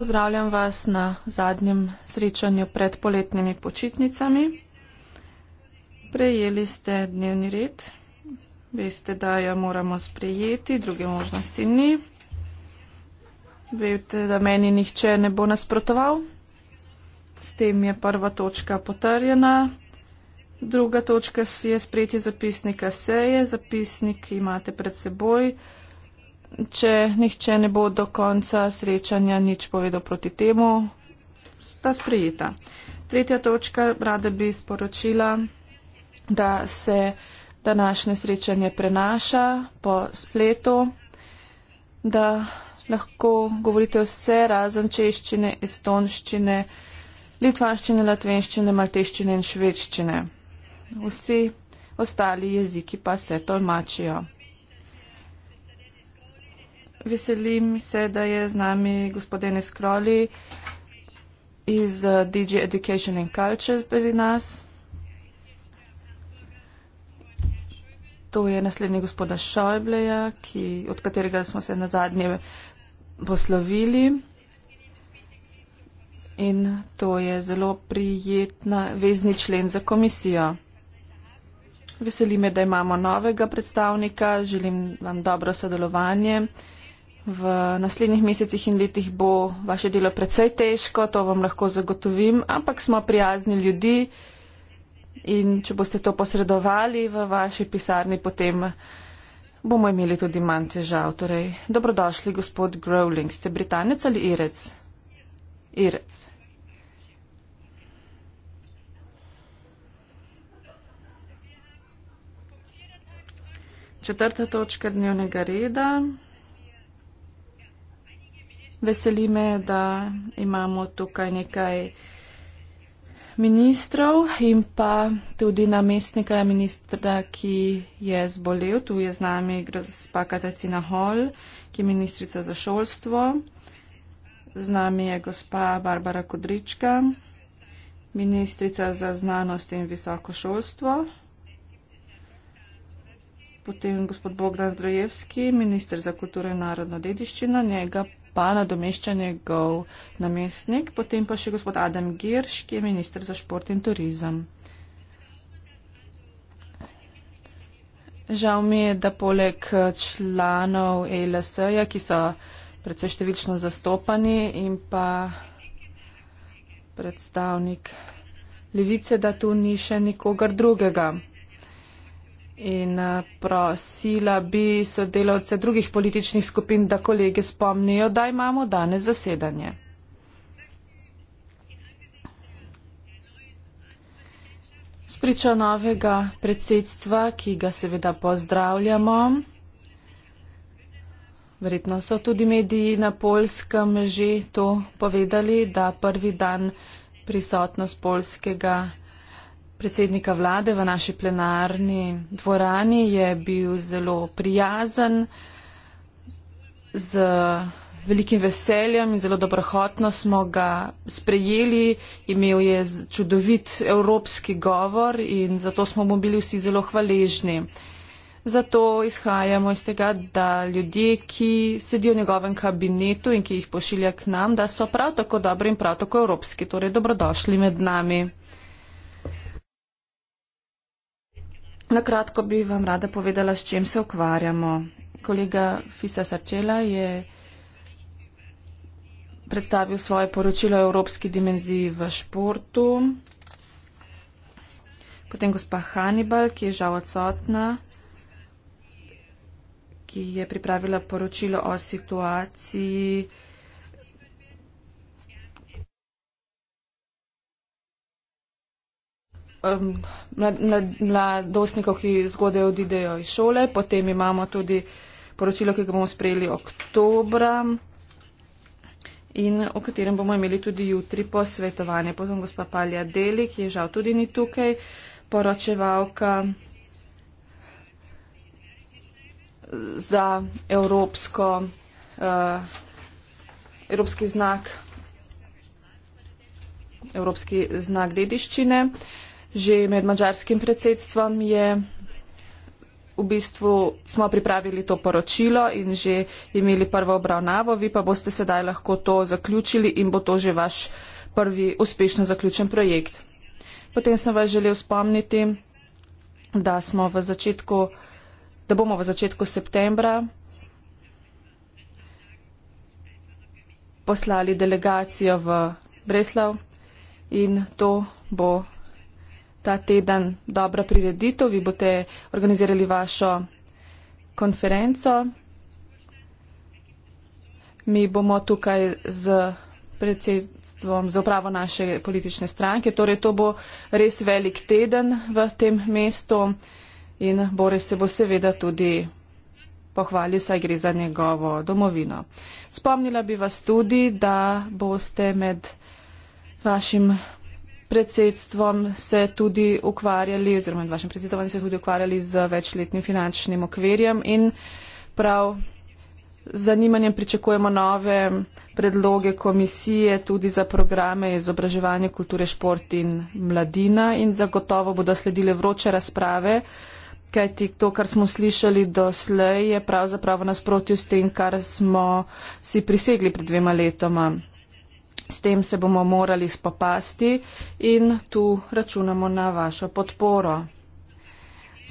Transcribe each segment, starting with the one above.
Pozdravljam vas na zadnjem srečanju pred poletnimi počitnicami. Prejeli ste dnevni red, veste, da jo moramo sprejeti, druge možnosti ni. Vete, da meni nihče ne bo nasprotoval. S tem je prva točka potrjena. Druga točka je sprejeti zapisnika seje. Zapisnik imate pred seboj če nihče ne bo do konca srečanja nič povedal proti temu, sta sprejeta. Tretja točka, rada bi sporočila, da se današnje srečanje prenaša po spletu, da lahko govorite vse razen češčine, estonščine, litvaščine, latvenščine, malteščine in švedščine. Vsi ostali jeziki pa se tolmačijo. Veselim se, da je z nami gospodine Skroli iz eh, DG Education and Culture pri nas. To je naslednji gospoda Šojbleja, ki, od katerega smo se na zadnje poslovili. In to je zelo prijetna vezni člen za komisijo. Veselime, da imamo novega predstavnika. Želim vam dobro sodelovanje. V naslednjih mesecih in letih bo vaše delo precej težko, to vam lahko zagotovim, ampak smo prijazni ljudi in če boste to posredovali v vaši pisarni, potem bomo imeli tudi manj težav. Torej, dobrodošli, gospod Growling. Ste Britanec ali Irec? Irec. Četrta točka dnevnega reda. Veseli me, da imamo tukaj nekaj ministrov in pa tudi namestnika ministra, ki je zbolel. Tu je z nami gospa Katacina Hol, ki je ministrica za šolstvo. Z nami je gospa Barbara Kodrička, ministrica za znanost in visoko šolstvo. Potem gospod Bogdan Zdrojevski, minister za kulturo in narodno dediščino. Njega pa nadomešča njegov namestnik, potem pa še gospod Adam Girš, ki je minister za šport in turizem. Žal mi je, da poleg eh, članov ELS-ja, ki so predvsej številčno zastopani in pa predstavnik levice, da tu ni še nikogar drugega. In eh, prosila bi sodelavce drugih političnih skupin, da kolege spomnijo, da imamo danes zasedanje. Spričo novega predsedstva, ki ga seveda pozdravljamo, verjetno so tudi mediji na polskem že to povedali, da prvi dan prisotnost polskega predsedstva predsednika vlade v naši plenarni dvorani, je bil zelo prijazen, z velikim veseljem in zelo dobrohotno smo ga sprejeli. Imel je čudovit evropski govor in zato smo mu bili vsi zelo hvaležni. Zato izhajamo iz tega, da ljudje, ki sedijo v njegovem kabinetu in ki jih pošilja k nam, da so prav tako dobri in prav tako evropski, torej dobrodošli med nami. Na kratko bi vam rada povedala, s čim se ukvarjamo. Kolega Fisa Sarčela je predstavil svoje poročilo o evropski dimenziji v športu. Potem gospa Hannibal, ki je žal odsotna, ki je pripravila poročilo o situaciji um, mladostnikov, ki zgodaj odidejo iz šole. Potem imamo tudi poročilo, ki ga bomo sprejeli oktobra in o katerem bomo imeli tudi jutri posvetovanje. Potem gospa Palja Deli, ki je žal tudi ni tukaj, poročevalka za evropsko, uh, evropski znak. Evropski znak dediščine. Uh, že med mačarskim predsedstvom je. V bistvu smo pripravili to poročilo in že imeli prvo obravnavo, vi pa boste sedaj lahko to zaključili in bo to že vaš prvi uspešno zaključen projekt. Potem sem vas želel spomniti, da, začetku, da bomo v začetku septembra poslali delegacijo v Breslav in to bo ta teden dobra prireditev, vi boste organizirali vašo konferenco. Mi bomo tukaj z predsedstvom, z upravo naše politične stranke. Torej, to bo res velik teden v tem mestu in Boris se bo seveda tudi pohvalil, saj gre za njegovo domovino. Spomnila bi vas tudi, da boste med vašim predsedstvom se tudi ukvarjali, oziroma med vašim predsedstvom se tudi ukvarjali z večletnim finančnim okvirjem in prav z zanimanjem pričakujemo nove predloge komisije tudi za programe izobraževanja kulture, šport in mladina in zagotovo bodo sledile vroče razprave, kajti to, kar smo slišali doslej, je pravzaprav v nasprotju s tem, kar smo si prisegli pred dvema letoma. S tem se bomo morali spopasti in tu računamo na vašo podporo.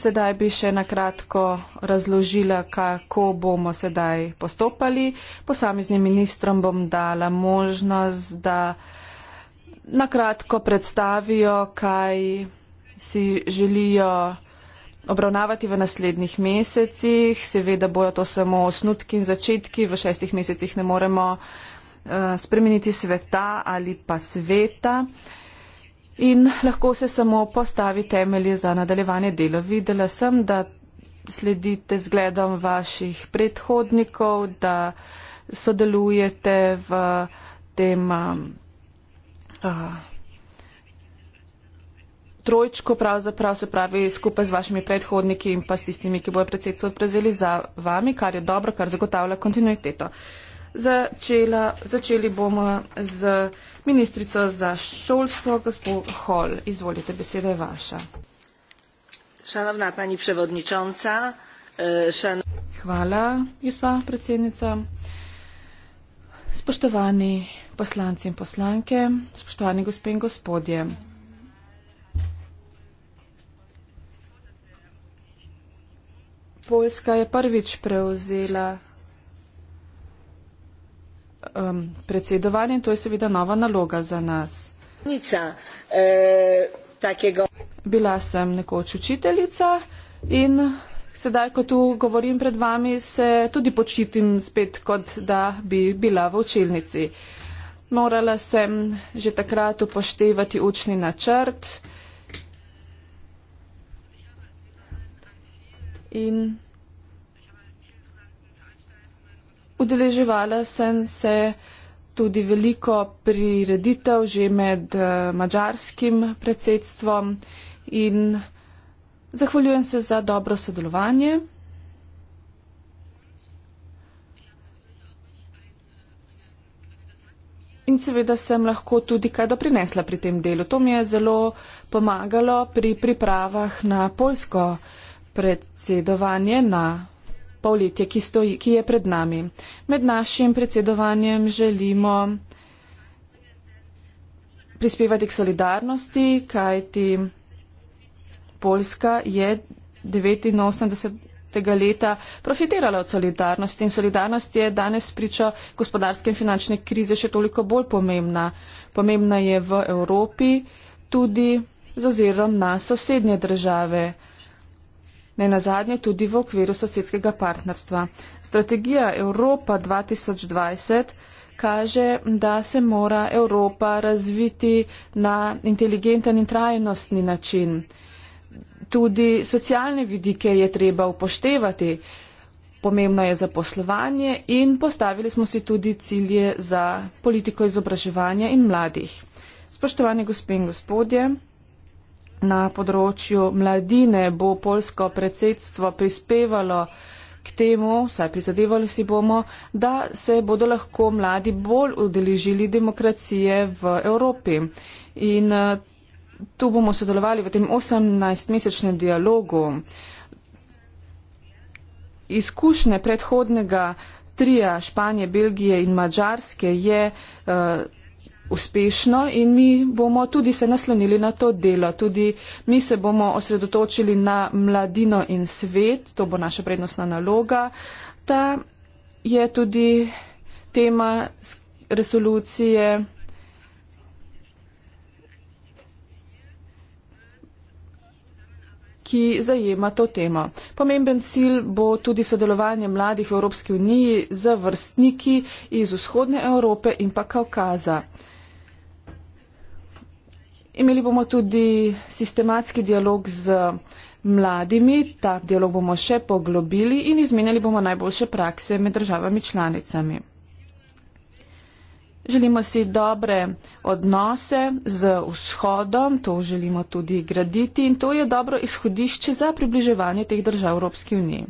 Sedaj bi še nakratko razložila, kako bomo sedaj postopali. Posameznim ministrom bom dala možnost, da nakratko predstavijo, kaj si želijo obravnavati v naslednjih mesecih. Seveda bojo to samo osnutki in začetki, v šestih mesecih ne moremo. Eh, spremeniti sveta ali pa sveta. In lahko se samo postavi temelje za nadaljevanje dela. Videla sem, da sledite zgledom vaših predhodnikov, da sodelujete v tem uh, trojčku, pravzaprav se pravi skupaj z vašimi predhodniki in pa s tistimi, ki bojo predsedstvo prezeli za vami, kar je dobro, kar zagotavlja kontinuiteto. Uh, začela, začeli bomo z ministrico za šolstvo, gospod Hol. Izvolite, beseda je vaša. Šanovna pani prevodničonca, šan... E, Hvala, gospa predsednica. Spoštovani poslanci in poslanke, spoštovani gospe in gospodje. Poljska je prvič prevzela um, predsedovanje in to je seveda nova naloga za nas. Nica, eh, Bila sem nekoč učiteljica in sedaj, ko tu govorim pred vami, se tudi počitim spet, kot da bi bila v učilnici. Morala sem že takrat upoštevati učni načrt. In Udeleževala sem se tudi veliko prireditev že med eh, mačarskim predsedstvom in zahvaljujem se za dobro sodelovanje. In seveda sem lahko tudi kaj doprinesla pri tem delu. To mi je zelo pomagalo pri pripravah na polsko predsedovanje, na polletje, ki, stoji, ki je pred nami. Med našim predsedovanjem želimo prispevati k solidarnosti, kajti Poljska je 89. leta profitirala od solidarnosti in solidarnost je danes pričo gospodarske in finančne krize še toliko bolj pomembna. Pomembna je v Evropi tudi z ozirom na sosednje države ne nazadnje tudi v okviru sosedskega partnerstva. Strategija Evropa 2020 kaže, da se mora Evropa razviti na inteligenten in trajnostni način. Tudi socialne vidike je treba upoštevati. Pomembno je zaposlovanje in postavili smo si tudi cilje za politiko izobraževanja in mladih. Spoštovani gospe in gospodje, na področju mladine bo polsko predsedstvo prispevalo k temu, saj prizadevali si bomo, da se bodo lahko mladi bolj udeležili demokracije v Evropi. In eh, tu bomo sodelovali v tem 18-mesečnem dialogu. Izkušnje predhodnega trija Španije, Belgije in Mačarske je uh, uspešno in mi bomo tudi se naslonili na to delo. Tudi mi se bomo osredotočili na mladino in svet, to bo naša prednostna naloga. Ta je tudi tema resolucije. ki zajema to temo. Pomemben cilj bo tudi sodelovanje mladih v Evropski uniji z vrstniki iz vzhodne Evrope in pa Kaukaza. Imeli bomo tudi sistematski dialog z mladimi, ta dialog bomo še poglobili in izmenjali bomo najboljše prakse med državami članicami. Želimo si dobre odnose z vzhodom, to želimo tudi graditi in to je dobro izhodišče za približevanje teh držav Evropski uniji.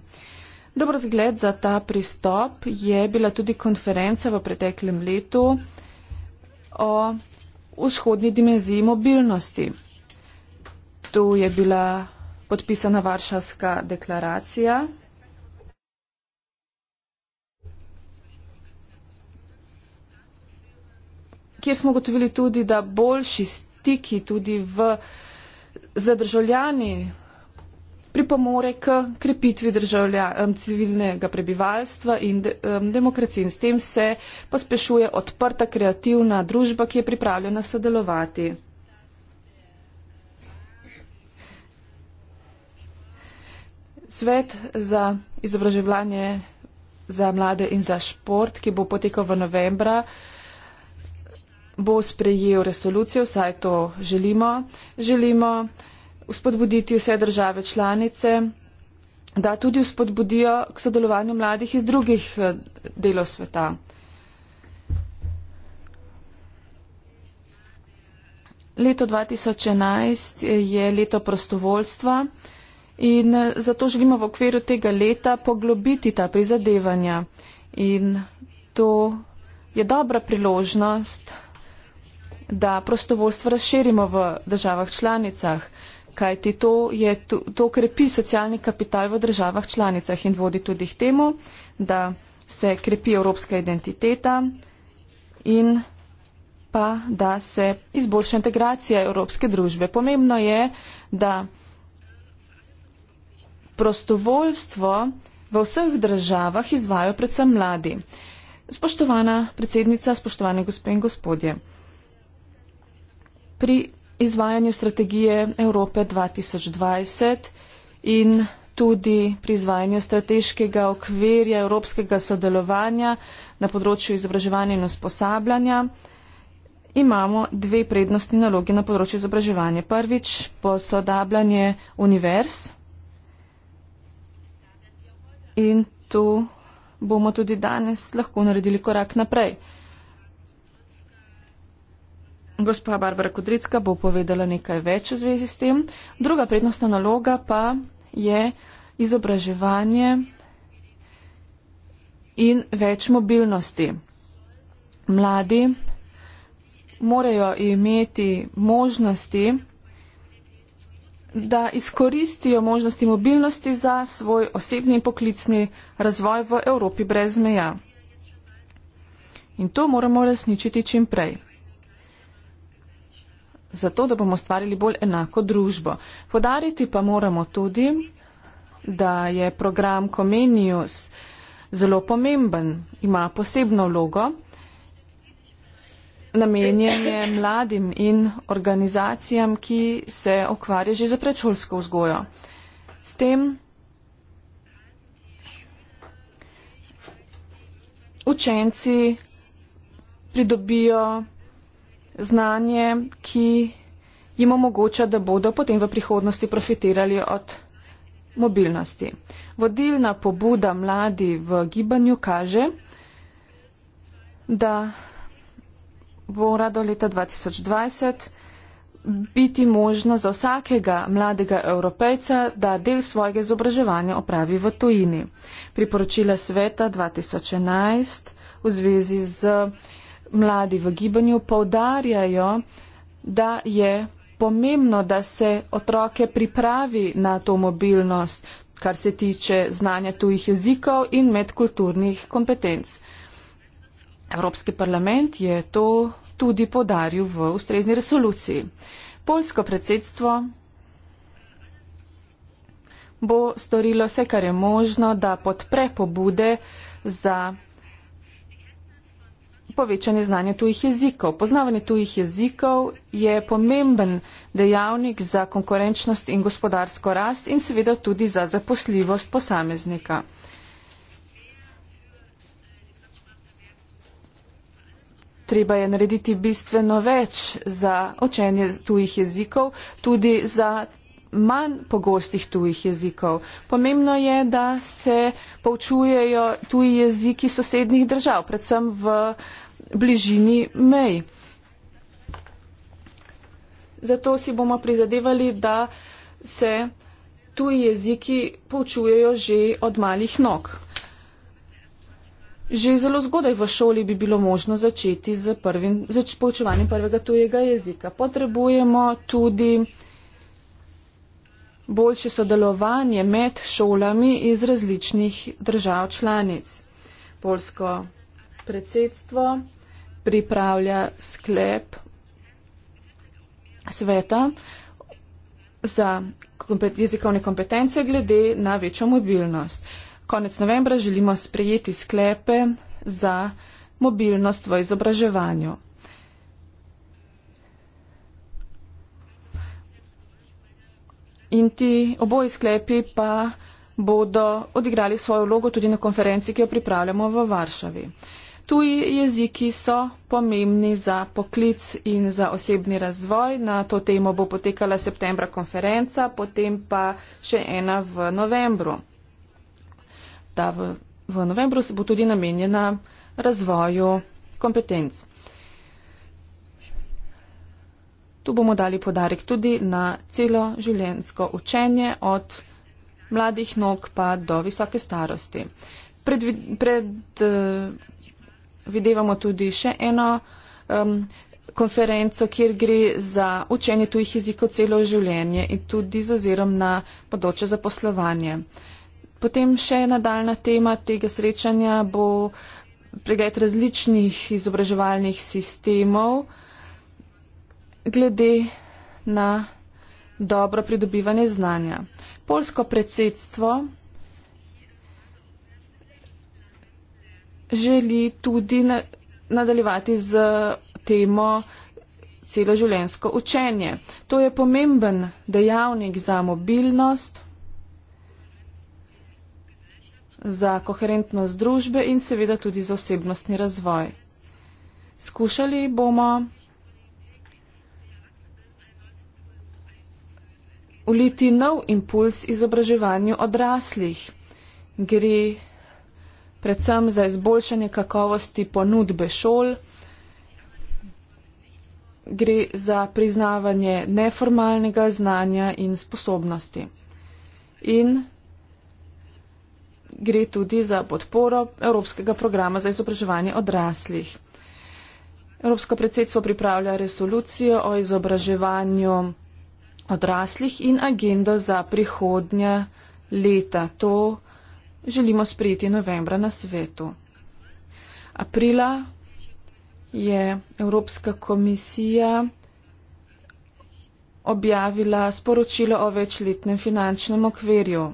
Dobro zgled za ta pristop je bila tudi konferenca v preteklem letu o vzhodni dimenziji mobilnosti. Tu je bila podpisana Varšavska deklaracija. kjer smo gotovili tudi, da boljši stiki tudi v, z državljani pripomore k krepitvi državlja, civilnega prebivalstva in de, um, demokracije. In s tem se pospešuje odprta, kreativna družba, ki je pripravljena sodelovati. Svet za izobraževanje za mlade in za šport, ki bo potekal v novembra, bo sprejel resolucijo, saj to želimo. Želimo spodbuditi vse države članice, da tudi spodbudijo k sodelovanju mladih iz drugih eh, delov sveta. Leto 2011 eh, je leto prostovoljstva in eh, zato želimo v okviru tega leta poglobiti ta prizadevanja. In to je dobra priložnost, da prostovoljstvo razširimo v državah članicah kajti to, je, to, to krepi socialni kapital v državah članicah in vodi tudi k temu, da se krepi evropska identiteta in pa da se izboljša integracija evropske družbe. Pomembno je, da prostovoljstvo v vseh državah izvajo predvsem mladi. Spoštovana predsednica, spoštovane gospe in gospodje, pri izvajanju strategije Evrope 2020 in tudi pri izvajanju strateškega okvirja evropskega sodelovanja na področju izobraževanja in usposabljanja imamo dve prednostni nalogi na področju izobraževanja. Prvič, posodabljanje univerz in tu bomo tudi danes lahko naredili korak naprej. Gospa Barbara Kudricka bo povedala nekaj več v zvezi s tem. Druga prednostna naloga pa je izobraževanje in več mobilnosti. Mladi morajo imeti možnosti, da izkoristijo možnosti mobilnosti za svoj osebni in poklicni razvoj v Evropi brez meja. In to moramo resničiti čim prej zato, da bomo ustvarili bolj enako družbo. Podariti pa moramo tudi, da je program Comenius zelo pomemben, ima posebno vlogo, namenjen je mladim in organizacijam, ki se okvarja že za predšolsko vzgojo. S tem učenci pridobijo znanje, ki jim omogoča, da bodo potem v prihodnosti profitirali od mobilnosti. Vodilna pobuda mladi v gibanju kaže, da mora do leta 2020 biti možno za vsakega mladega evropejca, da del svojega izobraževanja opravi v tujini. Priporočila sveta 2011 v zvezi z mladi v gibanju poudarjajo, da je pomembno, da se otroke pripravi na to mobilnost, kar se tiče znanja tujih jezikov in medkulturnih kompetenc. Evropski parlament je to tudi podaril v ustrezni resoluciji. Polsko predsedstvo bo storilo vse, kar je možno, da podpre pobude za povečanje znanja tujih jezikov. Poznavanje tujih jezikov je pomemben dejavnik za konkurenčnost in gospodarsko rast in seveda tudi za zaposljivost posameznika. Treba je narediti bistveno več za učenje tujih jezikov, tudi za manj pogostih tujih jezikov. Pomembno je, da se poučujejo tuji jeziki sosednjih držav, predvsem v uh, bližini mej. Zato si bomo prizadevali, da se tuji jeziki poučujejo že od malih nog. Že zelo zgodaj v šoli bi bilo možno začeti z, prvim, z poučevanjem prvega tujega jezika. Potrebujemo tudi boljše sodelovanje med šolami iz različnih držav članic. Polsko predsedstvo pripravlja sklep sveta za kompet jezikovne kompetence glede na večjo mobilnost. Konec novembra želimo sprejeti sklepe za mobilnost v izobraževanju. In ti oboji sklepi pa bodo odigrali svojo vlogo tudi na konferenci, ki jo pripravljamo v Varšavi. Tuji jeziki so pomembni za poklic in za osebni razvoj. Na to temo bo potekala septembra konferenca, potem pa še ena v novembru. Ta v, v novembru se bo tudi namenjena razvoju kompetenc. Tu bomo dali podarek tudi na celo življensko učenje od mladih nog pa do visoke starosti. Predvi, pred, uh, videvamo tudi še eno um, konferenco, kjer gre za učenje tujih jezikov celo življenje in tudi z ozirom na področje zaposlovanje. Potem še nadaljna tema tega srečanja bo pregled različnih izobraževalnih sistemov glede na dobro pridobivanje znanja. Polsko predsedstvo želi tudi na, nadaljevati z temo celoživljenjsko učenje. To je pomemben dejavnik za mobilnost, za koherentnost družbe in seveda tudi za osebnostni razvoj. Skušali bomo uliti nov impuls izobraževanju odraslih. Gre predvsem za izboljšanje kakovosti ponudbe šol. Gre za priznavanje neformalnega znanja in sposobnosti. In gre tudi za podporo Evropskega programa za izobraževanje odraslih. Evropsko predsedstvo pripravlja resolucijo o izobraževanju odraslih in agendo za prihodnja leta. To želimo sprejeti novembra na svetu. Aprila je Evropska komisija objavila sporočilo o večletnem finančnem okvirju.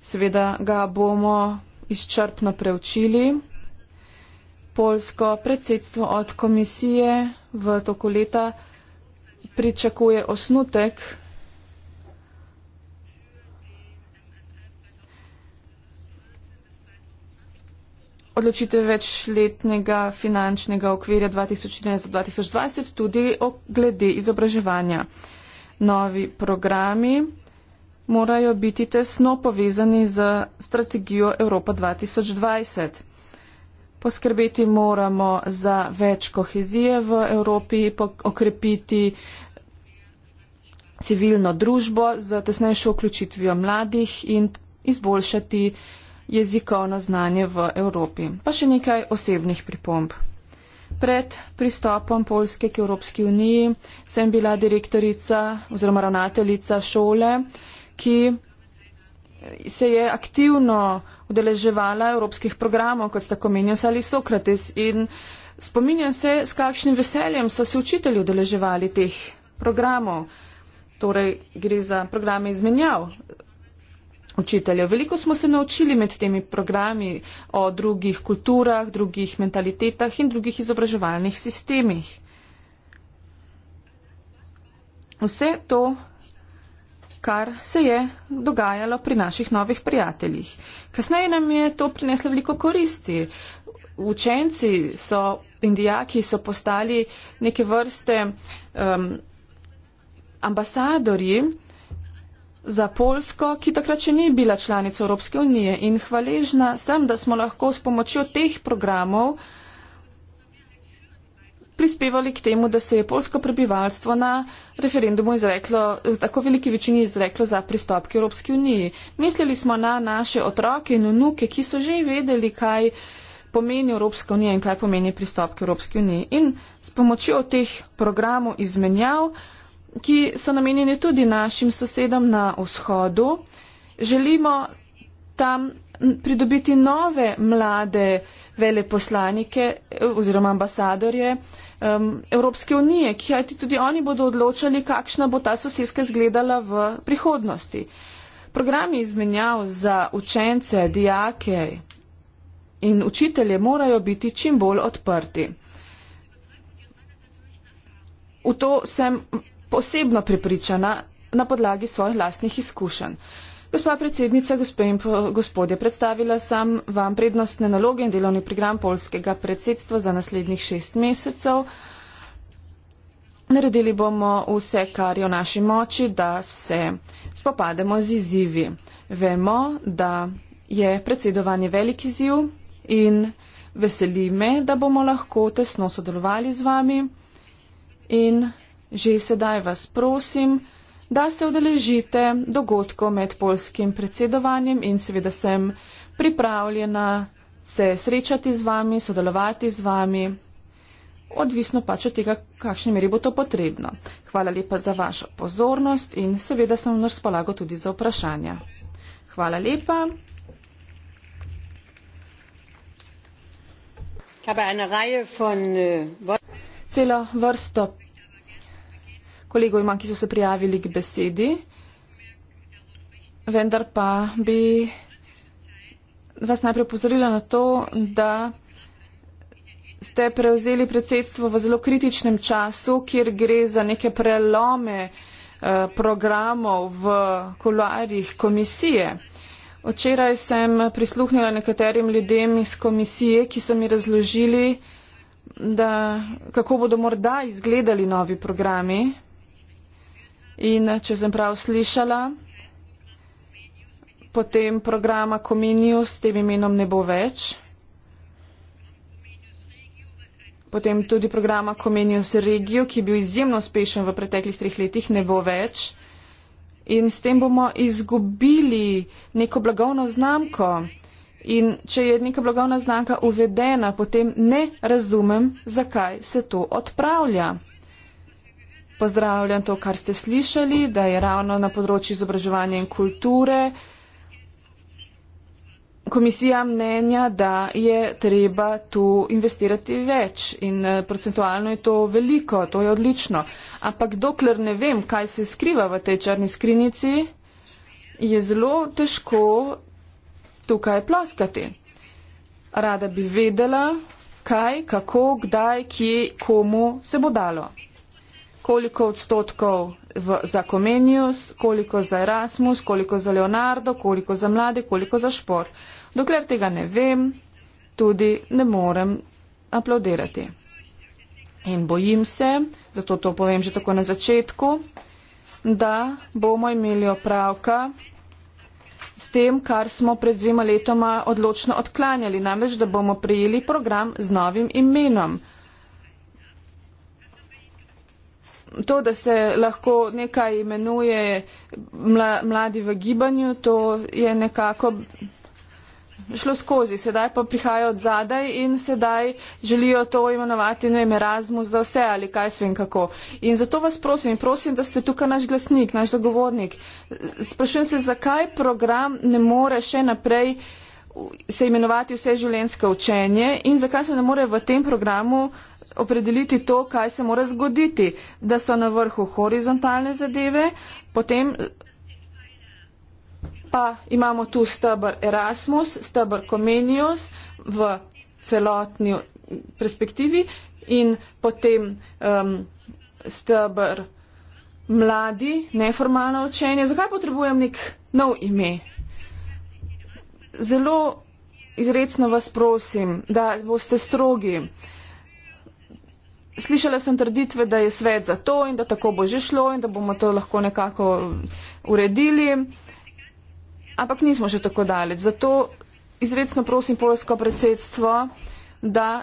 Seveda ga bomo izčrpno preučili. Polsko predsedstvo od komisije v toku leta pričakuje osnutek odločitev večletnega finančnega okvirja 2014-2020 tudi glede izobraževanja. Novi programi morajo biti tesno povezani z strategijo Evropa 2020. Poskrbeti moramo za več kohezije v Evropi, okrepiti civilno družbo z tesnejšo vključitvijo mladih in izboljšati jezikovno znanje v Evropi. Pa še nekaj osebnih pripomb. Pred pristopom Polske k Evropski uniji sem bila direktorica oziroma ravnateljica šole, ki se je aktivno udeleževala evropskih programov, kot sta Komenius ali Sokrates. In spominjam se, s kakšnim veseljem so se učitelji udeleževali teh programov. Torej gre za programe izmenjav učiteljev. Veliko smo se naučili med temi programi o drugih kulturah, drugih mentalitetah in drugih izobraževalnih sistemih. Vse to, kar se je dogajalo pri naših novih prijateljih. Kasneje nam je to prineslo veliko koristi. Učenci so, indijaki so postali neke vrste um, ambasadorji, Za Polsko, ki takrat še ni bila članica Evropske unije in hvaležna sem, da smo lahko s pomočjo teh programov prispevali k temu, da se je polsko prebivalstvo na referendumu izreklo, v tako veliki večini izreklo za pristop k Evropski uniji. Mislili smo na naše otroke in vnuke, ki so že vedeli, kaj pomeni Evropska unija in kaj pomeni pristop k Evropski uniji. In s pomočjo teh programov izmenjav ki so namenjeni tudi našim sosedom na vzhodu. Želimo tam pridobiti nove mlade veleposlanike eh, oziroma ambasadorje um, Evropske unije, ki hajti tudi oni bodo odločali, kakšna bo ta sosedska izgledala v prihodnosti. Programi izmenjav za učence, dijake in učitelje morajo biti čim bolj odprti. V to sem posebno prepričana na podlagi svojih lastnih izkušenj. Gospa predsednica, gospe in gospodje, predstavila sem vam prednostne naloge in delovni program polskega predsedstva za naslednjih šest mesecev. Naredili bomo vse, kar je v naši moči, da se spopademo z izzivi. Vemo, da je predsedovanje velik izziv in veseli me, da bomo lahko tesno sodelovali z vami in Že sedaj vas prosim, da se odeležite dogodkov med polskim predsedovanjem in seveda sem pripravljena se srečati z vami, sodelovati z vami, odvisno pač od tega, kakšni meri bo to potrebno. Hvala lepa za vašo pozornost in seveda sem na razpolago tudi za vprašanja. Hvala lepa. Äh, Celo vrsto kolegov imam, ki so se prijavili k besedi, vendar pa bi vas najprej pozorila na to, da ste prevzeli predsedstvo v zelo kritičnem času, kjer gre za neke prelome eh, programov v kolarjih komisije. Včeraj sem prisluhnila nekaterim ljudem iz komisije, ki so mi razložili, da, kako bodo morda izgledali novi programi. In eh, če sem prav slišala, potem programa Cominius s tem imenom ne bo več. Potem tudi programa Cominius Regio, ki je bil izjemno uspešen v preteklih treh letih, ne bo več. In s tem bomo izgubili neko blagovno znamko. In če je neka blagovna znamka uvedena, potem ne razumem, zakaj se to odpravlja pozdravljam to, kar ste slišali, da je ravno na področju izobraževanja in kulture komisija mnenja, da je treba tu investirati več in eh, procentualno je to veliko, to je odlično. Ampak dokler ne vem, kaj se skriva v tej črni skrinici, je zelo težko tukaj ploskati. Rada bi vedela, kaj, kako, kdaj, kje, komu se bo dalo koliko odstotkov v, za Comenius, koliko za Erasmus, koliko za Leonardo, koliko za mlade, koliko za špor. Dokler tega ne vem, tudi ne morem aplaudirati. In bojim se, zato to povem že tako na začetku, da bomo imeli opravka s tem, kar smo pred dvima letoma odločno odklanjali, namreč da bomo prijeli program z novim imenom. to, da se lahko nekaj imenuje mla, mladi v gibanju, to je nekako šlo skozi. Sedaj pa prihajajo od zadaj in sedaj želijo to imenovati Erasmus za vse ali kaj svem kako. In zato vas prosim, prosim, da ste tukaj naš glasnik, naš zagovornik. Sprašujem se, zakaj program ne more še naprej se imenovati vse življenjsko učenje in zakaj se ne more v tem programu opredeliti to, kaj se mora zgoditi, da so na vrhu horizontalne zadeve, potem pa imamo tu stebr Erasmus, stebr Comenius v celotni perspektivi in potem um, stebr mladi, neformalno učenje. Zakaj potrebujem nek nov ime? Zelo izredno vas prosim, da boste strogi slišala sem trditve, da je svet za to in da tako bo že šlo in da bomo to lahko nekako uredili. Ampak nismo že tako daleč. Zato izredno prosim polsko predsedstvo, da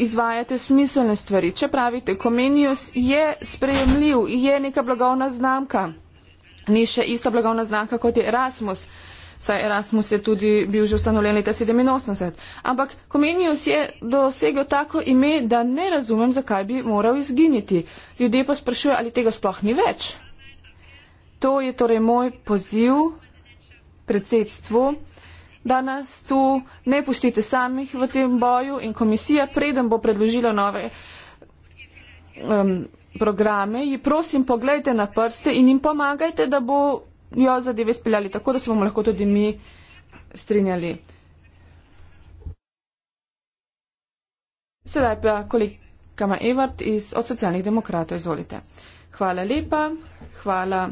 izvajate smiselne stvari. Če pravite, Comenius je sprejemljiv, je neka blagovna znamka. Ni še ista blagovna znamka, kot je Erasmus saj Erasmus je tudi bil že ustanovljen leta 87. Ampak Komenijus je dosegel tako ime, da ne razumem, zakaj bi moral izginiti. Ljudje pa sprašujejo, ali tega sploh ni več. To je torej moj poziv predsedstvu, da nas tu ne pustite samih v tem boju in komisija, preden bo predložila nove. Um, programe, prosim, pogledajte na prste in jim pomagajte, da bo jo zadeve speljali tako, da se bomo lahko tudi mi strinjali. Sedaj pa kolega Evart iz, od socialnih demokratov, izvolite. Hvala lepa, hvala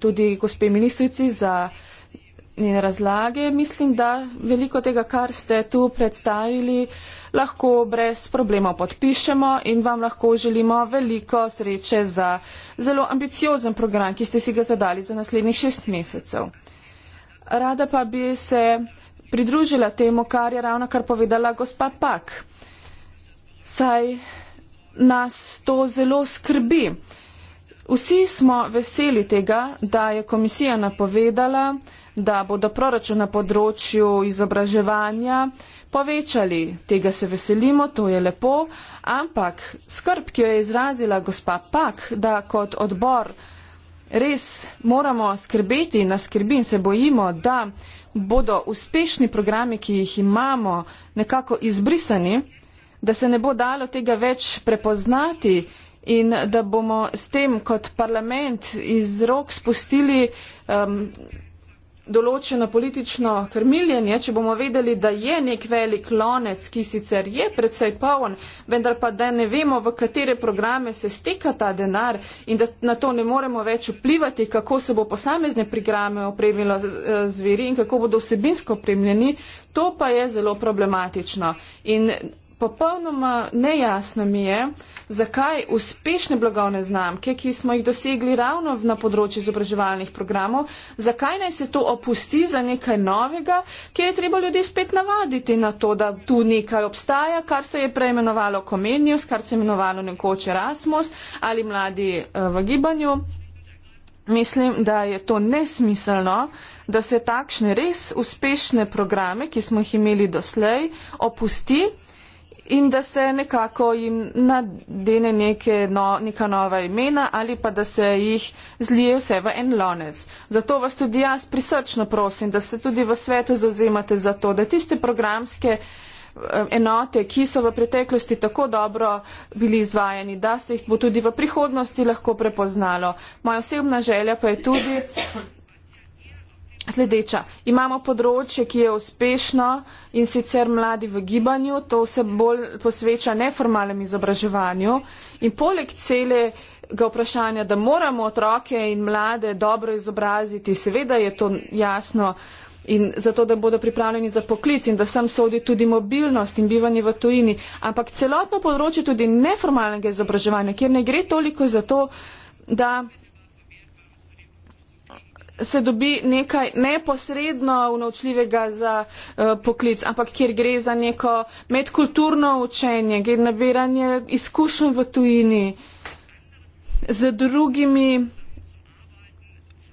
tudi gospe ministrici za in razlage. Mislim, da veliko tega, kar ste tu predstavili, lahko brez problema podpišemo in vam lahko želimo veliko sreče za zelo ambiciozen program, ki ste si ga zadali za naslednjih šest mesecev. Rada pa bi se pridružila temu, kar je ravno kar povedala gospa Pak. Saj nas to zelo skrbi. Vsi smo veseli tega, da je komisija napovedala, da bodo proračun na področju izobraževanja povečali. Tega se veselimo, to je lepo, ampak skrb, ki jo je izrazila gospa Pak, da kot odbor res moramo skrbeti in nas skrbi in se bojimo, da bodo uspešni programi, ki jih imamo, nekako izbrisani, da se ne bo dalo tega več prepoznati in da bomo s tem kot parlament iz rok spustili um, določeno politično krmiljenje, če bomo vedeli, da je nek velik lonec, ki sicer je predvsej poln, vendar pa da ne vemo, v katere programe se steka ta denar in da na to ne moremo več vplivati, kako se bo posamezne programe opremilo zveri in kako bodo vsebinsko opremljeni, to pa je zelo problematično. In popolnoma nejasno mi je, zakaj uspešne blagovne znamke, ki smo jih dosegli ravno na področju izobraževalnih programov, zakaj naj se to opusti za nekaj novega, ki je treba ljudi spet navaditi na to, da tu nekaj obstaja, kar se je preimenovalo Komenius, kar se je imenovalo nekoč Erasmus ali mladi eh, v gibanju. Mislim, da je to nesmiselno, da se takšne res uspešne programe, ki smo jih imeli doslej, opusti in da se nekako jim nadene neke no, neka nova imena ali pa da se jih zlije vse v en lonec. Zato vas tudi jaz prisrčno prosim, da se tudi v svetu zauzemate za to, da tiste programske eh, enote, ki so v preteklosti tako dobro bili izvajani, da se jih bo tudi v prihodnosti lahko prepoznalo. Moja osebna želja pa je tudi sledeča. Imamo področje, ki je uspešno, in sicer mladi v gibanju, to se bolj posveča neformalnem izobraževanju in poleg cele ga vprašanja, da moramo otroke in mlade dobro izobraziti, seveda je to jasno in zato, da bodo pripravljeni za poklic in da sem sodi tudi mobilnost in bivanje v tujini, ampak celotno področje tudi neformalnega izobraževanja, kjer ne gre toliko za to, da se dobi nekaj neposredno unovčljivega za uh, poklic, ampak kjer gre za neko medkulturno učenje, gre nabiranje izkušenj v tujini, z drugimi,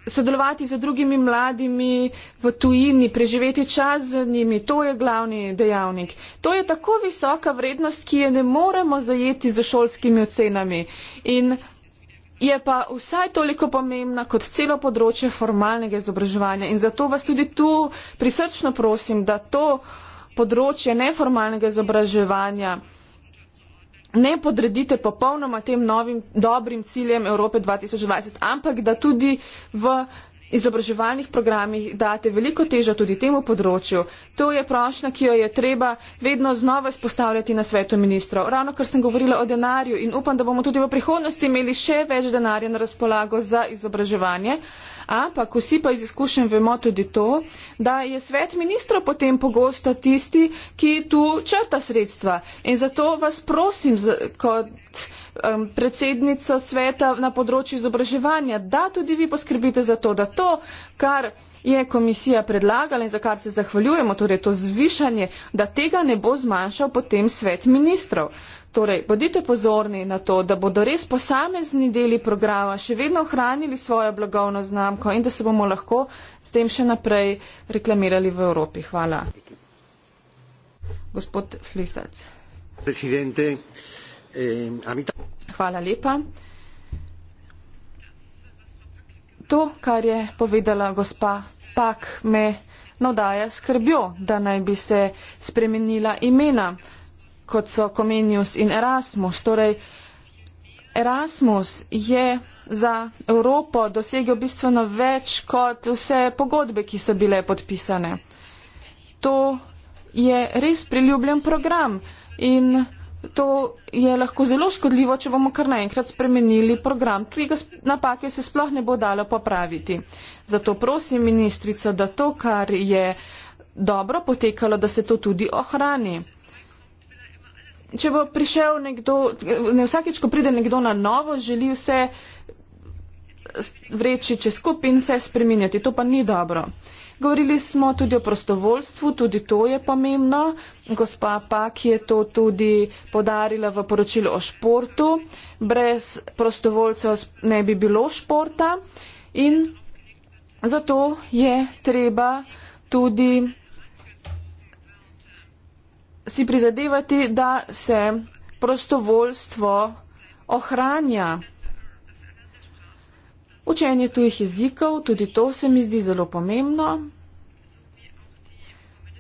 sodelovati z drugimi mladimi v tujini, preživeti čas z njimi, to je glavni dejavnik. To je tako visoka vrednost, ki je ne moremo zajeti z šolskimi ocenami. In je pa vsaj toliko pomembna kot celo področje formalnega izobraževanja. In zato vas tudi tu prisrčno prosim, da to področje neformalnega izobraževanja ne podredite popolnoma tem novim dobrim ciljem Evrope 2020, ampak da tudi v izobraževalnih programih date veliko težo tudi temu področju. To je prošnja, ki jo je treba vedno znova izpostavljati na svetu ministrov. Ravno kar sem govorila o denarju in upam, da bomo tudi v prihodnosti imeli še več denarja na razpolago za izobraževanje ampak vsi pa iz izkušenj vemo tudi to, da je svet ministra potem pogosto tisti, ki tu črta sredstva. In zato vas prosim z, kot um, predsednico sveta na področju izobraževanja, da tudi vi poskrbite za to, da to, kar je komisija predlagala in za kar se zahvaljujemo, torej to zvišanje, da tega ne bo zmanjšal potem svet ministrov. Torej, bodite pozorni na to, da bodo res posamezni deli programa še vedno ohranili svojo blagovno znamko in da se bomo lahko s tem še naprej reklamirali v Evropi. Hvala. Gospod Flisac. Eh, Hvala lepa. To, kar je povedala gospa Pak, me navdaja skrbjo, da naj bi se spremenila imena kot so Komenius in Erasmus. Torej, Erasmus je za Evropo dosegel bistveno več kot vse pogodbe, ki so bile podpisane. To je res priljubljen program in to je lahko zelo škodljivo, če bomo kar naenkrat spremenili program, ki ga napake se sploh ne bo dalo popraviti. Zato prosim ministrico, da to, kar je dobro potekalo, da se to tudi ohrani če bo prišel nekdo, ne vsakeč, ko pride nekdo na novo, želi vse vreči čez skup in vse spreminjati. To pa ni dobro. Govorili smo tudi o prostovoljstvu, tudi to je pomembno. Gospa Pak je to tudi podarila v poročilu o športu. Brez prostovoljcev ne bi bilo športa in zato je treba tudi si prizadevati, da se prostovoljstvo ohranja. Učenje tujih jezikov, tudi to se mi zdi zelo pomembno.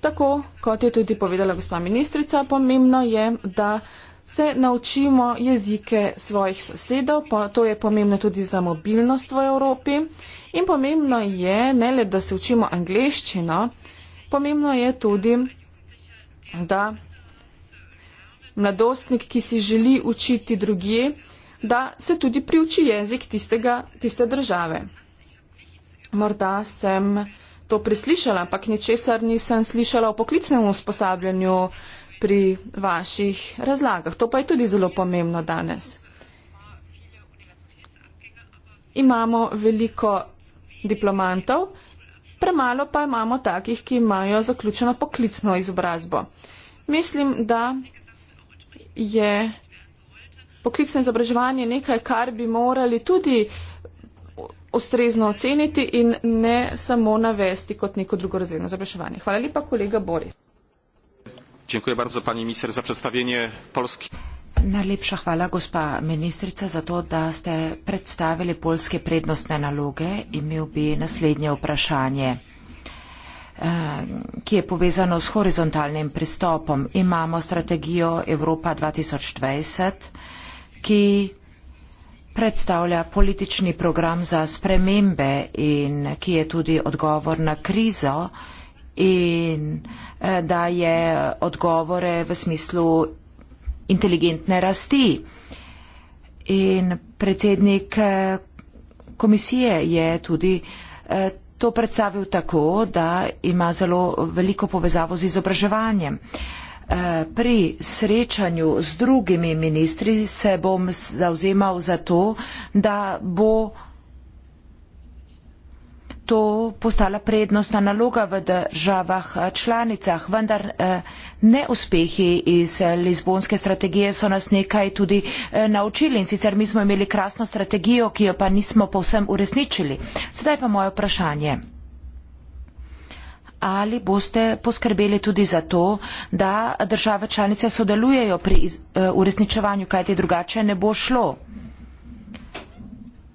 Tako kot je tudi povedala gospa ministrica, pomembno je, da se naučimo jezike svojih sosedov, to je pomembno tudi za mobilnost v Evropi in pomembno je ne le, da se učimo angliščino, pomembno je tudi, da mladostnik, ki si želi učiti drugje, da se tudi priuči jezik tistega, tiste države. Morda sem to preslišala, ampak ničesar nisem slišala o poklicnem usposabljanju pri vaših razlagah. To pa je tudi zelo pomembno danes. Imamo veliko diplomantov, premalo pa imamo takih, ki imajo zaključeno poklicno izobrazbo. Mislim, da je poklicno izobraževanje nekaj, kar bi morali tudi ustrezno oceniti in ne samo navesti kot neko drugorazredno izobraževanje. Hvala lepa, kolega Boris. Dziękuję bardzo pani minister za przedstawienie Polski. Najlepša hvala, gospa ministrica, za to, da ste predstavili polske prednostne naloge. Imel bi naslednje vprašanje, eh, ki je povezano s horizontalnim pristopom. Imamo strategijo Evropa 2020, ki predstavlja politični program za spremembe in ki je tudi odgovor na krizo in eh, daje odgovore v smislu inteligentne rasti. In predsednik eh, komisije je tudi eh, to predstavil tako, da ima zelo veliko povezavo z izobraževanjem. Eh, pri srečanju z drugimi ministri se bom zauzemal za to, da bo to postala prednostna naloga v državah eh, članicah, vendar eh, neuspehi iz eh, Lizbonske strategije so nas nekaj tudi naučili in sicer mi smo imeli krasno strategijo, ki jo pa nismo povsem uresničili. Sedaj pa moje vprašanje. Ali boste poskrbeli tudi za to, da države članice sodelujejo pri uresničevanju, kaj te drugače ne bo šlo?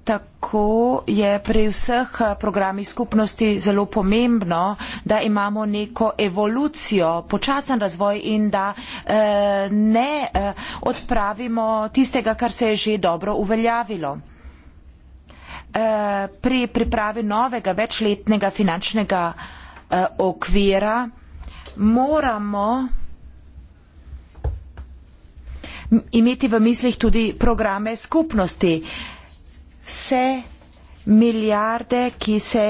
tako je pri vseh eh, programih skupnosti zelo pomembno, da imamo neko evolucijo, počasen razvoj in da eh, ne eh, odpravimo tistega, kar se je že dobro uveljavilo. Eh, pri pripravi novega večletnega finančnega eh, okvira moramo imeti v mislih tudi programe skupnosti. Eh, vse milijarde, ki se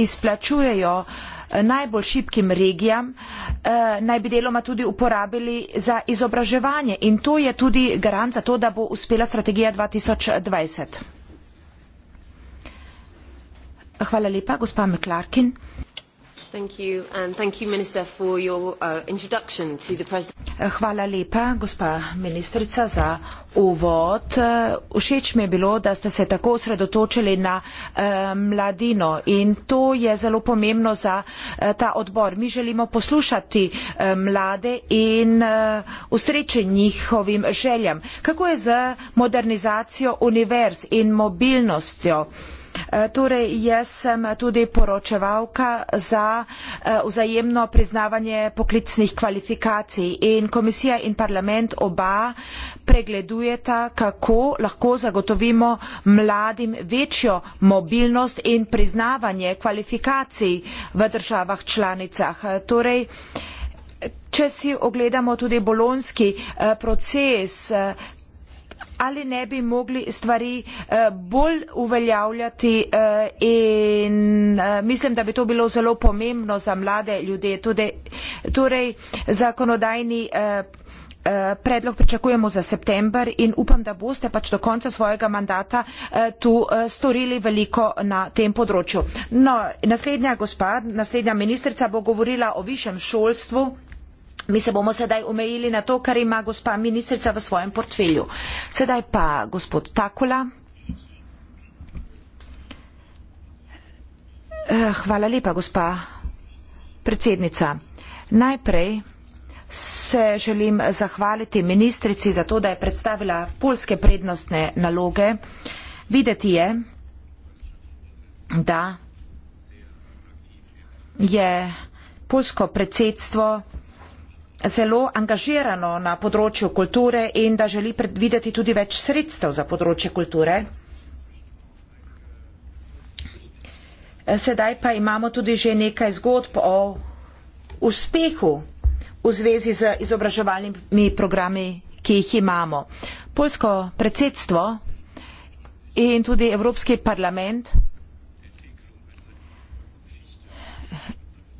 izplačujejo eh, najbolj šibkim regijam, eh, naj bi deloma tudi uporabili za izobraževanje. In to je tudi garant za to, da bo uspela strategija 2020. Hvala lepa, gospa Meklarkin. Uh, Hvala lepa, gospa ministrica, za uvod. Uh, všeč mi je bilo, da ste se tako osredotočili na uh, mladino in to je zelo pomembno za ta odbor. Mi želimo poslušati mlade in ustreči njihovim željam. Kako je z modernizacijo univerz in mobilnostjo? Eh, torej jaz sem tudi poročevalka za eh, vzajemno priznavanje poklicnih kvalifikacij in komisija in parlament oba pregledujeta kako lahko zagotovimo mladim večjo mobilnost in priznavanje kvalifikacij v državah članicah eh, torej če si ogledamo tudi bolonski proces ali ne bi mogli stvari eh, bolj uveljavljati eh, in eh, mislim, da bi to bilo zelo pomembno za mlade ljudje. Tudi, torej, zakonodajni predlog pričakujemo za september in upam, da boste pač do konca svojega mandata tu storili veliko na tem področju. No, naslednja gospa, naslednja ministrica bo govorila o višjem šolstvu. Mi se bomo sedaj omejili na to, kar ima gospa ministrica v svojem portfelju. Sedaj pa gospod Takola. Eh, hvala lepa, gospa predsednica. Najprej se želim zahvaliti ministrici za to, da je predstavila polske prednostne naloge. Videti je, da je polsko predsedstvo zelo angažirano na področju kulture in da želi predvideti tudi več sredstev za področje kulture. Sedaj pa imamo tudi že nekaj zgodb o uspehu v zvezi z izobraževalnimi programi, ki jih imamo. Poljsko predsedstvo in tudi Evropski parlament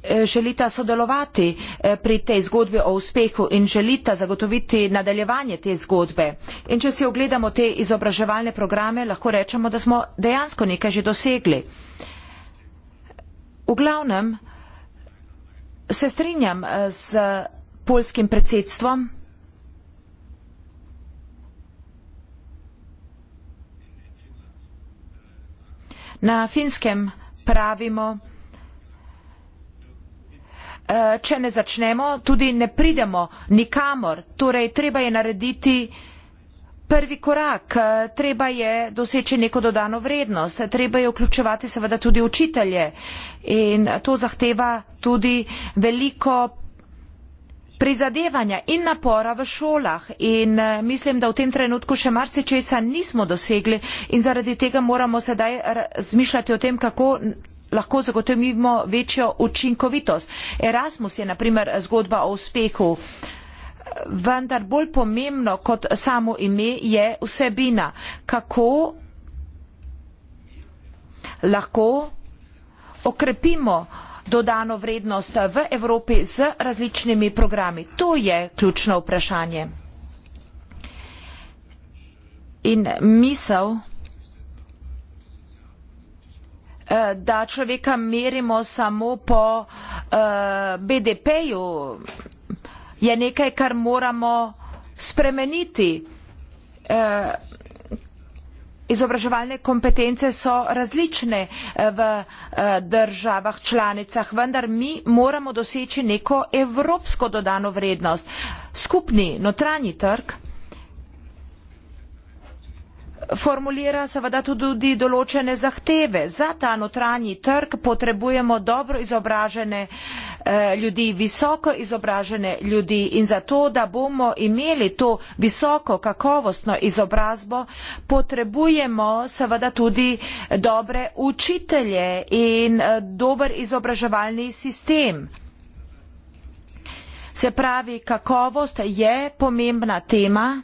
Eh, želita sodelovati eh, pri tej zgodbi o uspehu in želita zagotoviti nadaljevanje te zgodbe. In če si ogledamo te izobraževalne programe, lahko rečemo, da smo dejansko nekaj že dosegli. V glavnem se strinjam eh, z polskim predsedstvom. Na finskem pravimo, Eh, če ne začnemo tudi ne pridemo nikamor torej treba je narediti prvi korak eh, treba je doseči neko dodano vrednost treba je vključevati seveda tudi učitelje in to zahteva tudi veliko prizadevanja in napora v šolah in eh, mislim, da v tem trenutku še marsičesa nismo dosegli in zaradi tega moramo sedaj razmišljati o tem, kako lahko zagotovimo večjo učinkovitost. Erasmus je naprimer zgodba o uspehu, vendar bolj pomembno kot samo ime je vsebina, kako lahko okrepimo dodano vrednost v Evropi z različnimi programi. To je ključno vprašanje. In misel, Eh, da človeka merimo samo po eh, BDP-ju, je nekaj, kar moramo spremeniti. Eh, izobraževalne kompetence so različne v državah, članicah, vendar mi moramo doseči neko evropsko dodano vrednost. Skupni notranji trg formulira seveda tudi določene zahteve. Za ta notranji trg potrebujemo dobro izobražene eh, ljudi, visoko izobražene ljudi in zato, da bomo imeli to visoko kakovostno izobrazbo, potrebujemo seveda tudi dobre učitelje in eh, dober izobraževalni sistem. Se pravi, kakovost je pomembna tema.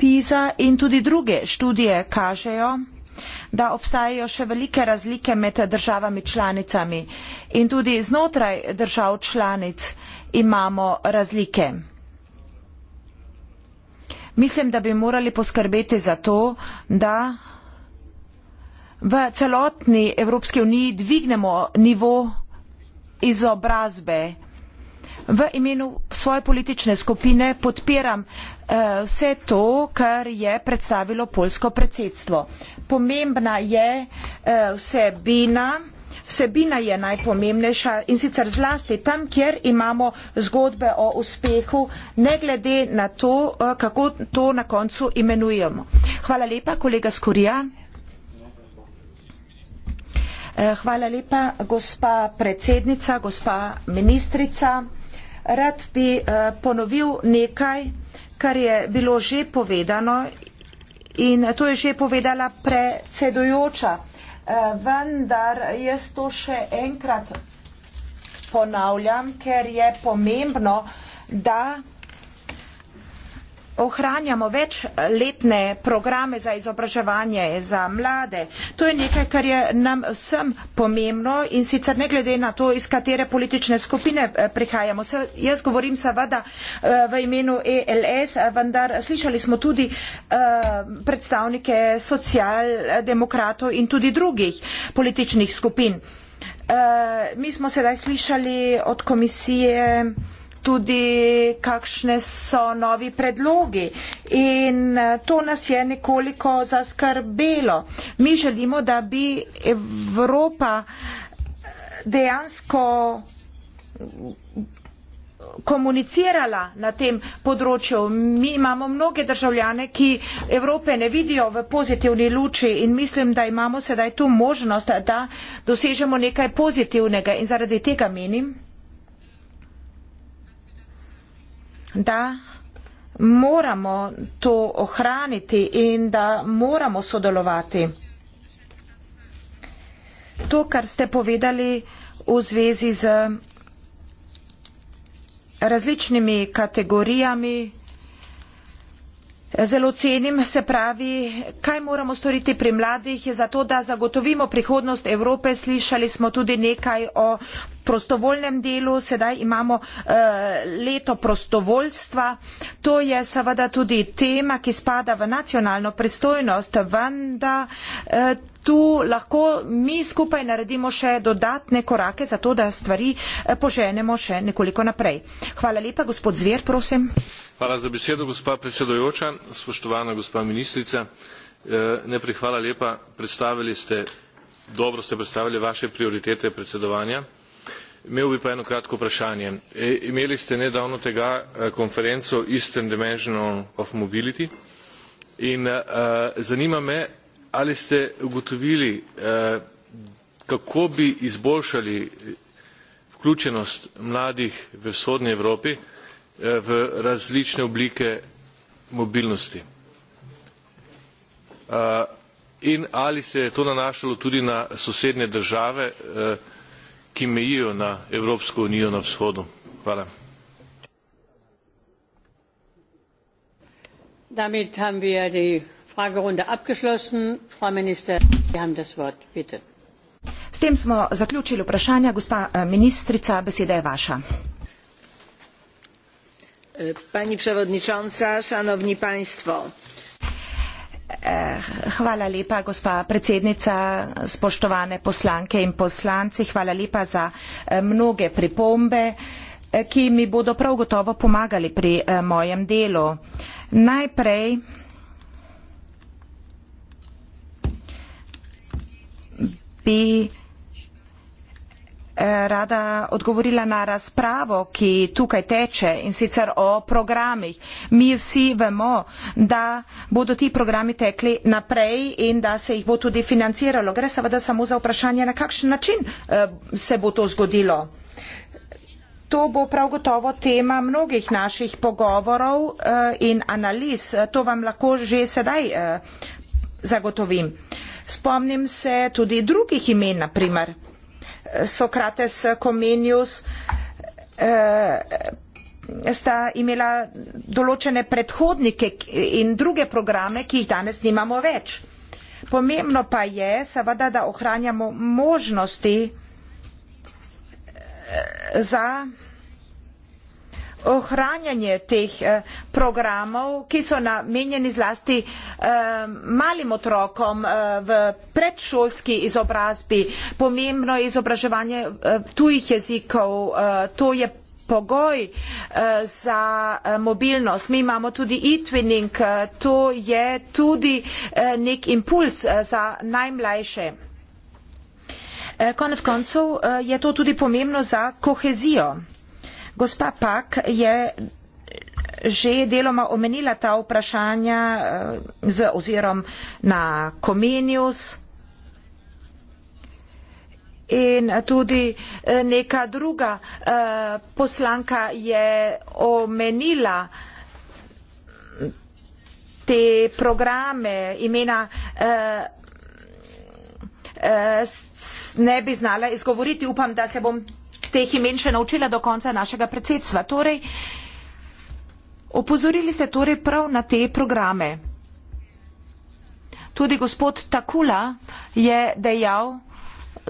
PISA in tudi druge študije kažejo, da obstajajo še velike razlike med državami članicami in tudi znotraj držav članic imamo razlike. Mislim, da bi morali poskrbeti za to, da v celotni Evropski uniji dvignemo nivo izobrazbe v imenu svoje politične skupine podpiram uh, vse to, kar je predstavilo polsko predsedstvo. Pomembna je uh, vsebina, vsebina je najpomembnejša in sicer zlasti tam, kjer imamo zgodbe o uspehu, ne glede na to, uh, kako to na koncu imenujemo. Hvala lepa, kolega Skurija. Hvala lepa, gospa predsednica, gospa ministrica. Rad bi eh, ponovil nekaj, kar je bilo že povedano in to je že povedala predsedujoča. Eh, vendar jaz to še enkrat ponavljam, ker je pomembno, da ohranjamo večletne eh, programe za izobraževanje za mlade. To je nekaj, kar je nam vsem pomembno in sicer ne glede na to, iz katere politične skupine eh, prihajamo. Se, jaz govorim seveda eh, v imenu ELS, vendar slišali smo tudi predstavnike socialdemokratov in tudi drugih političnih skupin. Mi smo sedaj slišali od komisije, tudi kakšne so novi predlogi. In eh, to nas je nekoliko zaskrbelo. Mi želimo, da bi Evropa eh, dejansko mm, komunicirala na tem področju. Mi imamo mnoge državljane, ki Evrope ne vidijo v pozitivni luči in mislim, da imamo sedaj tu možnost, da dosežemo nekaj pozitivnega in zaradi tega menim, da moramo to ohraniti in da moramo sodelovati. To, kar ste povedali v zvezi z različnimi kategorijami zelo cenim, se pravi, kaj moramo storiti pri mladih, je zato, da zagotovimo prihodnost Evrope, slišali smo tudi nekaj o prostovoljnem delu, sedaj imamo uh, leto prostovoljstva. To je seveda tudi tema, ki spada v nacionalno pristojnost, vendar uh, eh, tu lahko mi skupaj naredimo še dodatne korake, zato da stvari uh, poženemo še nekoliko naprej. Hvala lepa, gospod Zver, prosim. Eh, najprej hvala lepa predstavili ste dobro ste predstavili vaše prioritete predsedovanja imel bi pa eno kratko vprašanje e, imeli ste nedavno tega eh, konferenco eastern dimension of mobility in eh, zanima me ali ste ugotovili kako bi izboljšali vključenost mladih v vzhodni evropi Eh, v različne oblike mobilnosti eh, in ali se je to nanašalo tudi na sosednje države eh, ki mejijo na evropsko unijo na vzhodu hvala Damit haben wir die Fragerunde abgeschlossen. Frau Minister, Sie haben das Wort, bitte. S tem smo zaključili vprašanja, gospa ministrica, beseda je vaša pani predsednica šanovni państwo eh, Hvala lepa, gospa predsednica, spoštovane poslanke in poslanci, hvala lepa za eh, mnoge pripombe, eh, ki mi bodo prav gotovo pomagali pri mojem delu. Najprej bi Eh, rada odgovorila na razpravo, ki tukaj teče in sicer o programih. Mi vsi vemo, da bodo ti programi tekli naprej in da se jih bo tudi financiralo. Gre seveda samo za vprašanje, na kakšen način eh, se bo to zgodilo. To bo prav gotovo tema mnogih naših pogovorov eh, in analiz. To vam lahko že sedaj zagotovim. Spomnim se tudi drugih imen, na primer. Sokrates Comenius eh, sta imela določene predhodnike in druge programe, ki jih danes nimamo več. Pomembno pa je seveda, da ohranjamo možnosti eh, za ohranjanje teh eh, programov, ki so namenjeni zlasti eh, malim otrokom eh, v predšolski izobrazbi, pomembno je izobraževanje tujih jezikov, to je pogoj za mobilnost. Mi imamo tudi e-twinning, to je tudi nek impuls za najmlajše. Konec koncev je to tudi pomembno za kohezijo. Gospa Pak je že deloma omenila ta vprašanja eh, z ozirom na Comenius in tudi eh, neka druga eh, poslanka je omenila te programe imena ne bi znala izgovoriti, upam, da se bom teh imen še naučila do konca našega predsedstva. Torej, opozorili ste torej prav na te programe. Tudi gospod Takula je dejal,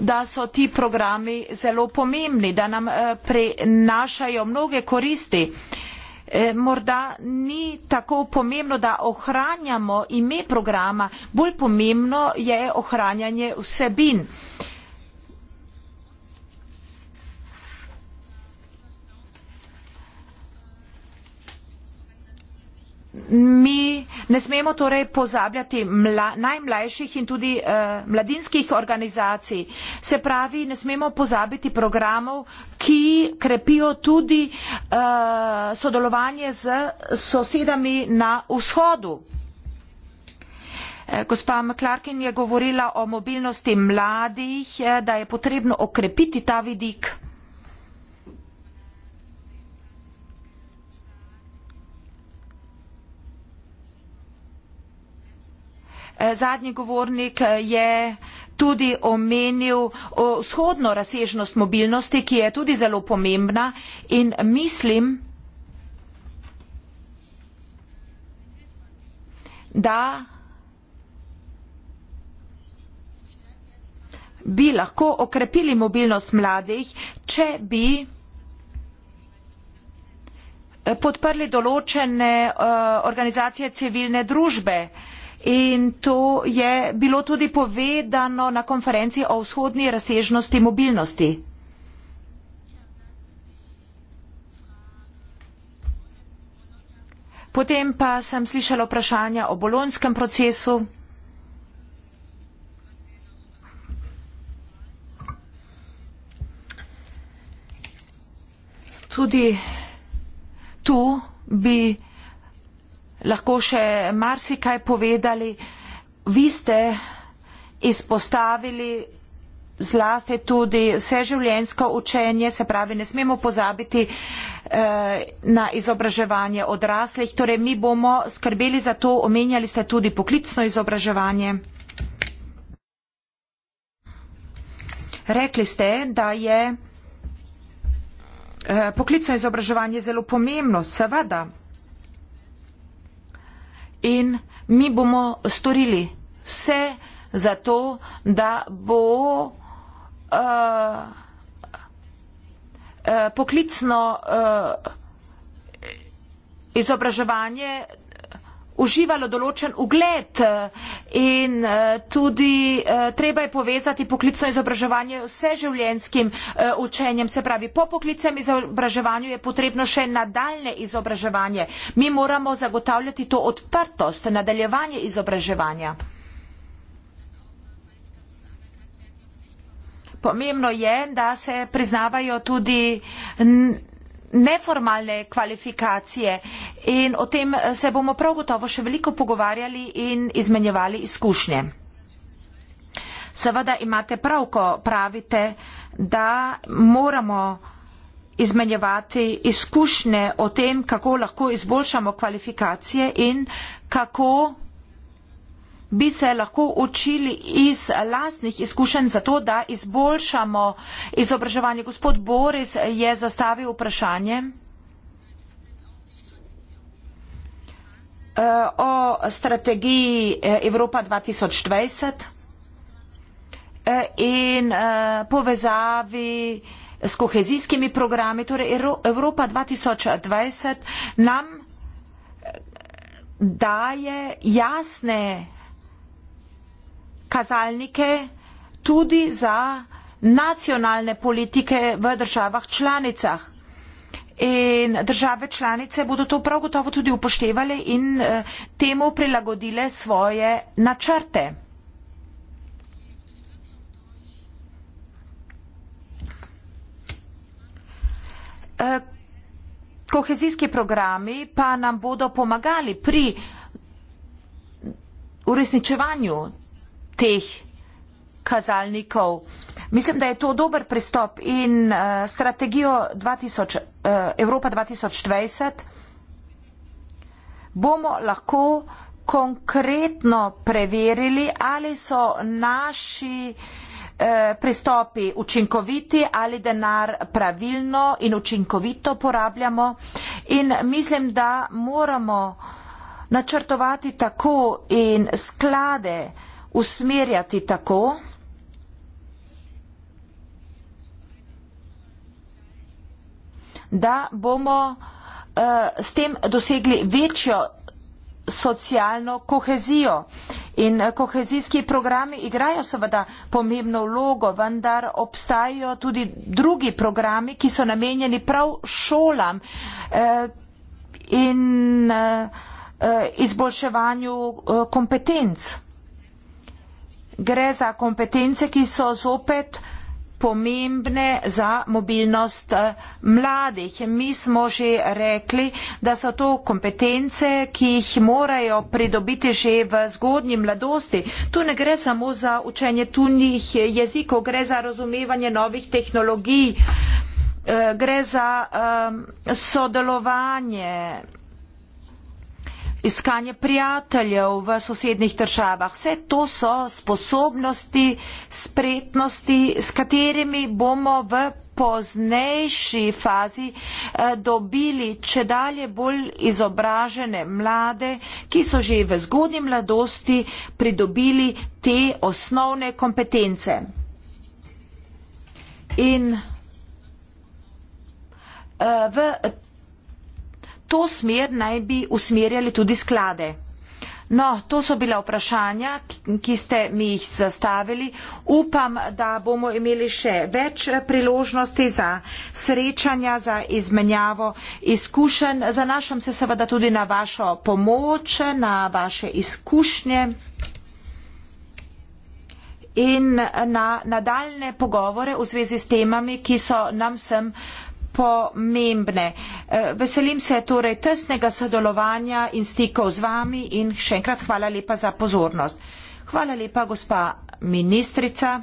da so ti programi zelo pomembni, da nam eh, prenašajo mnoge koristi. Eh, morda ni tako pomembno, da ohranjamo ime programa, bolj pomembno je ohranjanje vsebin. Mi ne smemo torej pozabljati mla, najmlajših in tudi eh, mladinskih organizacij. Se pravi, ne smemo pozabiti programov, ki krepijo tudi eh, sodelovanje z sosedami na vzhodu. Eh, gospa McClarkin je govorila o mobilnosti mladih, eh, da je potrebno okrepiti ta vidik. Eh, zadnji govornik eh, je tudi omenil vzhodno razsežnost mobilnosti, ki je tudi zelo pomembna in mislim, da bi lahko okrepili mobilnost mladih, če bi eh, podprli določene organizacije civilne družbe. In to je bilo tudi povedano na konferenci o vzhodni razsežnosti mobilnosti. Potem pa sem slišala vprašanja o bolonskem procesu. Tudi tu bi lahko še marsikaj povedali. Vi ste izpostavili zlasti tudi vseživljenjsko učenje, se pravi, ne smemo pozabiti eh, na izobraževanje odraslih. Torej, mi bomo skrbeli za to, omenjali ste tudi poklicno izobraževanje. Rekli ste, da je eh, poklicno izobraževanje zelo pomembno, seveda in mi bomo storili vse za to, da bo uh, uh, poklicno uh, izobraževanje uživalo določen ugled eh, in eh, tudi eh, treba je povezati poklicno izobraževanje vse življenjskim učenjem, se pravi po poklicem izobraževanju je potrebno še nadaljne izobraževanje. Mi moramo zagotavljati to odprtost, nadaljevanje izobraževanja. Pomembno je, da se priznavajo tudi neformalne kvalifikacije in o tem eh, se bomo prav gotovo še veliko pogovarjali in izmenjevali izkušnje. Seveda imate prav, ko pravite, da moramo izmenjevati izkušnje o tem, kako lahko izboljšamo kvalifikacije in kako bi se lahko učili iz lastnih izkušenj za to, da izboljšamo izobraževanje. Gospod Boris je zastavil vprašanje. Eh, o strategiji eh, Evropa 2020 eh, in povezavi s kohezijskimi programi. Torej Evropa 2020 nam daje jasne kazalnike tudi za nacionalne politike v državah članicah. In države članice bodo to prav gotovo tudi upoštevali in eh, temu prilagodile svoje načrte. Eh, kohezijski programi pa nam bodo pomagali pri uresničevanju teh kazalnikov. Mislim, da je to dober pristop in uh, strategijo 2000, uh, eh, Evropa 2020 bomo lahko konkretno preverili, ali so naši eh, pristopi učinkoviti ali denar pravilno in učinkovito porabljamo in mislim, da moramo načrtovati tako in sklade uh, usmerjati tako, da bomo uh, s tem dosegli večjo socialno kohezijo. In eh, kohezijski programi igrajo seveda pomembno vlogo, vendar obstajajo tudi drugi programi, ki so namenjeni prav šolam eh, in izboljševanju kompetenc gre za kompetence, ki so zopet pomembne za mobilnost eh, mladih. Mi smo že rekli, da so to kompetence, ki jih morajo pridobiti že v zgodnji mladosti. Tu ne gre samo za učenje tunjih jezikov, gre za razumevanje novih tehnologij, eh, gre za eh, sodelovanje iskanje prijateljev v sosednjih državah. Vse to so sposobnosti, spretnosti, s katerimi bomo v poznejši fazi eh, dobili če dalje bolj izobražene mlade, ki so že v zgodnji mladosti pridobili te osnovne kompetence. In eh, v to smer naj bi usmerjali tudi sklade? No, to so bila vprašanja, ki ste mi jih zastavili. Upam, da bomo imeli še več priložnosti za srečanja, za izmenjavo izkušenj. Zanašam se seveda tudi na vašo pomoč, na vaše izkušnje in na nadaljne pogovore v zvezi s temami, ki so nam vsem pomočili pomembne. E, veselim se torej tesnega sodelovanja in stikov z vami in še enkrat hvala lepa za pozornost. Hvala lepa, gospa ministrica.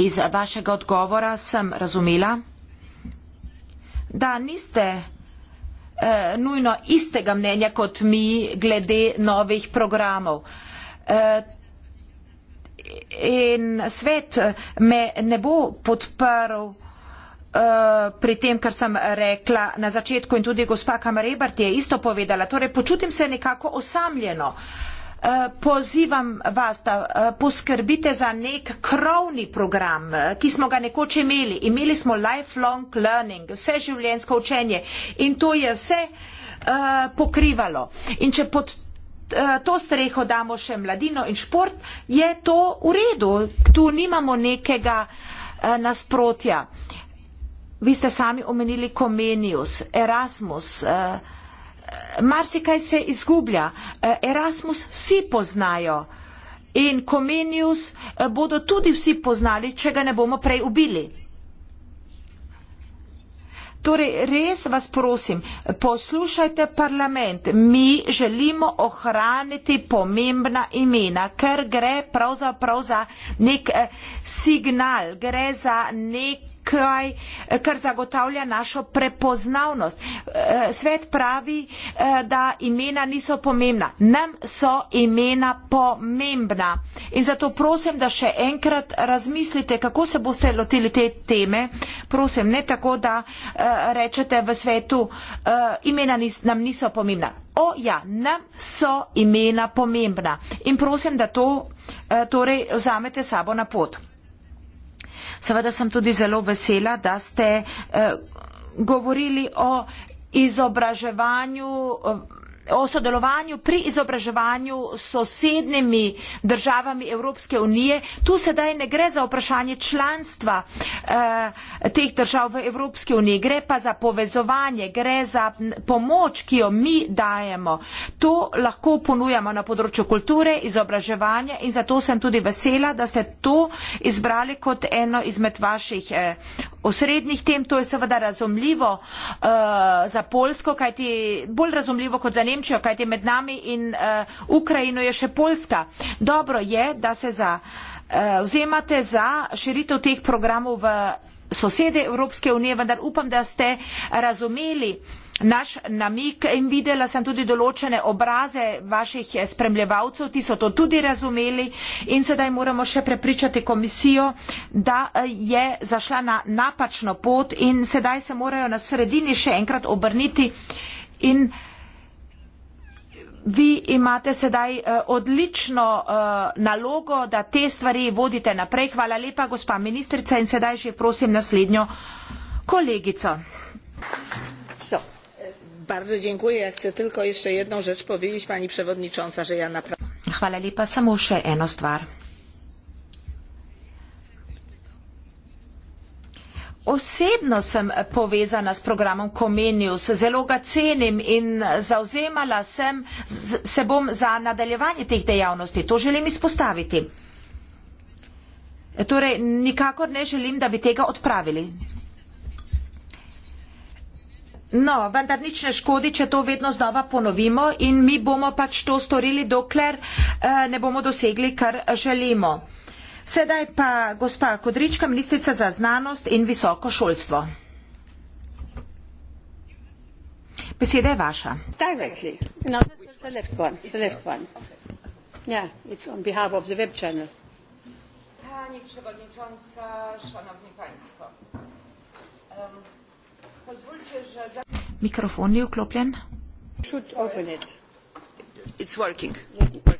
Iz vašega odgovora sem razumela, da niste eh, nujno istega mnenja kot mi glede novih programov. Eh, in svet me ne bo podprl Eh, pri tem, kar sem rekla na začetku in tudi gospa Kamrebert je isto povedala. Torej, počutim se nekako osamljeno. Eh, pozivam vas, da eh, poskrbite za nek krovni program, ki smo ga nekoč imeli. Imeli smo lifelong learning, vse življenjsko učenje in to je vse pokrivalo. In če pod to streho damo še mladino in šport, je to v redu. Tu nimamo nekega nasprotja vi ste sami omenili Komenius, Erasmus, eh, eh, marsikaj se izgublja. Eh, Erasmus vsi poznajo in Komenius bodo tudi vsi poznali, če ga ne bomo prej ubili. Torej, res vas prosim, poslušajte parlament. Mi želimo ohraniti pomembna imena, ker gre pravzaprav za nek signal, gre za nek kaj, eh, kar zagotavlja našo prepoznavnost. Eh, svet pravi, eh, da imena niso pomembna. Nam so imena pomembna. In zato prosim, da še enkrat razmislite, kako se boste lotili te teme. Prosim, ne tako, da rečete v svetu, imena nam niso pomembna. O, ja, nam so imena pomembna. In prosim, da to torej vzamete sabo na pot. Seveda sem tudi zelo vesela, da ste eh, govorili o izobraževanju. Eh, o sodelovanju pri izobraževanju s sosednjimi državami Evropske unije. Tu sedaj ne gre za vprašanje članstva eh, teh držav v Evropski uniji, gre pa za povezovanje, gre za pomoč, ki jo mi dajemo. To lahko ponujamo na področju kulture, izobraževanja in zato sem tudi vesela, da ste to izbrali kot eno izmed vaših eh, osrednjih tem. To je seveda razumljivo eh, za Polsko, kajti bolj razumljivo kot za Nemčijo. Nemčijo, kajti med nami in uh, Ukrajino je še Poljska. Dobro je, da se za, uh, vzemate za širitev teh programov v sosede Evropske unije, vendar upam, da ste razumeli naš namik in videla sem tudi določene obraze vaših eh, spremljevalcev, ti so to tudi razumeli in sedaj moramo še prepričati komisijo, da je zašla na napačno pot in sedaj se morajo na sredini še enkrat obrniti in vi imate sedaj eh, odlično eh, nalogo, da te stvari vodite naprej. Hvala lepa, gospa ministrica, in sedaj že prosim naslednjo kolegico. So. Bardzo dziękuję. Ja chcę tylko jeszcze jedną rzecz powiedzieć, pani przewodnicząca, że ja naprawdę. Hvala lepa, samo še eno stvar. Osebno sem povezana s programom Comenius, zelo ga cenim in zauzemala sem, se bom za nadaljevanje teh dejavnosti. To želim izpostaviti. Torej, nikakor ne želim, da bi tega odpravili. No, vendar nič ne škodi, če to vedno znova ponovimo in mi bomo pač to storili, dokler eh, ne bomo dosegli, kar želimo. Eh, Sedaj pa gospa Kodrička, ministrica za znanost in visoko šolstvo. Beseda je vaša. No, no, no, Pani przewodnicząca, szanowni państwo. Um, pozwólcie, że za... Mikrofon nie uklopien. Should open it. It's working. Yeah.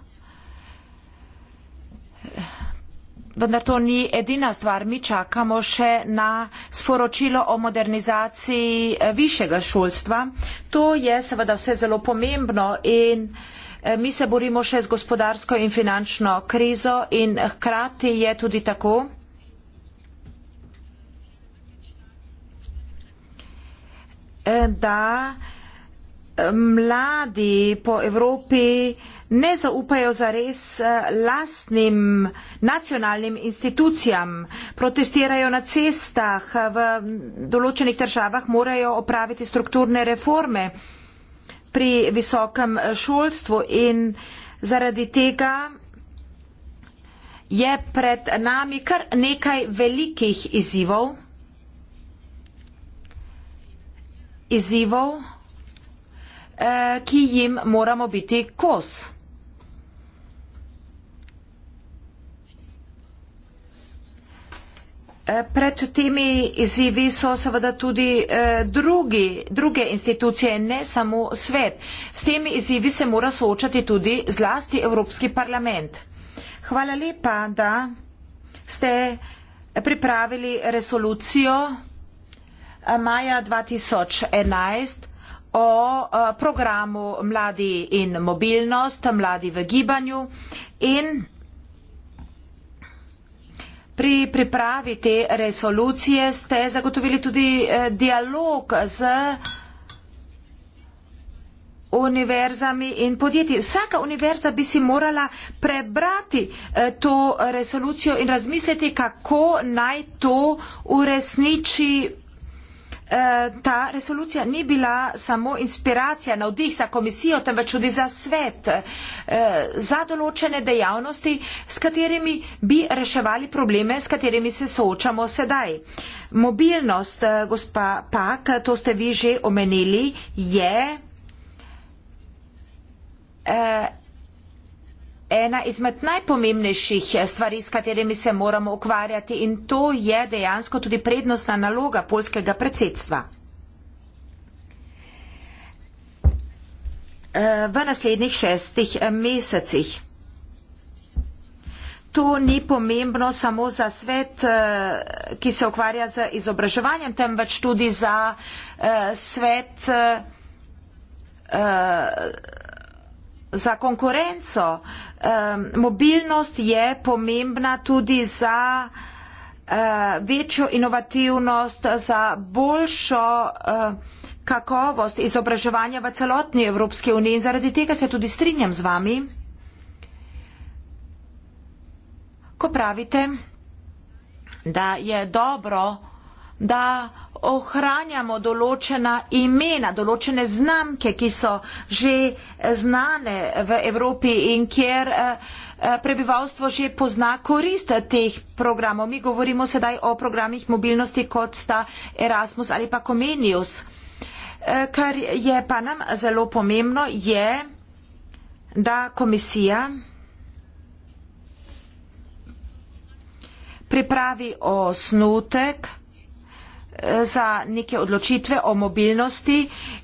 vendar to ni edina stvar. Mi čakamo še na sporočilo o modernizaciji eh, višjega šolstva. To je seveda vse zelo pomembno in eh, mi se borimo še z gospodarsko in finančno krizo in hkrati je tudi tako. Eh, da mladi po Evropi ne zaupajo zares eh, lastnim nacionalnim institucijam, protestirajo na cestah, eh, v določenih državah morajo opraviti strukturne reforme pri visokem eh, šolstvu in zaradi tega je pred nami kar nekaj velikih izzivov, izzivov, ki jim moramo biti kos. Eh, pred temi izzivi so seveda tudi eh, drugi, druge institucije, ne samo svet. S temi izzivi se mora soočati tudi zlasti Evropski parlament. Hvala lepa, da ste pripravili resolucijo eh, maja 2011 o programu Mladi in mobilnost, Mladi v gibanju in Pri pripravi te resolucije ste zagotovili tudi eh, dialog z univerzami in podjetji. Vsaka univerza bi si morala prebrati eh, to resolucijo in razmisliti, kako naj to uresniči Eh, ta resolucija ni bila samo inspiracija na vdih za komisijo, temveč tudi za svet, eh, za določene dejavnosti, s katerimi bi reševali probleme, s katerimi se soočamo sedaj. Mobilnost, eh, gospa Pak, to ste vi že omenili, je ena izmed najpomembnejših stvari, s katerimi se moramo ukvarjati in to je dejansko tudi prednostna naloga polskega predsedstva. Eh, v naslednjih šestih eh, mesecih. To ni pomembno samo za svet, eh, ki se ukvarja z izobraževanjem, temveč tudi za svet, za konkurenco. Um, mobilnost je pomembna tudi za uh, večjo inovativnost, za boljšo uh, kakovost izobraževanja v celotni Evropski uniji in zaradi tega se tudi strinjam z vami. Ko pravite, da je dobro, da ohranjamo določena imena, določene znamke, ki so že eh, znane v Evropi in kjer eh, eh, prebivalstvo že pozna korist teh programov. Mi govorimo sedaj o programih mobilnosti, kot sta Erasmus ali pa Comenius. Kar je pa nam zelo pomembno, je, da komisija pripravi osnutek, za neke odločitve o mobilnosti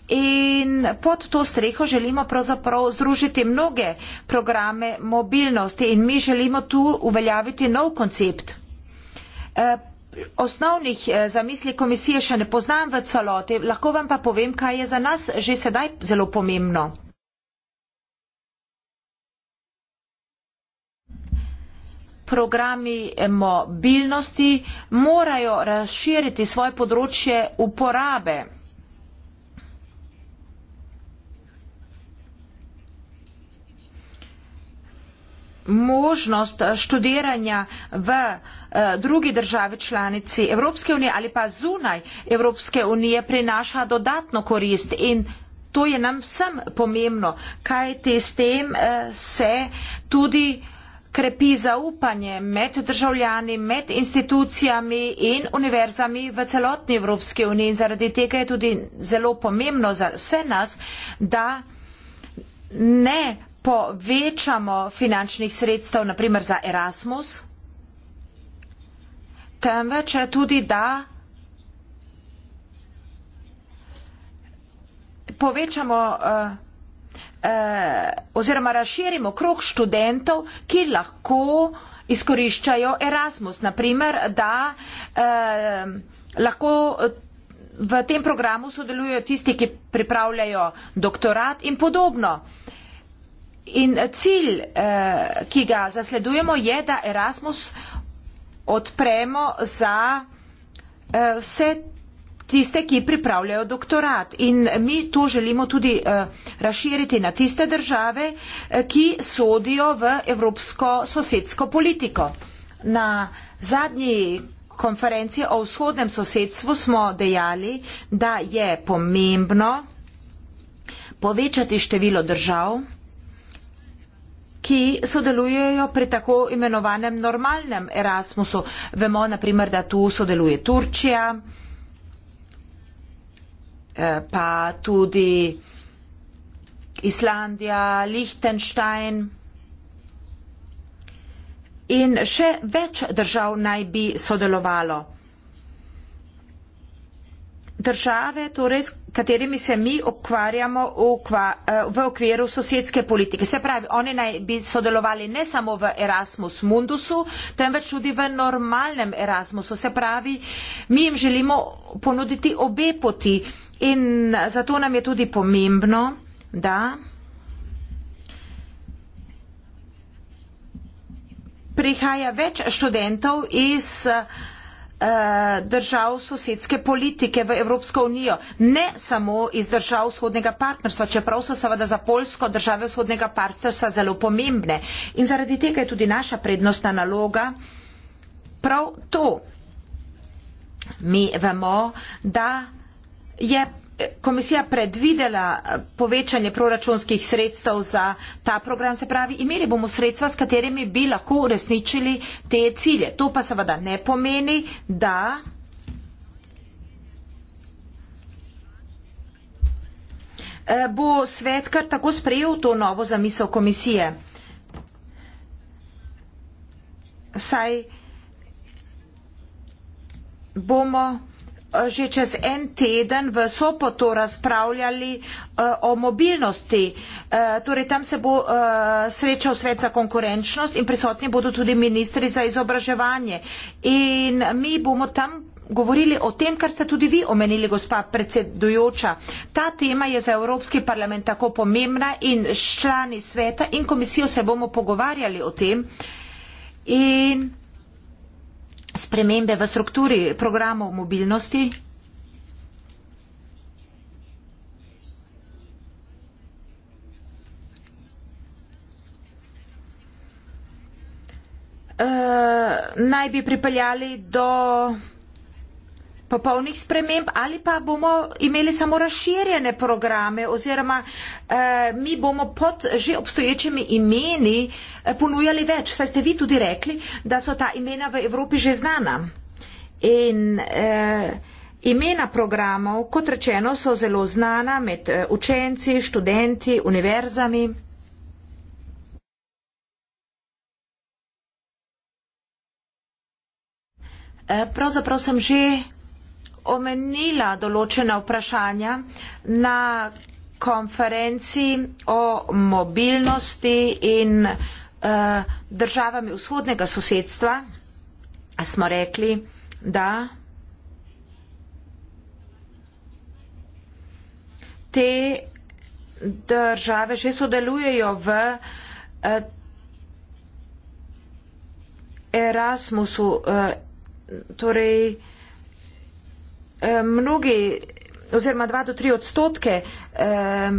in pod to streho želimo pravzaprav združiti mnoge programe mobilnosti in mi želimo tu uveljaviti nov koncept. Eh, osnovnih eh, zamisli komisije še ne poznam v celoti, lahko vam pa povem, kaj je za nas že sedaj zelo pomembno. programi mobilnosti morajo razširiti svoje področje uporabe. možnost študiranja v eh, drugi državi članici Evropske unije ali pa zunaj Evropske unije prinaša dodatno korist in to je nam vsem pomembno, kaj te s tem eh, se tudi krepi zaupanje med državljani, med institucijami in univerzami v celotni Evropski uniji. In zaradi tega je tudi zelo pomembno za vse nas, da ne povečamo finančnih sredstev, naprimer za Erasmus, temveč tudi, da povečamo uh, eh, oziroma razširimo krok študentov, ki lahko izkoriščajo Erasmus. Naprimer, da eh, lahko v tem programu sodelujo tisti, ki pripravljajo doktorat in podobno. In cilj, eh, ki ga zasledujemo, je, da Erasmus odpremo za eh, vse tiste, ki pripravljajo doktorat. In mi to želimo tudi uh, razširiti na tiste države, uh, ki sodijo v evropsko sosedsko politiko. Na zadnji konferenci o vzhodnem sosedstvu smo dejali, da je pomembno povečati število držav, ki sodelujejo pri tako imenovanem normalnem Erasmusu. Vemo naprimer, da tu sodeluje Turčija, Eh, pa tudi Islandija, Lihtenštajn. In še več držav naj bi sodelovalo. Države, torej, s katerimi se mi ukvarjamo eh, v okviru sosedske politike. Se pravi, oni naj bi sodelovali ne samo v Erasmus Mundusu, temveč tudi v normalnem Erasmusu. Se pravi, mi jim želimo ponuditi obe poti. In zato nam je tudi pomembno, da prihaja več študentov iz eh, držav sosedske politike v Evropsko unijo, ne samo iz držav vzhodnega partnerstva, čeprav so seveda za Polsko države vzhodnega partnerstva zelo pomembne. In zaradi tega je tudi naša prednostna naloga prav to. Mi vemo, da je eh, komisija predvidela eh, povečanje proračunskih sredstev za ta program, se pravi, imeli bomo sredstva, s katerimi bi lahko uresničili te cilje. To pa seveda ne pomeni, da eh, bo svet kar tako sprejel to novo zamisel komisije. Saj bomo že čez en teden v Sopotu razpravljali eh, o mobilnosti. Eh, torej, tam se bo eh, srečal svet za konkurenčnost in prisotni bodo tudi ministri za izobraževanje. In mi bomo tam govorili o tem, kar ste tudi vi omenili, gospa predsedujoča. Ta tema je za Evropski parlament tako pomembna in s člani sveta in komisijo se bomo pogovarjali o tem. In spremembe v strukturi programov mobilnosti? Uh, naj bi pripeljali do popolnih sprememb ali pa bomo imeli samo razširjene programe oziroma eh, mi bomo pod že obstoječimi imeni eh, ponujali več. Saj ste vi tudi rekli, da so ta imena v Evropi že znana. In eh, imena programov, kot rečeno, so zelo znana med eh, učenci, študenti, univerzami. Eh, pravzaprav sem že omenila določena vprašanja na konferenci o mobilnosti in eh, državami vzhodnega sosedstva, smo rekli, da te države že sodelujejo v eh, Erasmusu, eh, torej Eh, mnogi, oziroma 2 do 3 odstotke eh,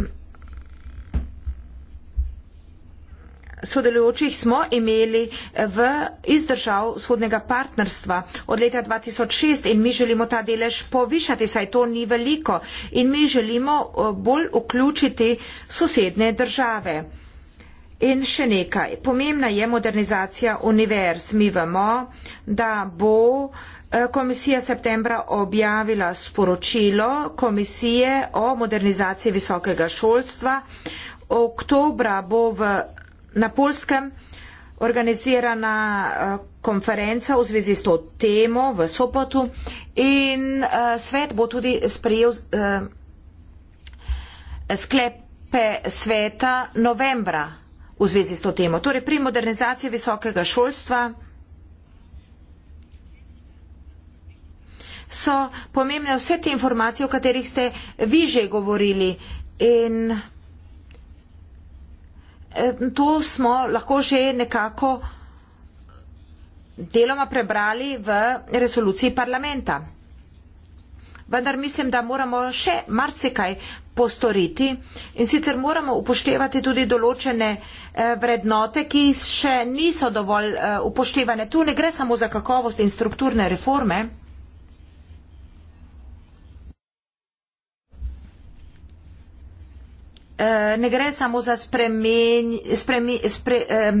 sodelujočih smo imeli eh, v izdržav vzhodnega partnerstva od leta 2006 in mi želimo ta delež povišati, saj to ni veliko in mi želimo bolj vključiti sosedne države. In še nekaj. Pomembna je modernizacija univerz. Mi vemo, da bo uh, Eh, komisija septembra objavila sporočilo Komisije o modernizaciji visokega šolstva. Oktobra bo v, na Polskem organizirana eh, konferenca v zvezi s to temo v Sopotu in eh, svet bo tudi sprejel sklepe sveta novembra v zvezi s to temo. Torej pri modernizaciji visokega šolstva so pomembne vse te informacije, o katerih ste vi že govorili. In eh, to smo lahko že nekako deloma prebrali v resoluciji parlamenta. Vendar mislim, da moramo še marsikaj postoriti in sicer moramo upoštevati tudi določene eh, vrednote, ki še niso dovolj eh, upoštevane. Tu ne gre samo za kakovost in strukturne reforme. Eh, ne gre samo za spremenj, spremenj, spre, eh,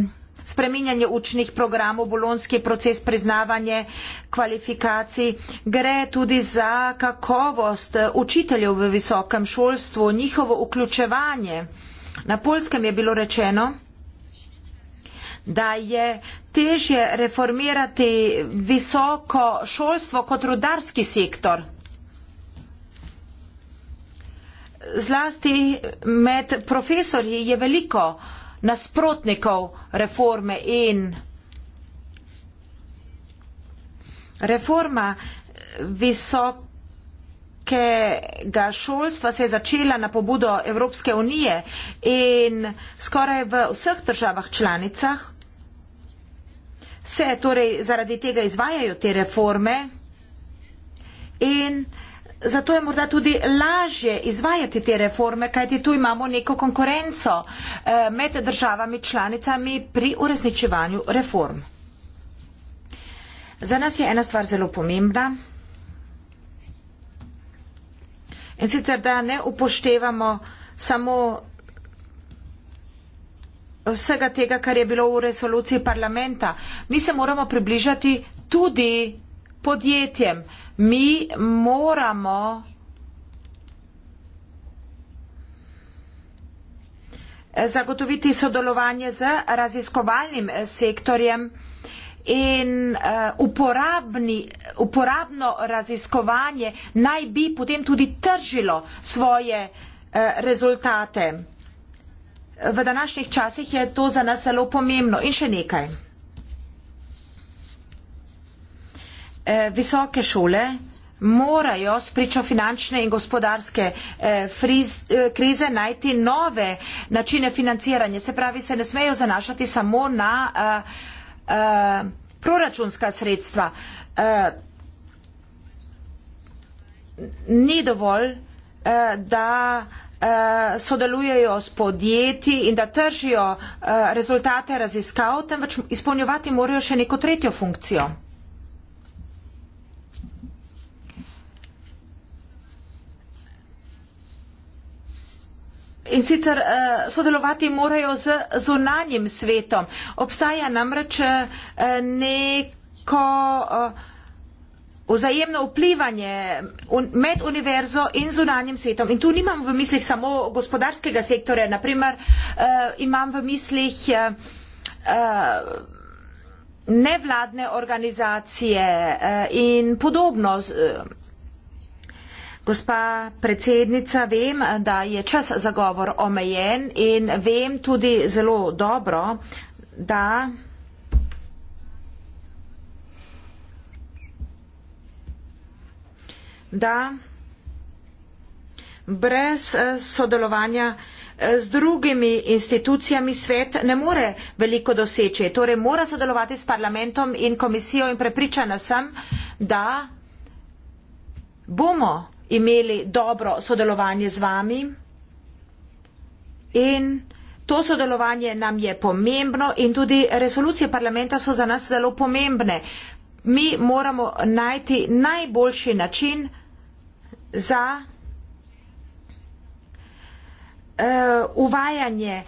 spreminjanje učnih programov, bolonski proces priznavanje kvalifikacij, gre tudi za kakovost eh, učiteljev v visokem šolstvu, njihovo vključevanje. Na polskem je bilo rečeno, da je težje reformirati visoko šolstvo kot rudarski sektor zlasti med profesorji je veliko nasprotnikov reforme in reforma visokega šolstva se je začela na pobudo Evropske unije in skoraj v vseh državah članicah se torej zaradi tega izvajajo te reforme in Zato je morda tudi lažje izvajati te reforme, kajti tu imamo neko konkurenco eh, med državami članicami pri uresničevanju reform. Za nas je ena stvar zelo pomembna in sicer, da ne upoštevamo samo vsega tega, kar je bilo v resoluciji parlamenta. Mi se moramo približati tudi podjetjem, mi moramo zagotoviti sodelovanje z raziskovalnim eh, sektorjem in eh, uporabni, uporabno raziskovanje naj bi potem tudi tržilo svoje eh, rezultate. V današnjih časih je to za nas zelo pomembno. In še nekaj. Eh, visoke šole morajo s pričo finančne in gospodarske eh, friz, eh, krize najti nove načine financiranja. Se pravi, se ne smejo zanašati samo na uh, uh, proračunska sredstva. Uh, ni dovolj, uh, da uh, sodelujejo s podjetji in da tržijo uh, rezultate raziskav, temveč izpolnjevati morajo še neko tretjo funkcijo. In sicer eh, sodelovati morajo z zunanjim svetom. Obstaja namreč eh, neko eh, vzajemno vplivanje med univerzo in zunanjim svetom. In tu nimam v mislih samo gospodarskega sektorja, naprimer imam v mislih nevladne organizacije in podobno Gospa predsednica, vem, da je čas za govor omejen in vem tudi zelo dobro, da da brez eh, sodelovanja eh, z drugimi institucijami svet ne more veliko doseči. Torej mora sodelovati s parlamentom in komisijo in prepričana sem, da bomo imeli dobro sodelovanje z vami. In to sodelovanje nam je pomembno in tudi resolucije parlamenta so za nas zelo pomembne. Mi moramo najti najboljši način za uh, uvajanje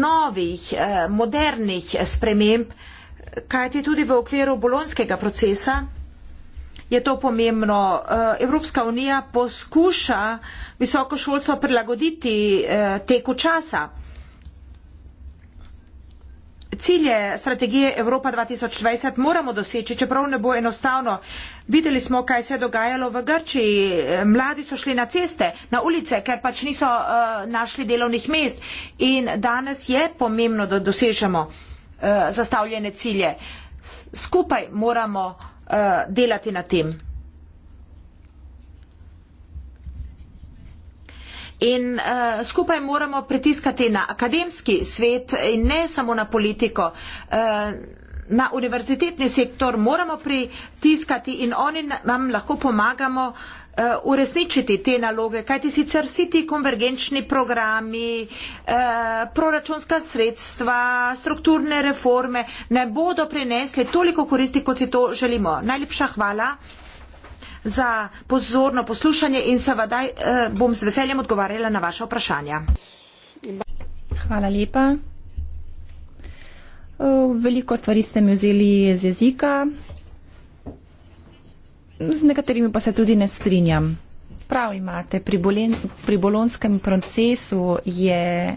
novih, uh, modernih sprememb, kajti tudi v okviru bolonskega procesa je to pomembno. Eh, Evropska unija poskuša visoko šolstvo prilagoditi eh, teku časa. Cilje strategije Evropa 2020 moramo doseči, čeprav ne bo enostavno. Videli smo, kaj se je dogajalo v Grčiji. Mladi so šli na ceste, na ulice, ker pač niso uh, našli delovnih mest. In danes je pomembno, da dosežemo uh, zastavljene cilje. Skupaj moramo uh, Eh, delati na tem. In uh, skupaj moramo pritiskati na akademski svet in ne samo na politiko. Uh, na univerzitetni sektor moramo pritiskati in oni nam lahko pomagamo uh, Eh, uresničiti te naloge, kajti sicer vsi ti konvergenčni programi, eh, proračunska sredstva, strukturne reforme ne bodo prinesli toliko koristi, kot si to želimo. Najlepša hvala za pozorno poslušanje in seveda eh, bom z veseljem odgovarjala na vaše vprašanja. Hvala lepa. Veliko stvari ste mi vzeli iz jezika z nekaterimi pa se tudi ne strinjam. Prav imate, pri, bolen, pri bolonskem procesu je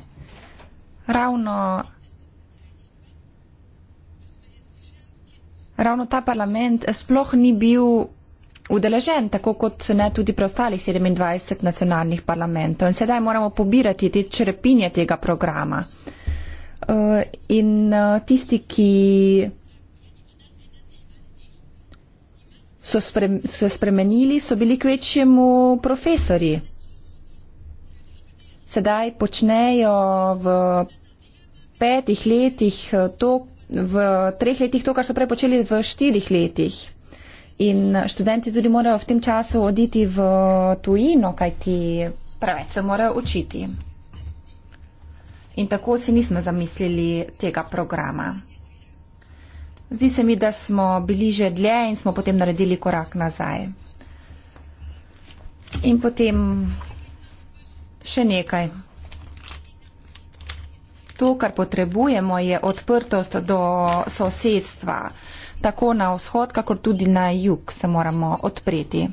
ravno, ravno ta parlament sploh ni bil udeležen, tako kot ne tudi preostalih 27 nacionalnih parlamentov. In sedaj moramo pobirati te črepinje tega programa. Eh, in eh, tisti, ki so spre, se spremenili, so bili kvečjemu profesori. Sedaj počnejo v petih letih to, v treh letih to, kar so prej počeli v štirih letih. In študenti tudi morajo v tem času oditi v tujino, kaj ti preveč se morajo učiti. In tako si nismo zamislili tega programa. Zdi se mi, da smo bili že dlje in smo potem naredili korak nazaj. In potem še nekaj. To, kar potrebujemo, je odprtost do sosedstva. Tako na vzhod, kakor tudi na jug se moramo odpreti.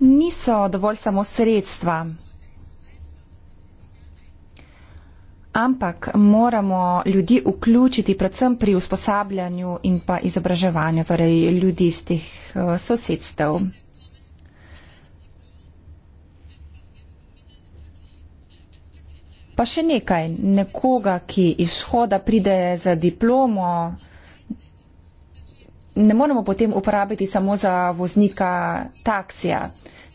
niso dovolj samo sredstva, ampak moramo ljudi vključiti predvsem pri usposabljanju in pa izobraževanju torej ljudi iz teh eh, sosedstev. Pa še nekaj, nekoga, ki izhoda pride za diplomo, ne moremo potem uporabiti samo za voznika taksija.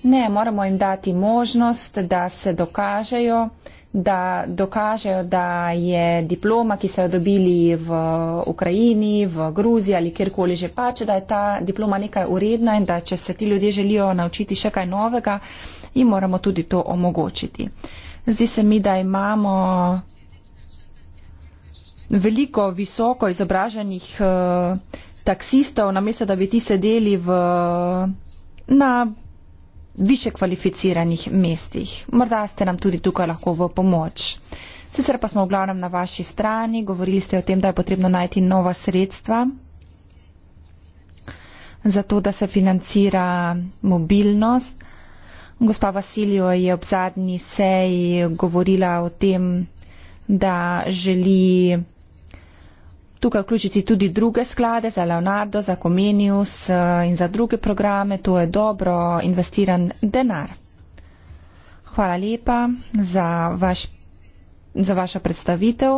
Ne, moramo jim dati možnost, da se dokažejo, da dokažejo, da je diploma, ki so jo dobili v Ukrajini, v Gruziji ali kjerkoli že pač, da je ta diploma nekaj uredna in da če se ti ljudje želijo naučiti še kaj novega, jim moramo tudi to omogočiti. Zdi se mi, da imamo veliko visoko izobraženih uh, taksistov, namesto da bi ti sedeli v, na više kvalificiranih mestih. Morda ste nam tudi tukaj lahko v pomoč. Sicer pa smo v glavnem na vaši strani, govorili ste o tem, da je potrebno najti nova sredstva za to, da se financira mobilnost. Gospa Vasilijo je ob zadnji seji govorila o tem, da želi tukaj vključiti tudi druge sklade za Leonardo, za Comenius eh, in za druge programe. To je dobro investiran denar. Hvala lepa za, vaš, za vašo predstavitev.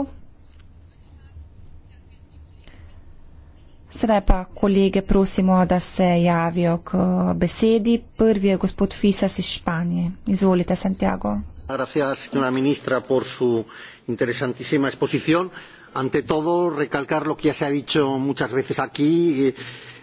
Sedaj pa kolege prosimo, da se javijo k besedi. Prvi je gospod Fisas iz Španije. Izvolite, Santiago. Gracias, señora ministra, por su interesantísima exposición ante todo, recalcar lo que ya se ha dicho muchas veces aquí, eh,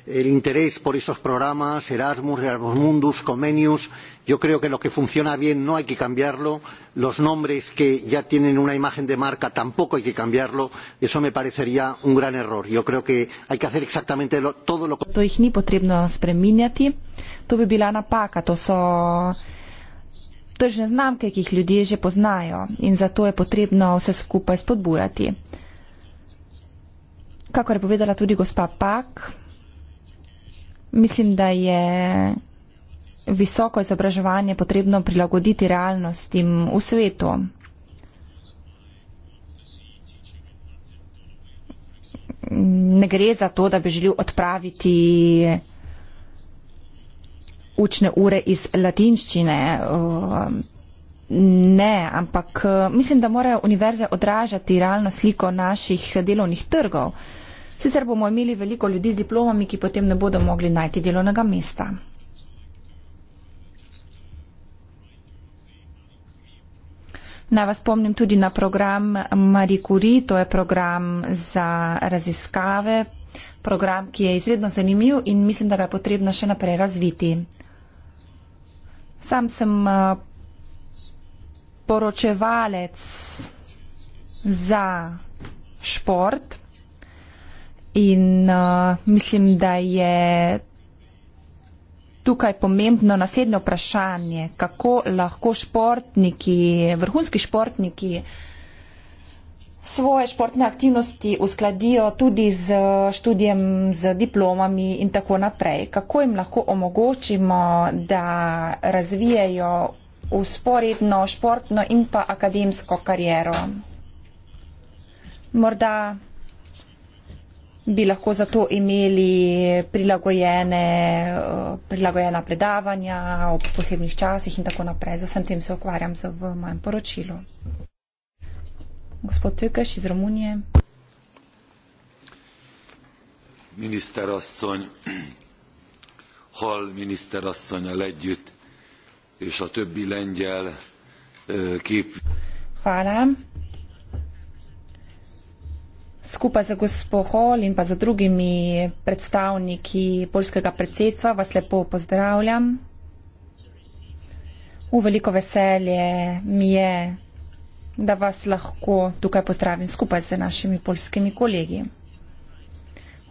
el interés por esos programas, Erasmus, Erasmus Mundus, Comenius. Yo creo que lo que funciona bien no hay que cambiarlo. Los nombres que ya tienen una imagen de marca tampoco hay que cambiarlo. Eso me parecería un gran error. Yo creo que hay que hacer exactamente lo, todo lo que... To ich ni potrebno spreminjati. To bi bila napaka. To so tržne znamke, ki jih ljudje že poznajo. In zato je potrebno vse skupaj spodbujati kako je povedala tudi gospa Pak, mislim, da je visoko izobraževanje potrebno prilagoditi realnostim v svetu. Ne gre za to, da bi želel odpraviti učne ure iz latinščine. Eh, ne, ampak eh, mislim, da morajo univerze odražati realno sliko naših delovnih trgov. Sicer bomo imeli veliko ljudi z diplomami, ki potem ne bodo mogli najti delovnega mesta. Naj vas spomnim tudi na program Marie Curie, to je program za raziskave, program, ki je izredno zanimiv in mislim, da ga je potrebno še naprej razviti. Sam sem eh, poročevalec za šport. In uh, mislim, da je tukaj pomembno naslednje vprašanje, kako lahko športniki, vrhunski športniki, svoje športne aktivnosti uskladijo tudi z študijem, z diplomami in tako naprej. Kako jim lahko omogočimo, da razvijajo usporedno športno in pa akademsko kariero. Morda bi lahko zato imeli prilagojene, eh, prilagojena predavanja ob posebnih časih in tako naprej. Z vsem tem se ukvarjam v mojem poročilu. Gospod Tökeš iz Romunije. Minister asszony, hal minister asszonyal együtt, és a többi lengyel eh, kép. Hálám skupaj z gospo Hol in pa z drugimi predstavniki polskega predsedstva vas lepo pozdravljam. V veliko veselje mi je, da vas lahko tukaj pozdravim skupaj z našimi polskimi kolegi.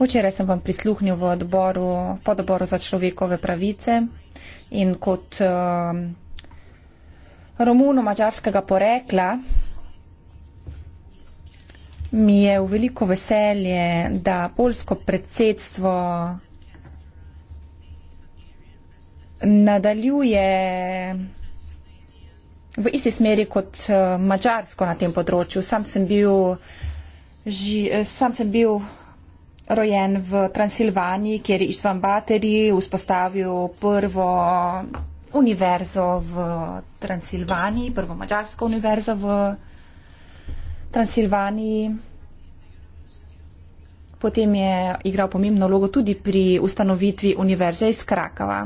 Včeraj sem vam prisluhnil v odboru, pododboru za človekove pravice in kot uh, eh, romuno mačarskega porekla Mi je v veliko veselje, da polsko predsedstvo nadaljuje v isti smeri kot eh, mačarsko na tem področju. Sam sem bil, ži, eh, sam sem bil rojen v Transilvaniji, kjer je Ištvan Bateri vzpostavil prvo univerzo v Transilvaniji, prvo mačarsko univerzo v Transilvaniji. Transilvaniji. Potem je igral pomembno vlogo tudi pri ustanovitvi univerze iz Krakava.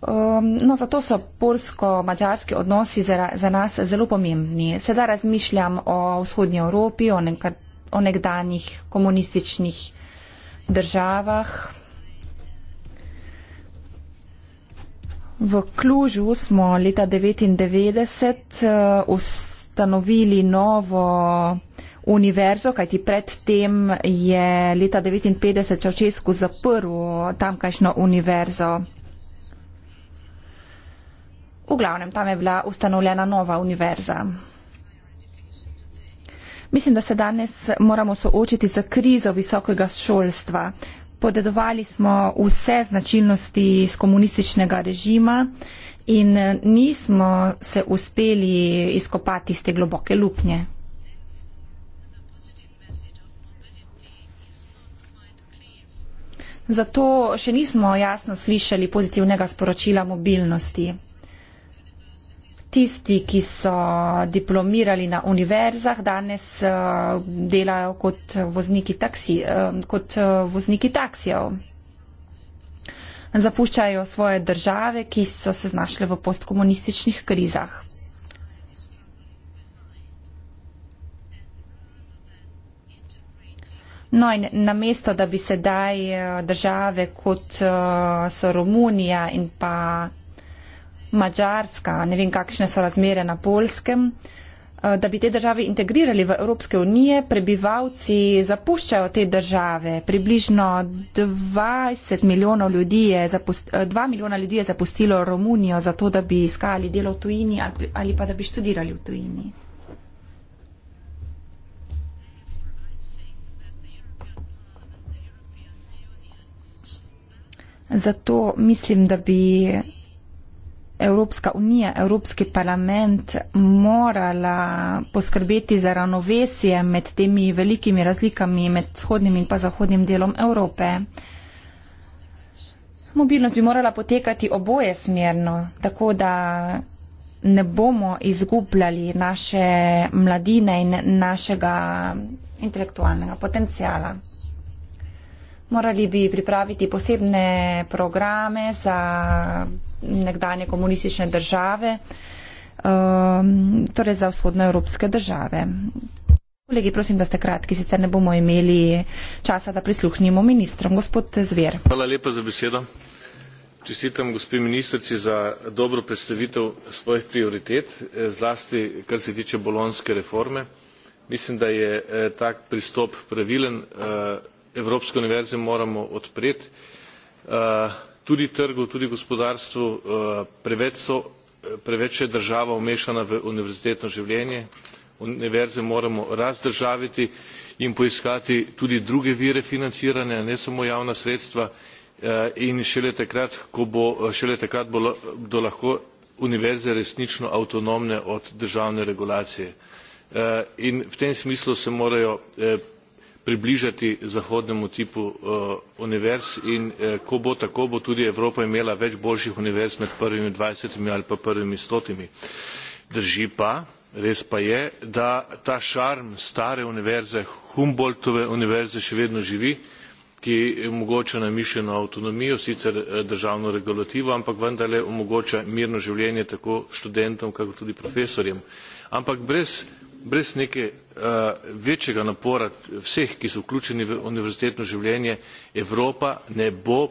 Um, no, zato so polsko-mađarski odnosi za, za nas zelo pomembni. Sedaj razmišljam o vzhodnji Evropi, o, nekaj, o nekdanjih komunističnih državah. V Klužu smo leta 1999 eh, ustanovili novo univerzo, kajti predtem je leta 1959 Čavčesku zaprl tamkajšno univerzo. V glavnem, tam je bila ustanovljena nova univerza. Mislim, da se danes moramo soočiti z krizo visokega šolstva. Podedovali smo vse značilnosti iz komunističnega režima in eh, nismo se uspeli izkopati iz te globoke luknje. Zato še nismo jasno slišali pozitivnega sporočila mobilnosti tisti, ki so diplomirali na univerzah, danes eh, delajo kot eh, vozniki, taksi, eh, kot vozniki taksijev. Zapuščajo svoje države, ki so se znašle v postkomunističnih krizah. No in namesto, da bi sedaj države kot so Romunija in pa Mačarska, ne vem, kakšne so razmere na polskem, eh, da bi te države integrirali v Evropske unije, prebivalci zapuščajo te države. Približno 20 milijonov ljudi je, zapusti, 2 eh, milijona ljudi je zapustilo Romunijo za to, da bi iskali delo v tujini ali pa da bi študirali v tujini. Zato mislim, da bi Evropska unija, Evropski parlament morala poskrbeti za ravnovesje med temi velikimi razlikami med vzhodnim in pa zahodnim delom Evrope. Mobilnost bi morala potekati oboje smerno, tako da ne bomo izgubljali naše mladine in našega intelektualnega potencijala. Morali bi pripraviti posebne programe za nekdanje komunistične države, um, torej za vzhodnoevropske države. Kolegi, prosim, da ste kratki, sicer ne bomo imeli časa, da prisluhnimo ministrom. Gospod Zver. Hvala lepa za besedo. Čestitam gospe ministrici za dobro predstavitev svojih prioritet, eh, zlasti kar se tiče bolonske reforme. Mislim, da je eh, tak pristop pravilen. Eh, Evropsko univerzo moramo odpreti tudi trgu tudi gospodarstvu eh, preveč so eh, preveč je država vmešana v univerzitetno življenje univerze moramo razdržaviti in poiskati tudi druge vire financiranja ne samo javna sredstva eh, in šele takrat ko bo šele takrat bo bodo lahko univerze resnično avtonomne od državne regulacije in v tem smislu se morajo približati zahodnemu tipu uh, univerz in eh, ko bo tako, bo tudi Evropa imela več boljših univerz med prvimi dvajsetimi ali pa prvimi stotimi. Drži pa, res pa je, da ta šarm stare univerze, Humboldtove univerze še vedno živi, ki omogoča namišljeno avtonomijo, sicer eh, državno regulativo, ampak vendarle omogoča mirno življenje tako študentom, kako tudi profesorjem. Ampak brez brez nekega eh, večjega napora vseh ki so vključeni v univerzitetno življenje evropa ne bo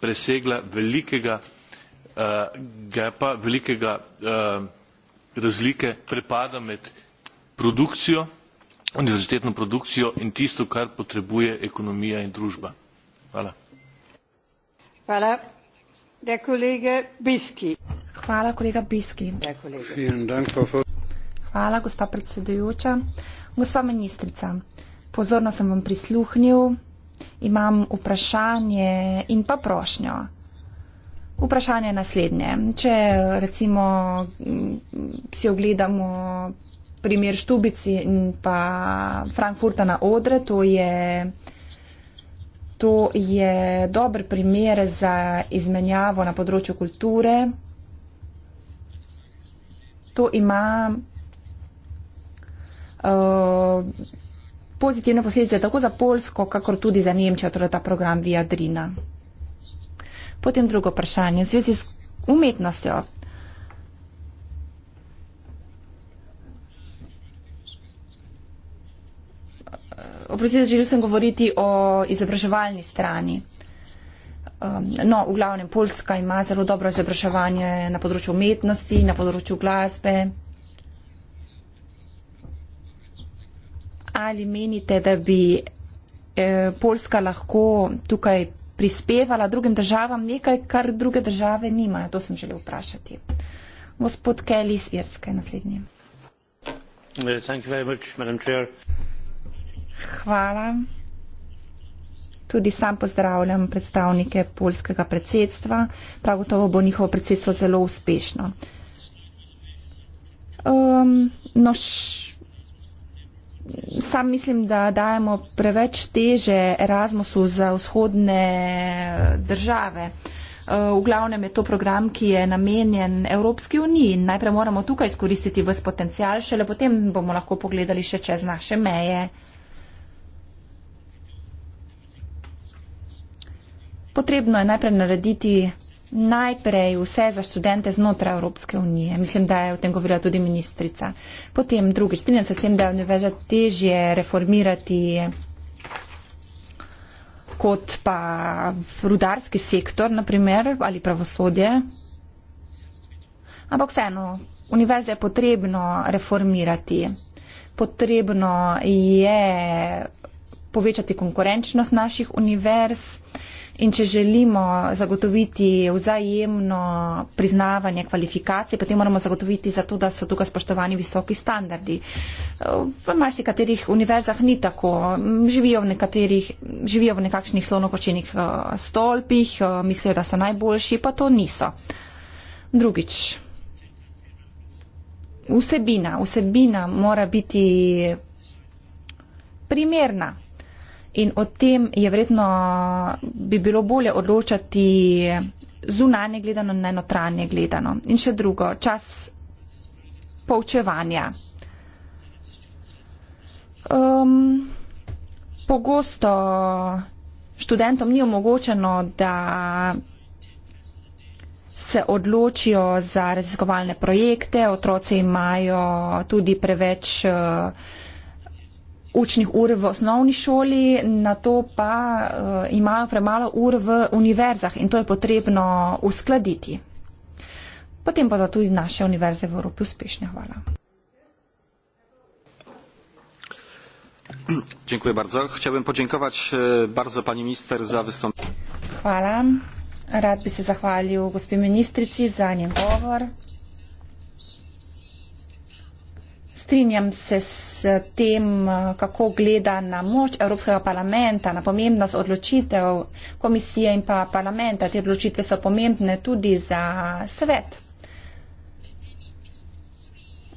presegla velikega eh, gapa velikega eh, razlike prepada med produkcijo univerzitetno produkcijo in tisto kar potrebuje ekonomija in družba. Hvala. Hvala. Der Kollege Biski. Hvala kolega Biski. Vielen Dank, Frau Vorsitzende hvala, gospa predsedujoča. Gospa ministrica, pozorno sem vam prisluhnil, imam vprašanje in pa prošnjo. Vprašanje je naslednje. Če recimo si ogledamo primer Štubici in pa Frankfurta na odre, to je, to je dober primer za izmenjavo na področju kulture. To ima Eh, pozitivne posledice tako za Polsko, kakor tudi za Nemčijo, torej ta program Viadrina. Potem drugo vprašanje v zvezi z umetnostjo. Oprostite, želel sem govoriti o izobraževalni strani. No, v glavnem Poljska ima zelo dobro izobraževanje na področju umetnosti, na področju glasbe. ali menite, da bi eh, Poljska lahko tukaj prispevala drugim državam nekaj, kar druge države nimajo? To sem želel vprašati. Gospod Kelly iz Irske, naslednji. Eh, Hvala. Tudi sam pozdravljam predstavnike polskega predsedstva. Prav gotovo bo njihovo predsedstvo zelo uspešno. Um, no š, Sam mislim, da dajemo preveč teže Erasmusu za vzhodne države. E, v glavnem je to program, ki je namenjen Evropski uniji in najprej moramo tukaj izkoristiti vse potencial, šele potem bomo lahko pogledali še čez naše meje. Potrebno je najprej narediti najprej vse za študente znotraj Evropske unije. Mislim, da je o tem govorila tudi ministrica. Potem drugič, strinjam se s tem, da je univerza težje reformirati kot pa rudarski sektor, naprimer, ali pravosodje. Ampak vseeno, univerze je potrebno reformirati. Potrebno je povečati konkurenčnost naših univerz. In če želimo zagotoviti vzajemno priznavanje kvalifikacij, potem moramo zagotoviti za to, da so tukaj spoštovani visoki standardi. V marsikaterih univerzah ni tako. Živijo v, živijo v nekakšnih slonokočenih eh, stolpih, eh, mislijo, da so najboljši, pa to niso. Drugič. Vsebina, vsebina mora biti primerna in o tem je vredno bi bilo bolje odločati zunanje gledano, ne notranje gledano. In še drugo, čas poučevanja. Um, pogosto študentom ni omogočeno, da se odločijo za raziskovalne projekte, otroci imajo tudi preveč uh, učnih ur v osnovni šoli, na to pa uh, imajo premalo ur v univerzah in to je potrebno uskladiti. Potem pa da tudi naše univerze v Evropi uspešne. Hvala. Dziękuję bardzo. Chciałbym podziękować e, bardzo pani minister za wystąpienie. Hvala. Rad bi se zahvalil gospe ministrici za njen govor. strinjam se s tem, kako gleda na moč Evropskega parlamenta, na pomembnost odločitev komisije in pa parlamenta. Te odločitve so pomembne tudi za svet.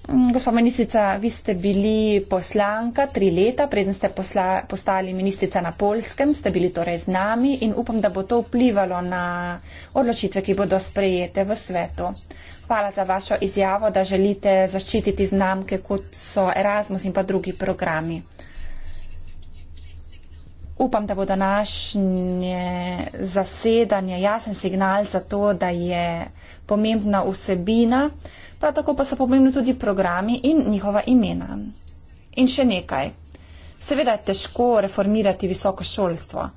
Mm, gospa ministrica, vi ste bili poslanka tri leta, preden ste posla, postali ministrica na Polskem, ste bili torej z nami in upam, da bo to vplivalo na odločitve, ki bodo sprejete v svetu. Hvala za vašo izjavo, da želite zaščititi znamke, kot so Erasmus in pa drugi programi. Upam, da bo današnje zasedanje jasen signal za to, da je pomembna vsebina prav tako pa so pomembni tudi programi in njihova imena. In še nekaj. Seveda je težko reformirati visoko šolstvo.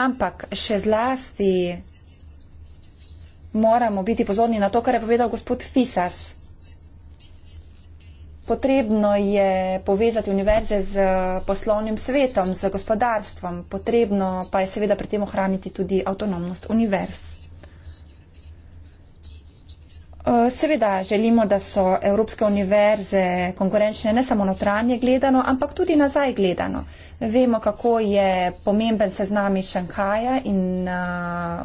Ampak še zlasti moramo biti pozorni na to, kar je povedal gospod Fisas. Potrebno je povezati univerze z eh, poslovnim svetom, z gospodarstvom, potrebno pa je seveda pri tem ohraniti tudi avtonomnost univerz. Eh, seveda želimo, da so evropske univerze konkurenčne ne samo notranje gledano, ampak tudi nazaj gledano. Vemo, kako je pomemben seznam iz Šankaja in a, eh,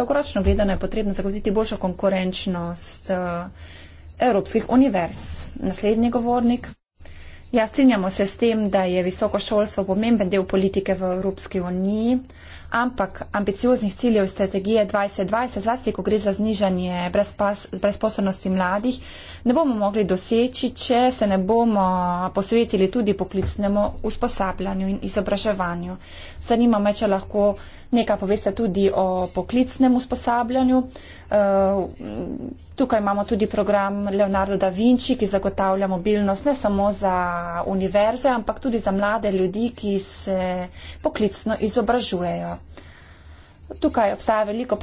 dogoročno gledano je potrebno zagotoviti boljšo konkurenčnost. A, evropskih univerz. Naslednji govornik. Ja, strinjamo se s tem, da je visoko šolstvo pomemben del politike v Evropski uniji, ampak ambicioznih ciljev strategije 2020, zlasti ko gre za znižanje brezposobnosti mladih, ne bomo mogli doseči, če se ne bomo posvetili tudi poklicnemu usposabljanju in izobraževanju. Zanima me, če lahko Nekaj poveste tudi o poklicnem usposabljanju. Eh, tukaj imamo tudi program Leonardo da Vinci, ki zagotavlja mobilnost ne samo za univerze, ampak tudi za mlade ljudi, ki se poklicno izobražujejo. Tukaj obstaja veliko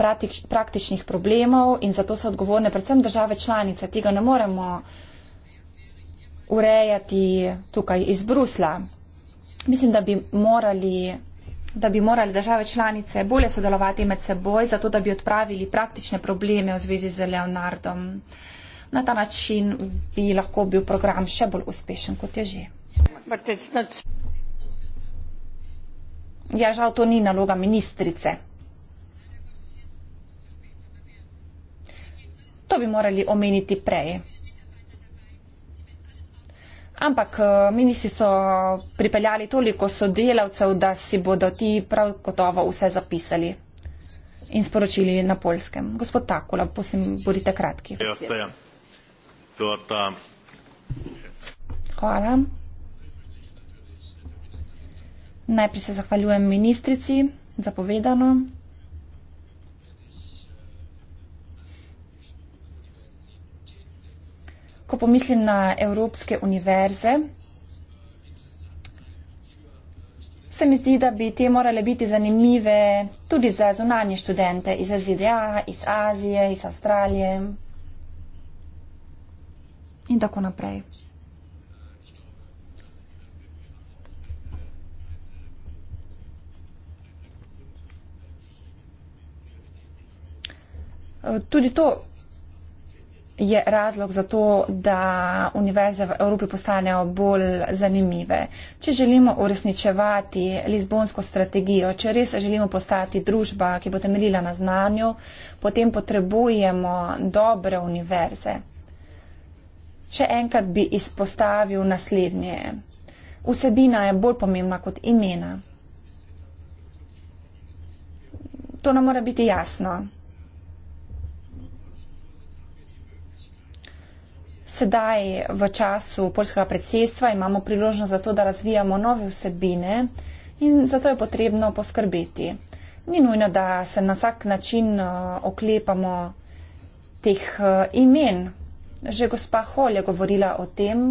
praktičnih problemov in zato so odgovorne predvsem države članice. Tega ne moremo urejati tukaj iz Brusla. Mislim, da bi morali da bi morali države članice bolje sodelovati med seboj, zato da bi odpravili praktične probleme v zvezi z Leonardom. Na ta način bi lahko bil program še bolj uspešen, kot je že. Ja, žal to ni naloga ministrice. To bi morali omeniti prej. Ampak eh, ministri so pripeljali toliko sodelavcev, da si bodo ti prav gotovo vse zapisali in sporočili na polskem. Gospod Takula, posem, bodite kratki. Ja, Hvala. Najprej se zahvaljujem ministrici za povedano. ko pomislim na evropske univerze, se mi zdi, da bi te morale biti zanimive tudi za zunanje študente iz ZDA, iz Azije, iz Avstralije in tako naprej. Tudi to je razlog za to, da univerze v Evropi postanejo bolj zanimive. Če želimo uresničevati Lizbonsko strategijo, če res želimo postati družba, ki bo temeljila na znanju, potem potrebujemo dobre univerze. Še enkrat bi izpostavil naslednje. Vsebina je bolj pomembna kot imena. To nam mora biti jasno. Sedaj v času polskega predsedstva imamo priložnost za to, da razvijamo nove vsebine in zato je potrebno poskrbeti. Ni nujno, da se na vsak način eh, oklepamo teh eh, imen. Že gospa Hol je govorila o tem.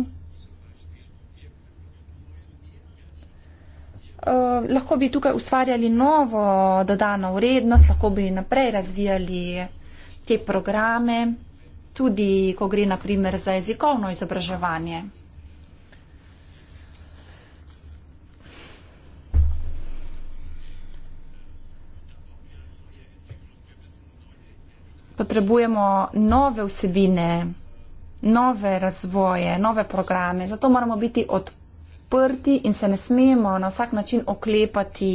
Eh, lahko bi tukaj ustvarjali novo dodano vrednost, lahko bi naprej razvijali te programe tudi ko gre naprimer za jezikovno izobraževanje. Potrebujemo nove vsebine, nove razvoje, nove programe, zato moramo biti odprti in se ne smemo na vsak način oklepati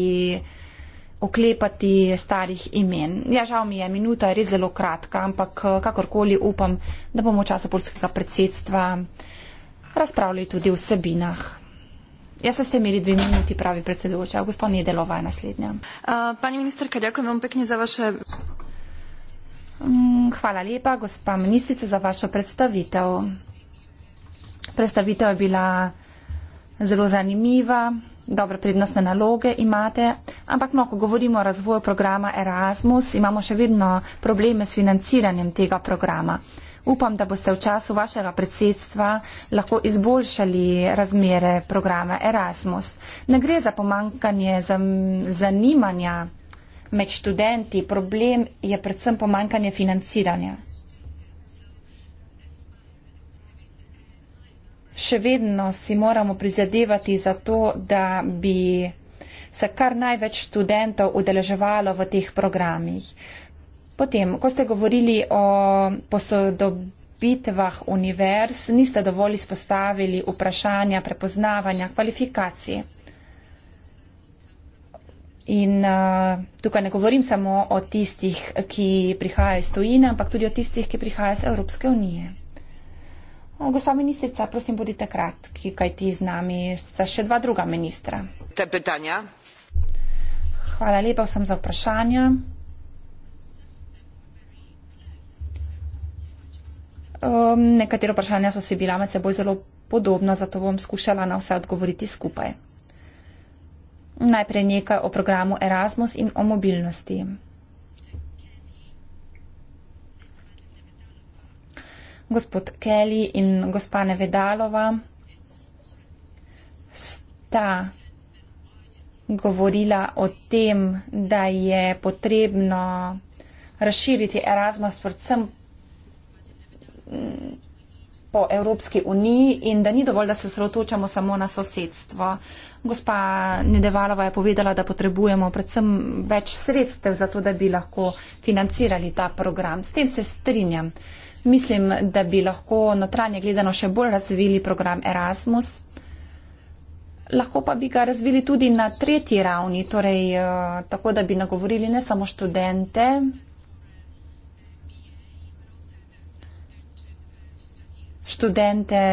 oklepati starih imen. Ja, žal mi je, minuta je res zelo kratka, ampak eh, kakorkoli upam, da bomo v času polskega predsedstva razpravljali tudi o vsebinah. Jaz sem ste imeli dve minuti, pravi predsedujoča. Gospod Nedelova je naslednja. Uh, pani ministrka, ďakujem vam pekne za vaše. Mm, hvala lepa, gospa ministrica, za vašo predstavitev. Predstavitev je bila zelo zanimiva dobre prednostne naloge imate, ampak no, ko govorimo o razvoju programa Erasmus, imamo še vedno probleme s financiranjem tega programa. Upam, da boste v času vašega predsedstva lahko izboljšali razmere programa Erasmus. Ne gre za pomankanje zanimanja med študenti, problem je predvsem pomankanje financiranja. še vedno si moramo prizadevati za to, da bi se kar največ študentov udeleževalo v teh programih. Potem, ko ste govorili o posodobitvah univerz, niste dovolj izpostavili vprašanja prepoznavanja kvalifikacije. In uh, tukaj ne govorim samo o tistih, ki prihajajo iz tujine, ampak tudi o tistih, ki prihajajo iz Evropske unije. Gospa ministrica, prosim, bodite kratki, kaj ti z nami sta še dva druga ministra. Te pitanja. Hvala lepa vsem za vprašanje. Um, nekatero vprašanja so se bila med seboj zelo podobno, zato bom skušala na vse odgovoriti skupaj. Najprej nekaj o programu Erasmus in o mobilnosti. gospod Kelly in gospa Nevedalova sta govorila o tem, da je potrebno razširiti Erasmus predvsem po Evropski uniji in da ni dovolj, da se sredotočamo samo na sosedstvo. Gospa Nedevalova je povedala, da potrebujemo predvsem več sredstev za to, da bi lahko financirali ta program. S tem se strinjam. Mislim, da bi lahko notranje gledano še bolj razvili program Erasmus. Lahko pa bi ga razvili tudi na tretji ravni, torej eh, tako, da bi nagovorili ne samo študente, študente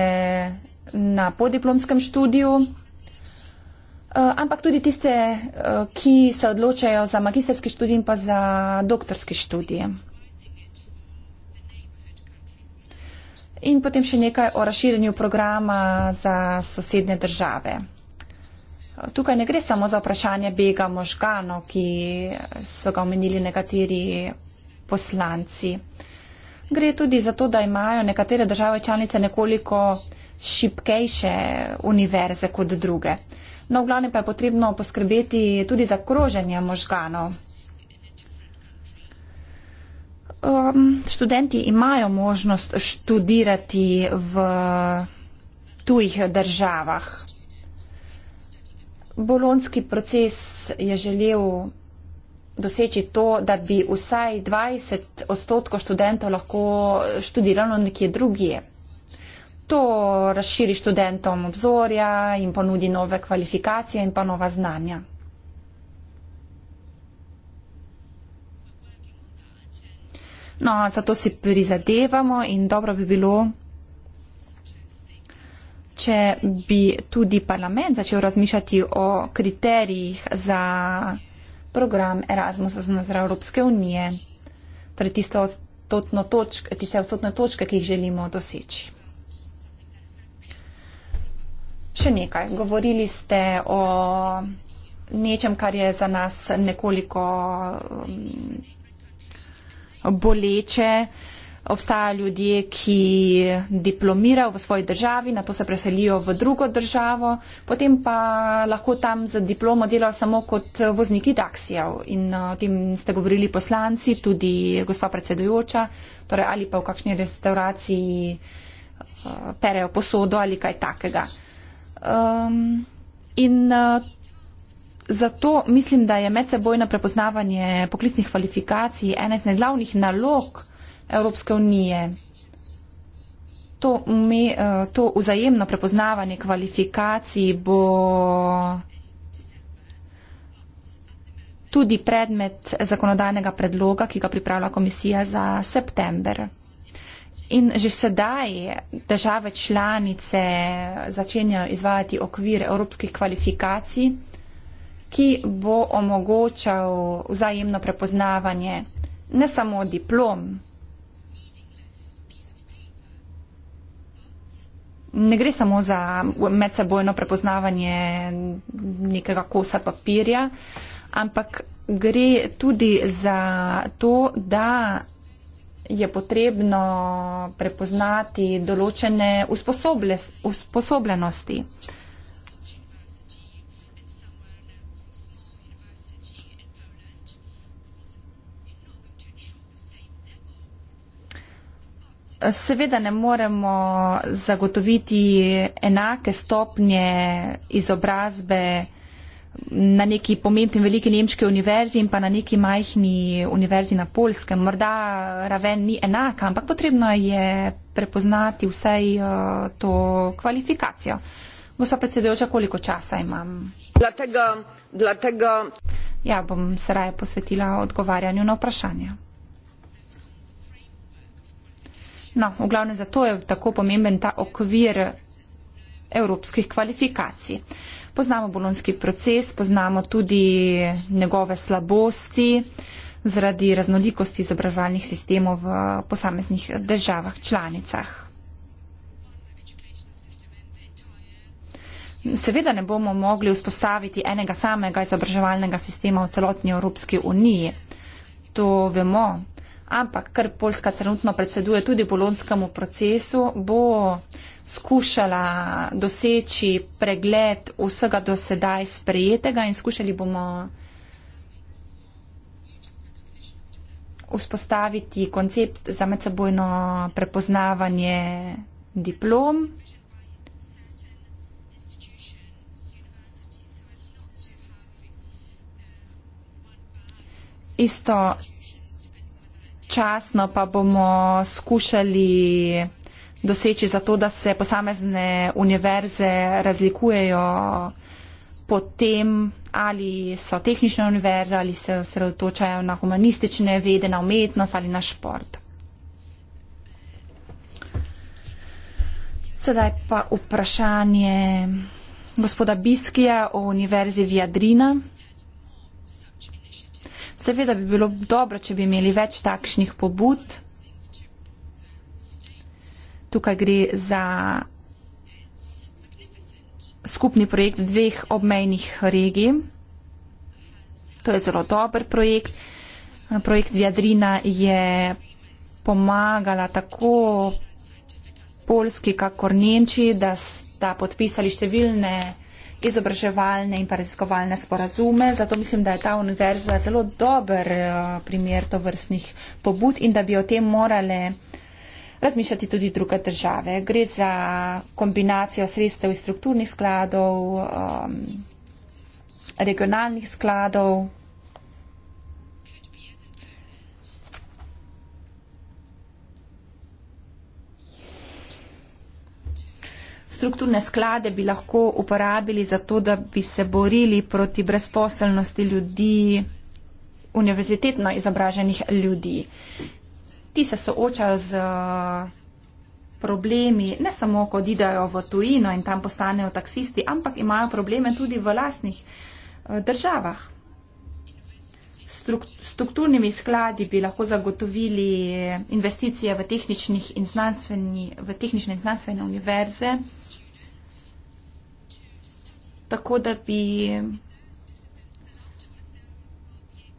na podiplomskem študiju, eh, ampak tudi tiste, eh, ki se odločajo za magisterski študij in pa za doktorski študij. in potem še nekaj o razširjenju programa za sosedne države. Tukaj ne gre samo za vprašanje bega možgano, ki so ga omenili nekateri poslanci. Gre tudi za to, da imajo nekatere države članice nekoliko šipkejše univerze kot druge. No, v glavnem pa je potrebno poskrbeti tudi za kroženje možganov um, študenti imajo možnost študirati v tujih državah. Bolonski proces je želel doseči to, da bi vsaj 20 odstotkov študentov lahko študiralo nekje drugje. To razširi študentom obzorja in ponudi nove kvalifikacije in pa nova znanja. No, zato si prizadevamo in dobro bi bilo, če bi tudi parlament začel razmišljati o kriterijih za program Erasmus znotraj Evropske unije, torej točk, tiste odstotne točke, ki jih želimo doseči. Še nekaj. Govorili ste o nečem, kar je za nas nekoliko um, boleče. Obstajajo ljudje, ki diplomirajo v svoji državi, na to se preselijo v drugo državo, potem pa lahko tam za diplomo delajo samo kot vozniki taksijev. In eh, o tem ste govorili poslanci, tudi gospa predsedujoča, torej ali pa v kakšni restauraciji eh, perejo posodo ali kaj takega. Um, in eh, Zato mislim, da je medsebojno prepoznavanje poklicnih kvalifikacij ena izmed glavnih nalog Evropske unije. To, me, eh, to vzajemno prepoznavanje kvalifikacij bo tudi predmet zakonodajnega predloga, ki ga pripravlja komisija za september. In že sedaj države članice začenjajo izvajati okvir evropskih kvalifikacij ki bo omogočal vzajemno prepoznavanje, ne samo diplom. Ne gre samo za medsebojno prepoznavanje nekega kosa papirja, ampak gre tudi za to, da je potrebno prepoznati določene usposobljenosti. Uh, Seveda ne moremo zagotoviti enake stopnje izobrazbe na neki pomembni veliki nemški univerzi in pa na neki majhni univerzi na polskem. Morda raven ni enaka, ampak potrebno je prepoznati vsaj eh, to kvalifikacijo. Gospa predsedujoča, koliko časa imam? Dlatega, dlatega. Ja, bom se raje posvetila odgovarjanju na vprašanje. No, v glavnem zato je tako pomemben ta okvir evropskih kvalifikacij. Poznamo bolonski proces, poznamo tudi njegove slabosti zaradi raznolikosti izobraževalnih sistemov v posameznih državah, članicah. Seveda ne bomo mogli vzpostaviti enega samega izobraževalnega sistema v celotni Evropski uniji. To vemo, ampak ker Poljska trenutno predseduje tudi bolonskemu procesu, bo skušala doseči pregled vsega dosedaj sprejetega in skušali bomo vzpostaviti koncept za medsebojno prepoznavanje diplom. Isto občasno pa bomo skušali doseči za to, da se posamezne univerze razlikujejo po tem, ali so tehnične univerze, ali se osredotočajo na humanistične vede, na umetnost ali na šport. Sedaj pa vprašanje gospoda Biskija o univerzi Vjadrina. Seveda bi bilo dobro, če bi imeli več takšnih pobud. Tukaj gre za skupni projekt dveh obmejnih regij. To je zelo dober projekt. Projekt Vjadrina je pomagala tako Polski, kakor Nemčiji, da sta podpisali številne izobraževalne in pa raziskovalne sporazume. Zato mislim, da je ta univerza zelo dober eh, primer tovrstnih pobud in da bi o tem morale razmišljati tudi druge države. Gre za kombinacijo sredstev iz strukturnih skladov, eh, regionalnih skladov strukturne sklade bi lahko uporabili za to, da bi se borili proti brezposelnosti ljudi, univerzitetno izobraženih ljudi. Ti se soočajo z uh, problemi, ne samo, ko idajo v tujino in tam postanejo taksisti, ampak imajo probleme tudi v lasnih uh, državah. Strukturnimi skladi bi lahko zagotovili investicije v, in znanstveni, v tehnične in znanstvene univerze tako da bi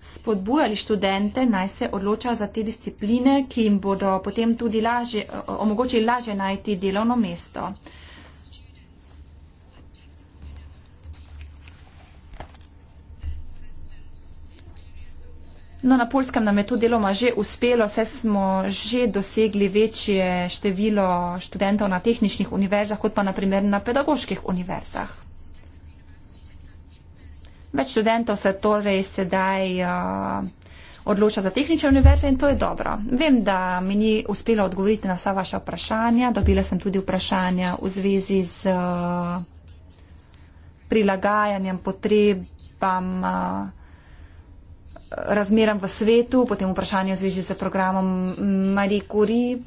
spodbujali študente, naj se odločajo za te discipline, ki jim bodo potem tudi lažje, omogočili lažje najti delovno mesto. No, na polskem nam je to deloma že uspelo, saj smo že dosegli večje število študentov na tehničnih univerzah, kot pa naprimer na pedagoških univerzah. Več študentov se torej sedaj uh, odloča za tehnične univerze in to je dobro. Vem, da mi ni uspelo odgovoriti na vsa vaša vprašanja. Dobila sem tudi vprašanja v zvezi z uh, prilagajanjem potrebam. Uh, razmeram v svetu, potem vprašanje v zvezi z programom Marie Curie.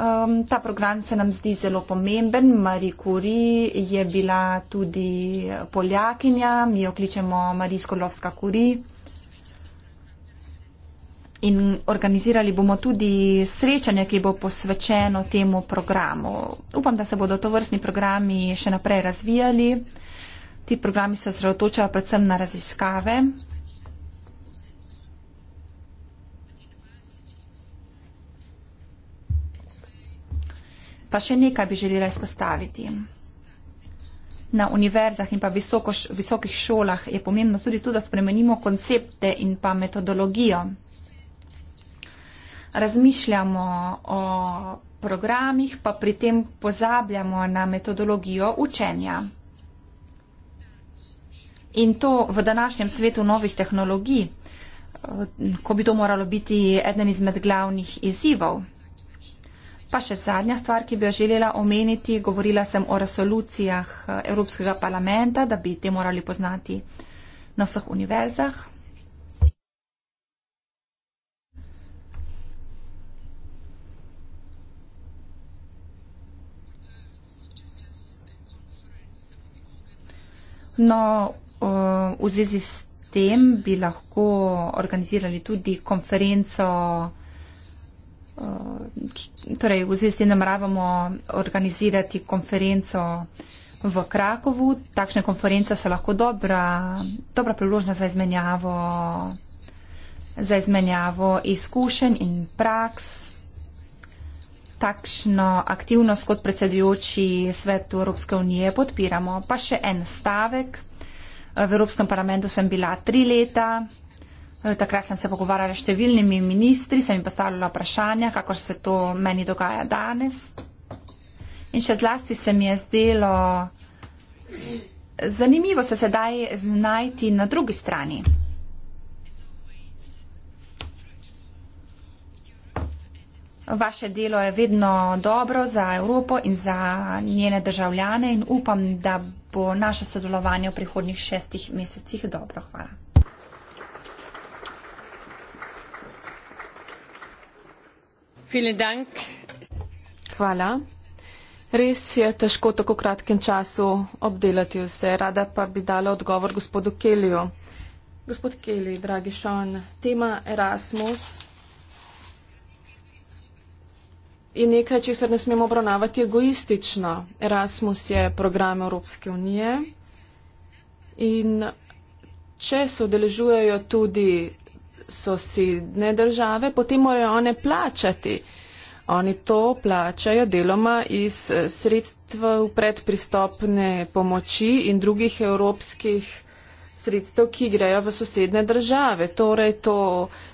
Um, ta program se nam zdi zelo pomemben. Marie Curie je bila tudi poljakinja, mi jo kličemo Marie Skolovska Curie. In organizirali bomo tudi srečanje, ki bo posvečeno temu programu. Upam, da se bodo to vrstni programi še naprej razvijali. Ti programi se osredotočajo predvsem na raziskave. Pa še nekaj bi želela izpostaviti. Na univerzah in pa visoko, visokih šolah je pomembno tudi to, da spremenimo koncepte in pa metodologijo. Razmišljamo o programih, pa pri tem pozabljamo na metodologijo učenja. In to v današnjem svetu novih tehnologij, eh, ko bi to moralo biti eden izmed glavnih izzivov. Pa še zadnja stvar, ki bi jo želela omeniti, govorila sem o resolucijah eh, Evropskega parlamenta, da bi te morali poznati na vseh univerzah. No, eh, v zvezi s tem bi lahko organizirali tudi konferenco Eh, torej v zvezdi namravamo organizirati konferenco v Krakovu. Takšna konferenca so lahko dobra, dobra priložnost za izmenjavo, za izmenjavo izkušenj in praks. Takšno aktivnost kot predsedujoči svetu Evropske unije podpiramo. Pa še en stavek. V Evropskem parlamentu sem bila tri leta. Eh, takrat sem se pogovarjala s številnimi ministri, sem jim postavljala vprašanja, kako se to meni dogaja danes. In še zlasti se mi je zdelo zanimivo se sedaj znajti na drugi strani. Vaše delo je vedno dobro za Evropo in za njene državljane in upam, da bo naše sodelovanje v prihodnjih šestih mesecih dobro. Hvala. Hvala. Res je težko v tako kratkem času obdelati vse. Rada pa bi dala odgovor gospodu Keliju. Gospod Keli, dragi Šon, tema Erasmus je nekaj, če se ne smemo obravnavati egoistično. Erasmus je program Evropske unije in če se odeležujejo tudi sosedne države, potem morajo one plačati. Oni to plačajo deloma iz eh, sredstv predpristopne pomoči in drugih evropskih sredstev, ki grejo v sosedne države. Torej, to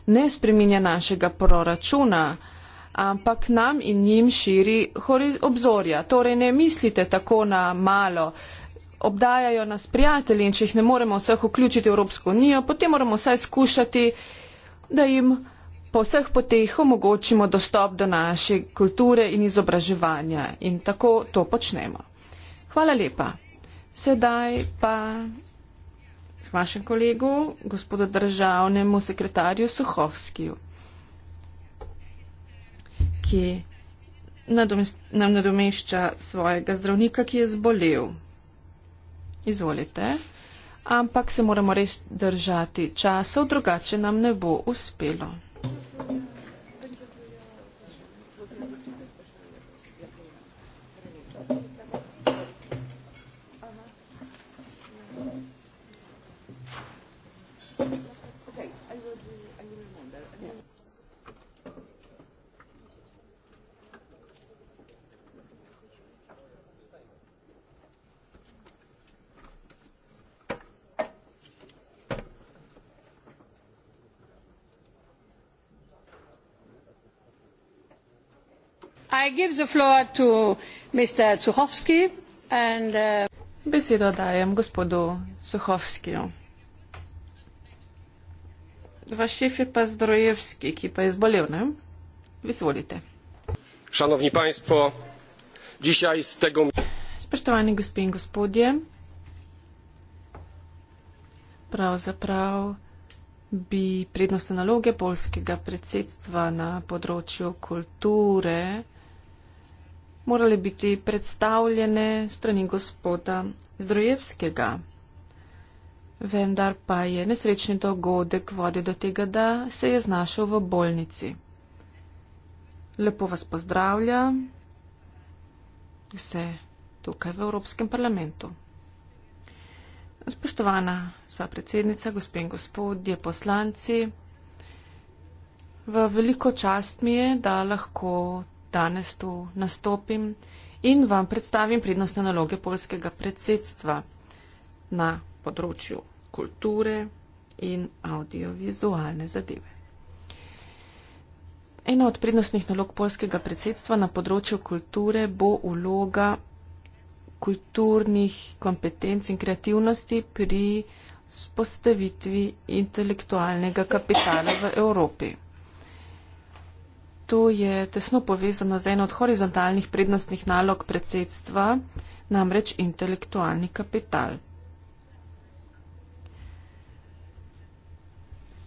ne spreminja našega proračuna, ampak nam in njim širi obzorja. Torej, ne mislite tako na malo. Obdajajo nas prijatelji in če jih ne moremo vseh vključiti v Evropsko unijo, potem moramo vsaj skušati da jim po vseh poteh omogočimo dostop do naše kulture in izobraževanja. In tako to počnemo. Hvala lepa. Sedaj pa vašem kolegu, gospodu državnemu sekretarju Suhovskiju, ki nam nadomešča svojega zdravnika, ki je zbolel. Izvolite ampak se moramo res držati časov, drugače nam ne bo uspelo. Uh, Besedo dajem gospodu Suhovskiju. Vaš šef je pa Zdrojevski, ki pa je zbolel, ne? Izvolite. Šanovni panstvo, dišaj z tega. Spoštovani gospe in gospodje, pravzaprav bi prednostne naloge polskega predsedstva na področju kulture morale biti predstavljene strani gospoda Zdrojevskega. Vendar pa je nesrečni dogodek vodil do tega, da se je znašel v bolnici. Lepo vas pozdravlja vse tukaj v Evropskem parlamentu. Spoštovana sva predsednica, gospe in gospodje, poslanci, v veliko čast mi je, da lahko danes tu nastopim in vam predstavim prednostne naloge polskega predsedstva na področju kulture in audiovizualne zadeve. Ena od prednostnih nalog polskega predsedstva na področju kulture bo vloga kulturnih kompetenc in kreativnosti pri spostavitvi intelektualnega kapitala v Evropi. To je tesno povezano z eno od horizontalnih prednostnih nalog predsedstva, namreč intelektualni kapital.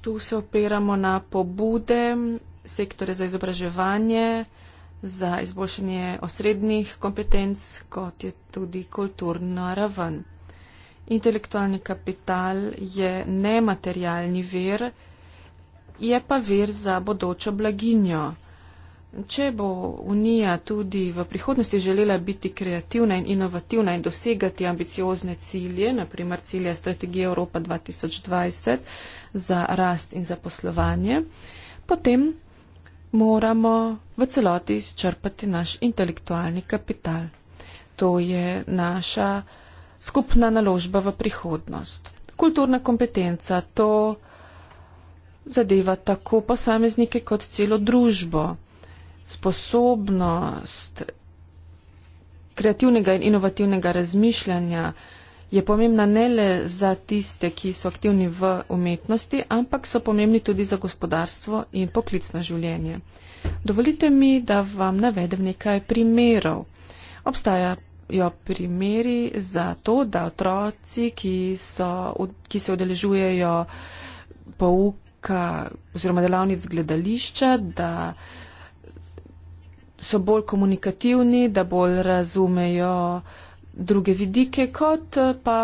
Tu se opiramo na pobude sektore za izobraževanje, za izboljšanje osrednjih kompetenc, kot je tudi kulturna raven. Intelektualni kapital je nematerialni ver, je pa ver za bodočo blaginjo. Če bo Unija tudi v prihodnosti želela biti kreativna in inovativna in dosegati ambiciozne cilje, naprimer cilje strategije Evropa 2020 za rast in zaposlovanje, potem moramo v celoti izčrpati naš intelektualni kapital. To je naša skupna naložba v prihodnost. Kulturna kompetenca to zadeva tako posameznike kot celo družbo sposobnost kreativnega in inovativnega razmišljanja je pomembna ne le za tiste, ki so aktivni v umetnosti, ampak so pomembni tudi za gospodarstvo in poklicno življenje. Dovolite mi, da vam navedem nekaj primerov. Obstajajo primeri za to, da otroci, ki, so, ki se odeležujejo pouka oziroma delavnic gledališča, da so bolj komunikativni, da bolj razumejo druge vidike, kot eh, pa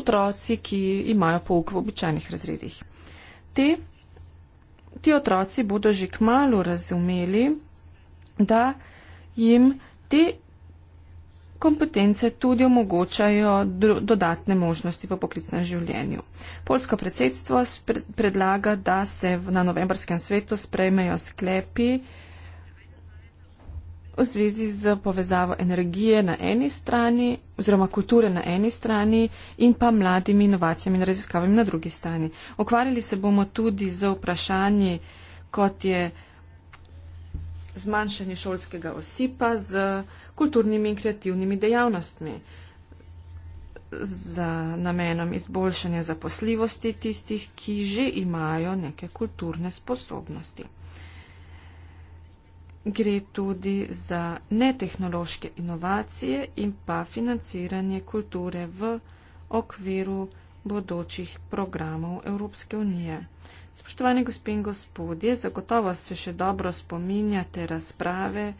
otroci, ki imajo pouk v običajnih razredih. Te, ti otroci bodo že k malu razumeli, da jim te kompetence tudi omogočajo dodatne možnosti v poklicnem življenju. Polsko predsedstvo predlaga, da se na novembrskem svetu sprejmejo sklepi, v zvezi z povezavo energije na eni strani, oziroma kulture na eni strani in pa mladimi inovacijami in raziskavami na drugi strani. Okvarjali se bomo tudi z vprašanji, kot je zmanjšanje šolskega osipa z kulturnimi in kreativnimi dejavnostmi z namenom izboljšanja zaposljivosti tistih, ki že imajo neke kulturne sposobnosti gre tudi za netehnološke inovacije in pa financiranje kulture v okviru bodočih programov Evropske unije. Spoštovani gospe in gospodje, zagotovo se še dobro spominjate razprave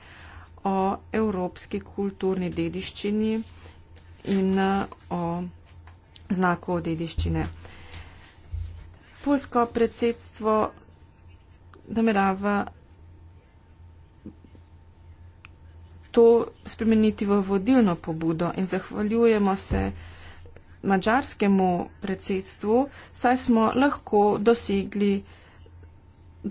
o evropski kulturni dediščini in o znaku dediščine. Polsko predsedstvo namerava to spremeniti v vodilno pobudo in zahvaljujemo se mađarskemu predsedstvu, saj smo lahko dosegli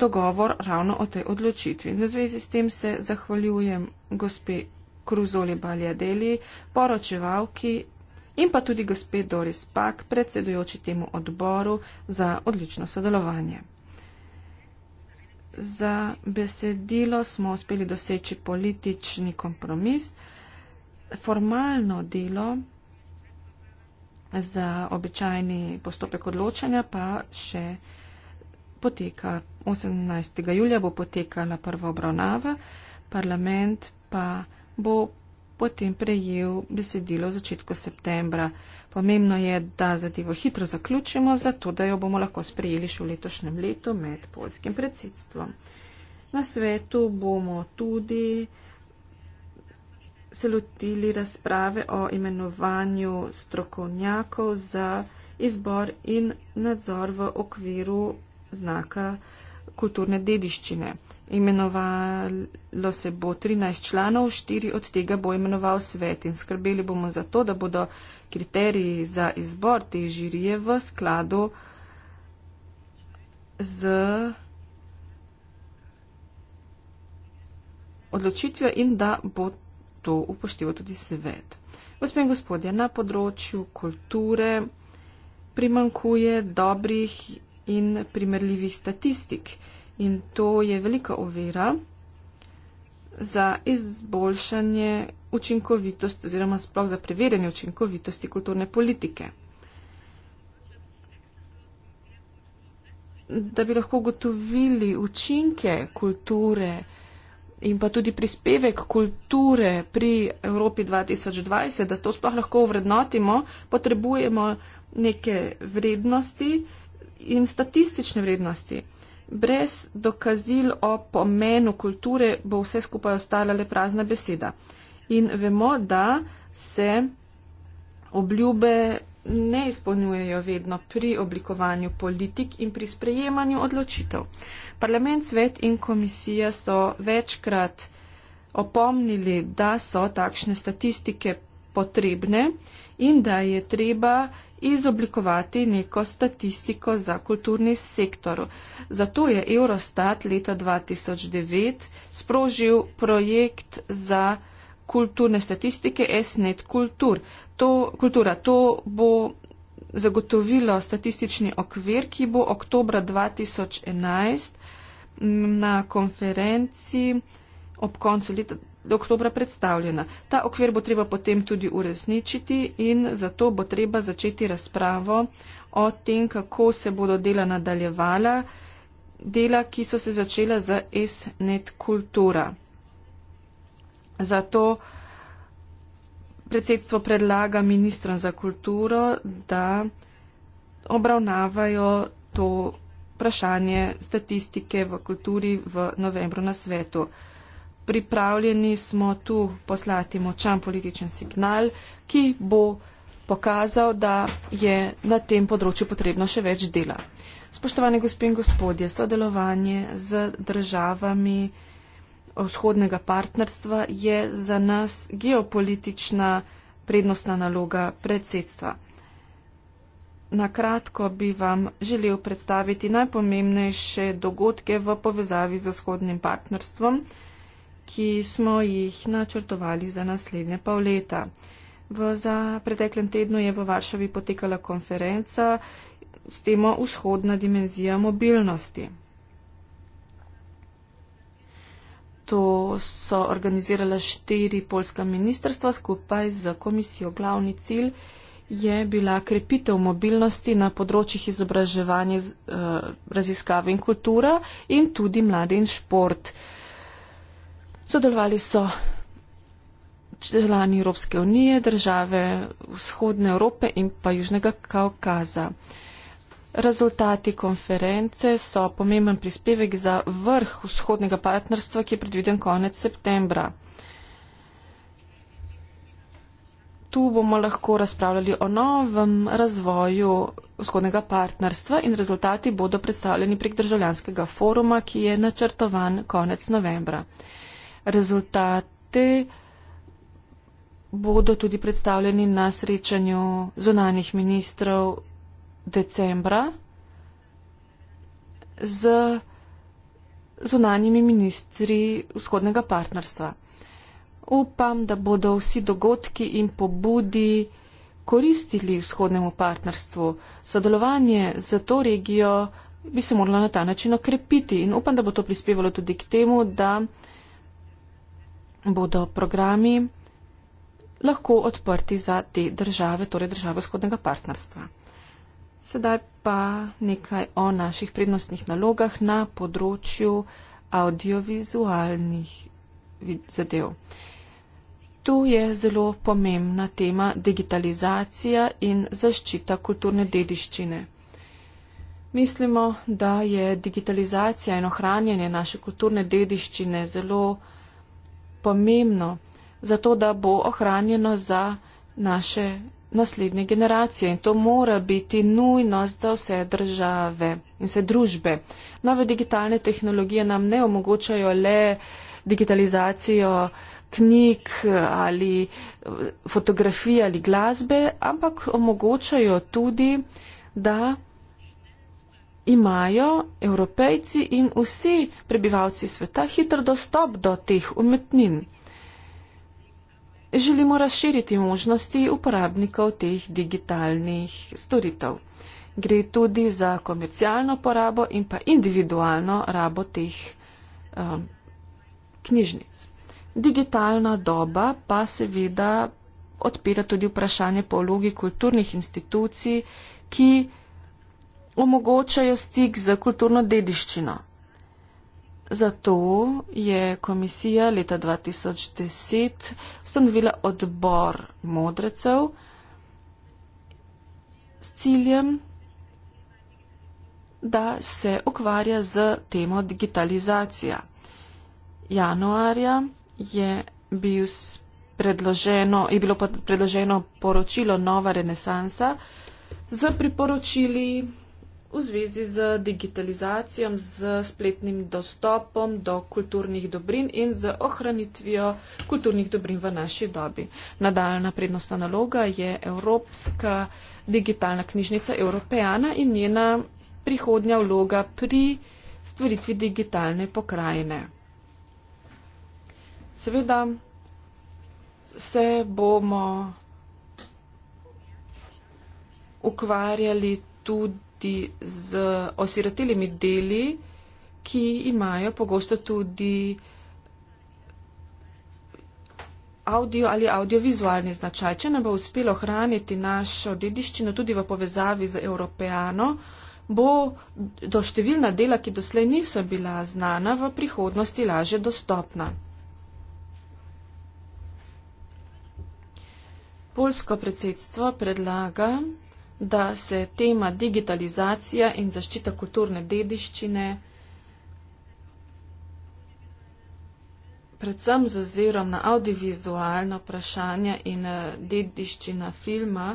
dogovor ravno o tej odločitvi. Na zvezi s tem se zahvaljujem gospe Kruzoli Baljadeli, poročevalki in pa tudi gospe Doris Pak, predsedujoči temu odboru za odlično sodelovanje za besedilo smo uspeli doseči politični kompromis. Formalno delo za običajni postopek odločanja pa še poteka. 18. julija bo potekala prva obravnava, parlament pa bo potem prejel besedilo v začetku septembra. Pomembno je, da zadevo hitro zaključimo, zato da jo bomo lahko sprejeli še v letošnjem letu med polskim predsedstvom. Na svetu bomo tudi se lotili razprave o imenovanju strokovnjakov za izbor in nadzor v okviru znaka kulturne dediščine. Imenovalo se bo 13 članov, 4 od tega bo imenoval svet in skrbeli bomo za to, da bodo kriteriji za izbor te žirije v skladu z odločitvijo in da bo to upošteval tudi svet. Gospe in gospodje, na področju kulture primankuje dobrih in primerljivih statistik in to je velika ovira za izboljšanje učinkovitost oziroma sploh za preverjanje učinkovitosti kulturne politike. Da bi lahko gotovili učinke kulture in pa tudi prispevek kulture pri Evropi 2020, da to sploh lahko vrednotimo, potrebujemo neke vrednosti in statistične vrednosti. Brez dokazil o pomenu kulture bo vse skupaj ostala le prazna beseda. In vemo, da se obljube ne izpolnjujejo vedno pri oblikovanju politik in pri sprejemanju odločitev. Parlament, svet in komisija so večkrat opomnili, da so takšne statistike potrebne in da je treba izoblikovati neko statistiko za kulturni sektor. Zato je Eurostat leta 2009 sprožil projekt za kulturne statistike SNET kultur. To, kultura, to bo zagotovilo statistični okvir, ki bo oktobra 2011 na konferenci ob koncu leta do oktobra predstavljena. Ta okvir bo treba potem tudi uresničiti in zato bo treba začeti razpravo o tem, kako se bodo dela nadaljevala, dela, ki so se začela za SNET kultura. Zato predsedstvo predlaga ministrom za kulturo, da obravnavajo to vprašanje statistike v kulturi v novembru na svetu. Pripravljeni smo tu poslati močan političen signal, ki bo pokazal, da je na tem področju potrebno še več dela. Spoštovane gospe in gospodje, sodelovanje z državami vzhodnega partnerstva je za nas geopolitična prednostna naloga predsedstva. Na kratko bi vam želel predstaviti najpomembnejše dogodke v povezavi z vzhodnim partnerstvom, ki smo jih načrtovali za naslednje pol leta. V za preteklem tednu je v Varšavi potekala konferenca s temo vzhodna dimenzija mobilnosti. letu so organizirala štiri polska ministrstva skupaj z komisijo. Glavni cilj je bila krepitev mobilnosti na področjih izobraževanja, eh, raziskave in kultura in tudi mlade in šport. Sodelovali so člani Evropske unije, države vzhodne Evrope in pa Južnega Kaukaza. Rezultati konference so pomemben prispevek za vrh vzhodnega partnerstva, ki je predviden konec septembra. Tu bomo lahko razpravljali o novem razvoju vzhodnega partnerstva in rezultati bodo predstavljeni prek državljanskega foruma, ki je načrtovan konec novembra. Rezultate bodo tudi predstavljeni na srečanju zunanjih ministrov decembra z zunanjimi ministri vzhodnega partnerstva. Upam, da bodo vsi dogodki in pobudi koristili vzhodnemu partnerstvu. Sodelovanje z to regijo bi se moralo na ta način okrepiti in upam, da bo to prispevalo tudi k temu, da bodo programi lahko odprti za te države, torej države vzhodnega partnerstva. Sedaj pa nekaj o naših prednostnih nalogah na področju audiovizualnih zadev. Tu je zelo pomembna tema digitalizacija in zaščita kulturne dediščine. Mislimo, da je digitalizacija in ohranjanje naše kulturne dediščine zelo pomembno, zato da bo ohranjeno za naše naslednje generacije in to mora biti nujnost za vse države in vse družbe. Nove digitalne tehnologije nam ne omogočajo le digitalizacijo knjig ali eh, fotografij ali glasbe, ampak omogočajo tudi, da imajo evropejci in vsi prebivalci sveta hitro dostop do teh umetnin želimo razširiti možnosti uporabnikov teh digitalnih storitev. Gre tudi za komercialno porabo in pa individualno rabo teh um, knjižnic. Digitalna doba pa seveda odpira tudi vprašanje po vlogi kulturnih institucij, ki omogočajo stik z kulturno dediščino. Zato je komisija leta 2010 ustanovila odbor modrecev s ciljem, da se ukvarja z temo digitalizacija. Januarja je, bil je bilo predloženo poročilo Nova renesansa z priporočili v zvezi z digitalizacijo, z spletnim dostopom do kulturnih dobrin in z ohranitvijo kulturnih dobrin v naši dobi. Nadaljna prednostna naloga je Evropska digitalna knjižnica Evropejana in njena prihodnja vloga pri stvaritvi digitalne pokrajine. Seveda se bomo ukvarjali tudi tudi z osiratelimi deli, ki imajo pogosto tudi audio ali audiovizualni značaj. Če nam bo uspelo hraniti našo dediščino tudi v povezavi z Evropejano, bo do številna dela, ki doslej niso bila znana, v prihodnosti laže dostopna. Polsko predsedstvo predlaga da se tema digitalizacija in zaščita kulturne dediščine predvsem z ozirom na audiovizualno vprašanje in eh, dediščina filma,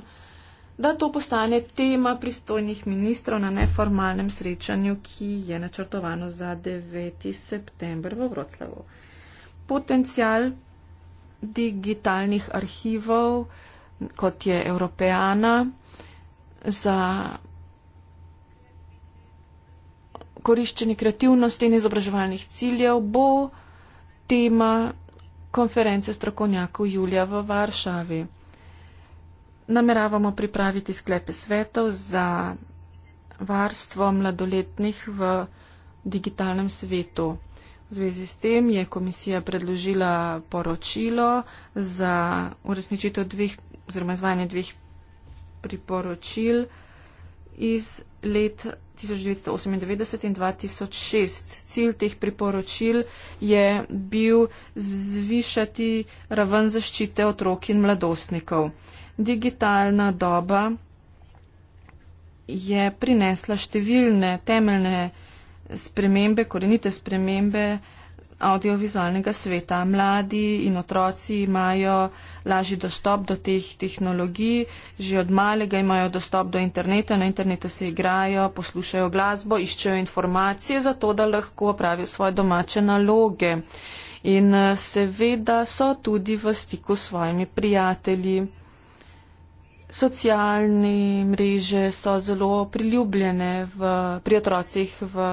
da to postane tema pristojnih ministrov na neformalnem srečanju, ki je načrtovano za 9. september v Vroclavu. Potencial digitalnih arhivov, kot je Evropejana, za koriščenje kreativnosti in izobraževalnih ciljev bo tema konference strokovnjakov Julija v Varšavi. Nameravamo pripraviti sklepe svetov za varstvo mladoletnih v digitalnem svetu. V zvezi s tem je komisija predložila poročilo za uresničitev dveh oziroma izvajanje dveh priporočil iz let 1998 in 2006. Cilj teh priporočil je bil zvišati raven zaščite otrok in mladostnikov. Digitalna doba je prinesla številne temeljne spremembe, korenite spremembe, audiovizualnega sveta. Mladi in otroci imajo lažji dostop do teh tehnologij, že od malega imajo dostop do interneta, na internetu se igrajo, poslušajo glasbo, iščejo informacije za to, da lahko opravijo svoje domače naloge. In eh, seveda so tudi v stiku s svojimi prijatelji socialne mreže so zelo priljubljene v, pri otrocih v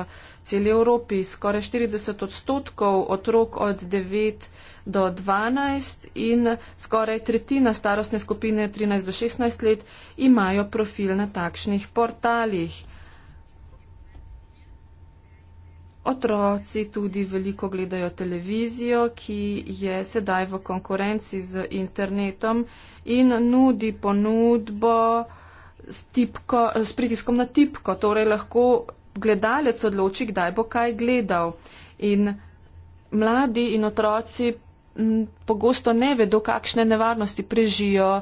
celi Evropi. Skoraj 40 odstotkov otrok od 9 do 12 in skoraj tretjina starostne skupine 13 do 16 let imajo profil na takšnih portalih. Otroci tudi veliko gledajo televizijo, ki je sedaj v konkurenci z internetom in nudi ponudbo s, tipko, s pritiskom na tipko. Torej lahko gledalec odloči, kdaj bo kaj gledal. In mladi in otroci m, pogosto ne vedo, kakšne nevarnosti prežijo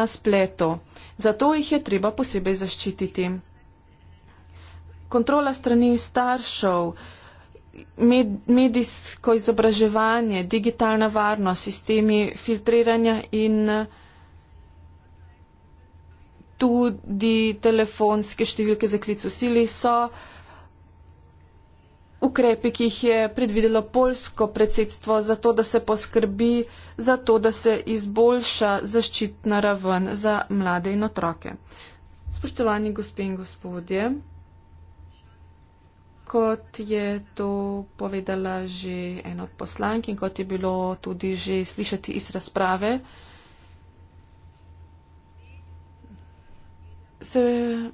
na spletu. Zato jih je treba posebej zaščititi kontrola strani staršev, med, medijsko izobraževanje, digitalna varnost, sistemi filtriranja in tudi telefonske številke za klic v sili so ukrepi, ki jih je predvidelo polsko predsedstvo za to, da se poskrbi za to, da se izboljša zaščitna raven za mlade in otroke. Spoštovani gospe in gospodje kot je to povedala že en od poslank in kot je bilo tudi že slišati iz razprave, se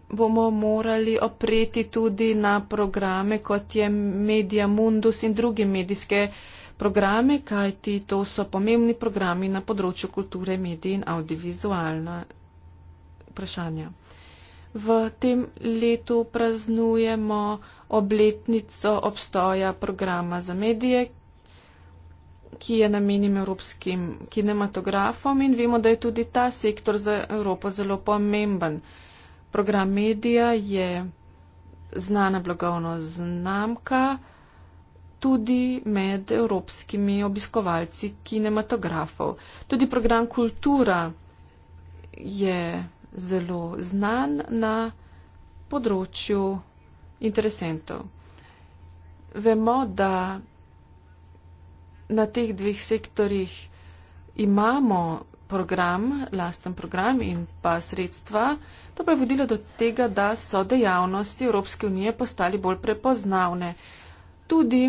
bomo morali opreti tudi na programe, kot je Media Mundus in druge medijske programe, kajti to so pomembni programi na področju kulture, medij in audiovizualna vprašanja. V tem letu praznujemo obletnico obstoja programa za medije, ki je namenjen evropskim kinematografom in vemo, da je tudi ta sektor za Evropo zelo pomemben. Program medija je znana blagovna znamka tudi med evropskimi obiskovalci kinematografov. Tudi program kultura je zelo znan na področju interesentov. Vemo, da na teh dveh sektorjih imamo program, lasten program in pa sredstva. To pa je vodilo do tega, da so dejavnosti Evropske unije postali bolj prepoznavne. Tudi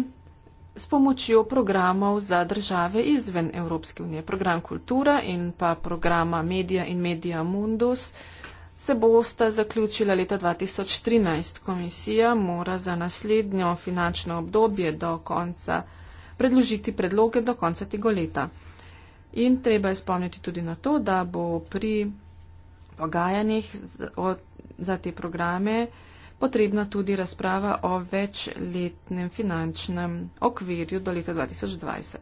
s pomočjo programov za države izven Evropske unije. Program Kultura in pa programa Media in Media Mundus. Uh, se bosta zaključila leta 2013. Komisija mora za naslednjo finančno obdobje do konca predložiti predloge do konca tega leta. In treba je spomniti tudi na to, da bo pri pogajanjih za te programe potrebna tudi razprava o večletnem finančnem okvirju do leta 2020.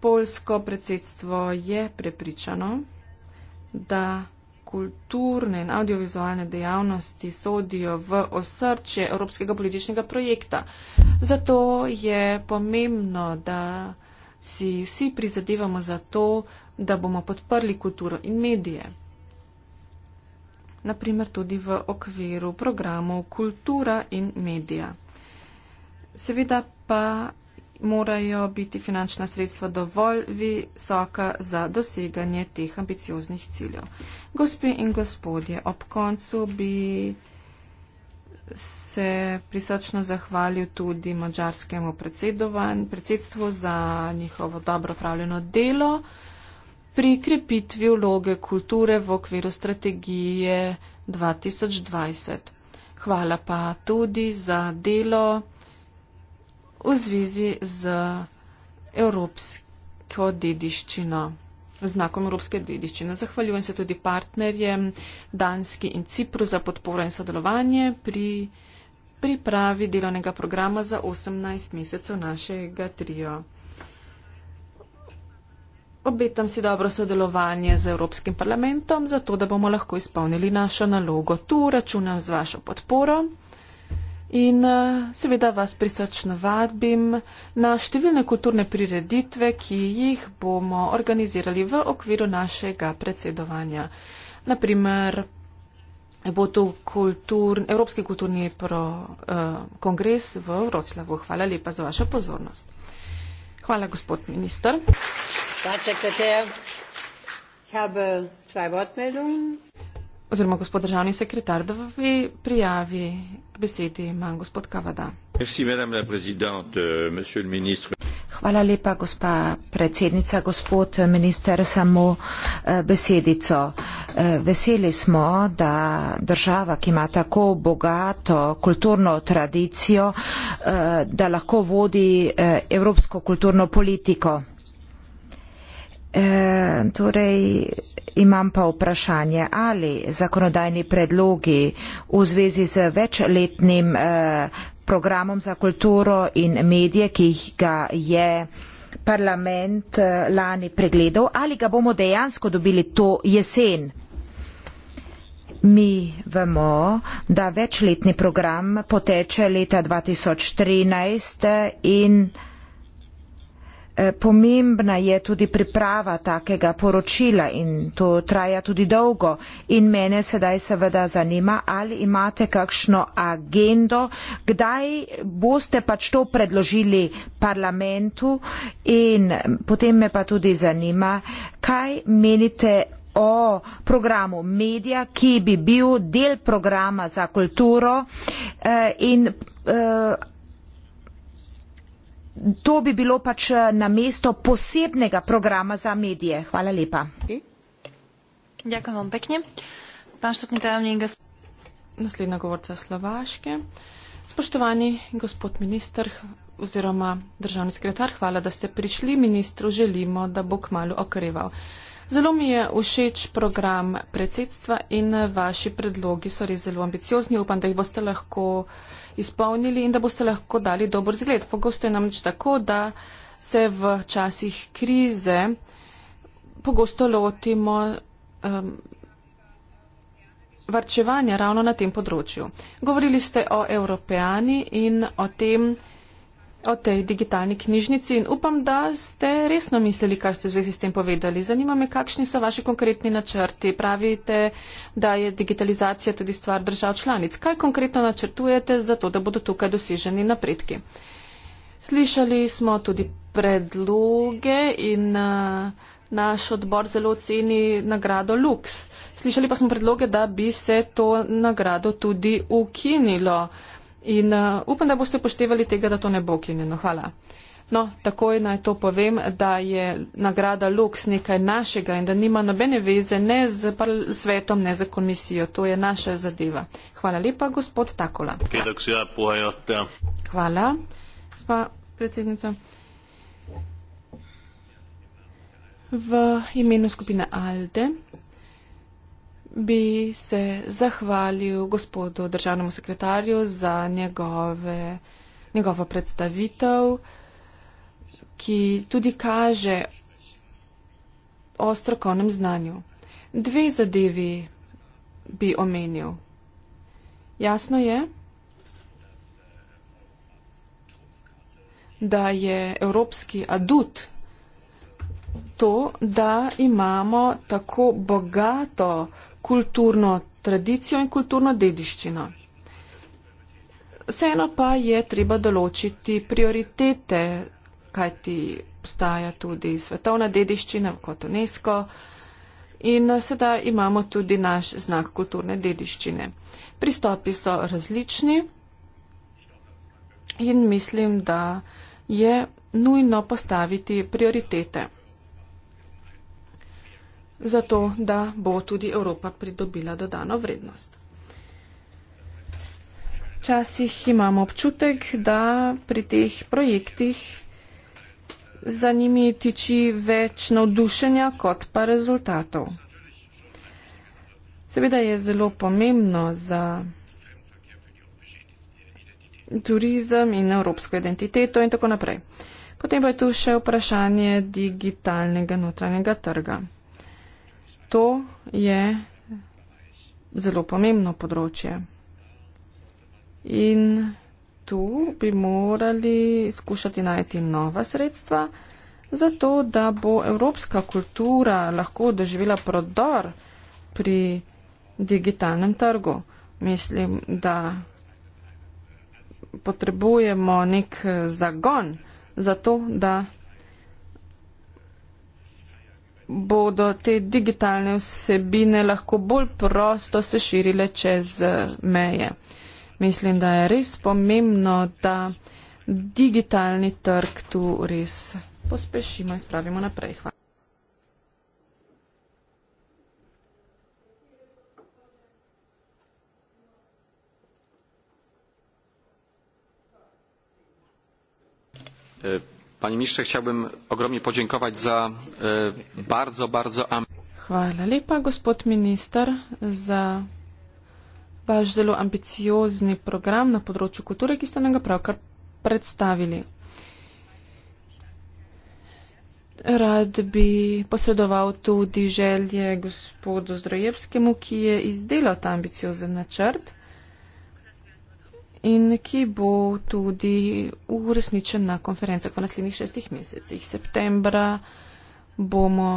Polsko predsedstvo je prepričano, da kulturne in audiovizualne dejavnosti sodijo v osrčje evropskega političnega projekta. Zato je pomembno, da si vsi prizadevamo za to, da bomo podprli kulturo in medije. Naprimer tudi v okviru programov kultura in medija. Seveda pa morajo biti finančna sredstva dovolj visoka za doseganje teh ambicioznih ciljev. Gospe in gospodje, ob koncu bi se prisrčno zahvalil tudi mađarskemu predsedstvu za njihovo dobro upravljeno delo pri krepitvi vloge kulture v okviru strategije 2020. Hvala pa tudi za delo v zvezi z evropsko dediščino, znakom evropske dediščine. Zahvaljujem se tudi partnerjem Danski in Cipru za podporo in sodelovanje pri pripravi delovnega programa za 18 mesecev našega trio. Obetam si dobro sodelovanje z Evropskim parlamentom, zato da bomo lahko izpolnili našo nalogo. Tu računam z vašo podporo. In eh, seveda vas prisrčno vabim na številne kulturne prireditve, ki jih bomo organizirali v okviru našega predsedovanja. Naprimer, bo to kultur, Evropski kulturni pro, eh, kongres v Vroclavu. Hvala lepa za vašo pozornost. Hvala, gospod minister. Hvala, oziroma gospod državni sekretar, da vi prijavi k besedi ima gospod Kavada. Merci, euh, Hvala lepa, gospa predsednica. Gospod eh, minister, samo eh, besedico. Eh, veseli smo, da država, ki ima tako bogato kulturno tradicijo, da lahko vodi evropsko kulturno politiko. Torej, imam pa vprašanje, ali zakonodajni predlogi v zvezi z večletnim eh, programom za kulturo in medije, ki jih ga je parlament eh, lani pregledal, ali ga bomo dejansko dobili to jesen. Mi vemo, da večletni program poteče leta 2013 in Eh, pomembna je tudi priprava takega poročila in to traja tudi dolgo. In mene sedaj seveda zanima, ali imate kakšno agendo, kdaj boste pač to predložili parlamentu in potem me pa tudi zanima, kaj menite o programu medija, ki bi bil del programa za kulturo eh, in eh, To bi bilo pač eh, na mesto posebnega programa za medije. Hvala lepa. Ďakujem vám pekne. Pán štotný tajomník, nasledná govorca Slováške. Spoštovani gospod minister oziroma državni sekretar, hvala, da ste prišli. Ministru želimo, da bo kmalo okreval. Zelo mi je všeč program predsedstva in vaši predlogi so res zelo ambiciozni. Upam, da jih boste lahko uh, izpolnili in da boste lahko dali dober zgled. Pogosto je namreč tako, da se v časih krize pogosto lotimo um, varčevanja ravno na tem področju. Govorili ste o evropejani in o tem, o tej digitalni knjižnici in upam, da ste resno mislili, kar ste v zvezi s tem povedali. Zanima me, kakšni so vaši konkretni načrti. Pravite, da je digitalizacija tudi stvar držav članic. Kaj konkretno načrtujete za to, da bodo tukaj doseženi napredki? Slišali smo tudi predloge in uh, naš odbor zelo ceni nagrado Lux. Slišali pa smo predloge, da bi se to nagrado tudi ukinilo. Uh, In uh, upam, da boste upoštevali tega, da to ne bo kinjeno. Hvala. No, takoj naj to povem, da je nagrada Lux nekaj našega in da nima nobene veze ne z svetom, ne z komisijo. To je naša zadeva. Hvala lepa, gospod Takola. Hvala, spa predsednica. V imenu skupine Alde bi se zahvalil gospodu državnemu sekretarju za njegove, njegovo predstavitev, ki tudi kaže o strokovnem znanju. Dve zadevi bi omenil. Jasno je, da je evropski adut to, da imamo tako bogato kulturno tradicijo in kulturno dediščino. Vseeno pa je treba določiti prioritete, kajti obstaja tudi svetovna dediščina kot UNESCO in sedaj imamo tudi naš znak kulturne dediščine. Pristopi so različni in mislim, da je nujno postaviti prioritete zato da bo tudi Evropa pridobila dodano vrednost. Včasih imamo občutek, da pri teh projektih za njimi tiči več navdušenja kot pa rezultatov. Seveda je zelo pomembno za turizem in evropsko identiteto in tako naprej. Potem pa je tu še vprašanje digitalnega notranjega trga. To je zelo pomembno področje. In tu bi morali skušati najti nova sredstva, zato da bo evropska kultura lahko doživela prodor pri digitalnem trgu. Mislim, da potrebujemo nek zagon za to, da bodo te digitalne vsebine lahko bolj prosto se širile čez eh, meje. Mislim, da je res pomembno, da digitalni trg tu res pospešimo in spravimo naprej. Hvala. Eh, Panie ministrze, chciałbym ogromnie podziękować za e, bardzo, bardzo Hvala lepa, gospod minister, za vaš zelo ambiciozni program na področju kulture, ki ste nam ga pravkar predstavili. Rad bi posredoval tudi želje gospodu Zdrojevskemu, ki je izdelal ta ambiciozen načrt in ki bo tudi uresničen na konferencah v naslednjih šestih mesecih. Septembra bomo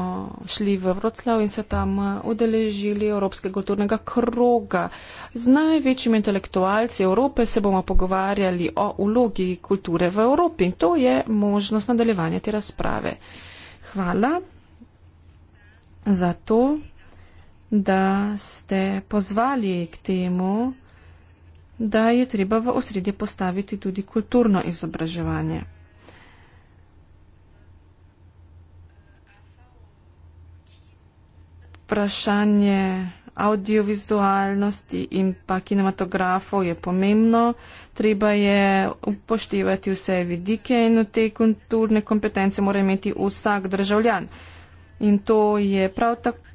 šli v Vroclav in se tam udeležili Evropskega kulturnega kroga. Z največjimi intelektualci Evrope se bomo pogovarjali o ulogi kulture v Evropi in to je možnost nadaljevanja te razprave. Hvala za to, da ste pozvali k temu, da je treba v osredje postaviti tudi kulturno izobraževanje. Vprašanje audiovizualnosti in pa kinematografov je pomembno. Treba je upoštevati vse vidike in v te kulturne kompetence mora imeti vsak državljan. In to je prav tako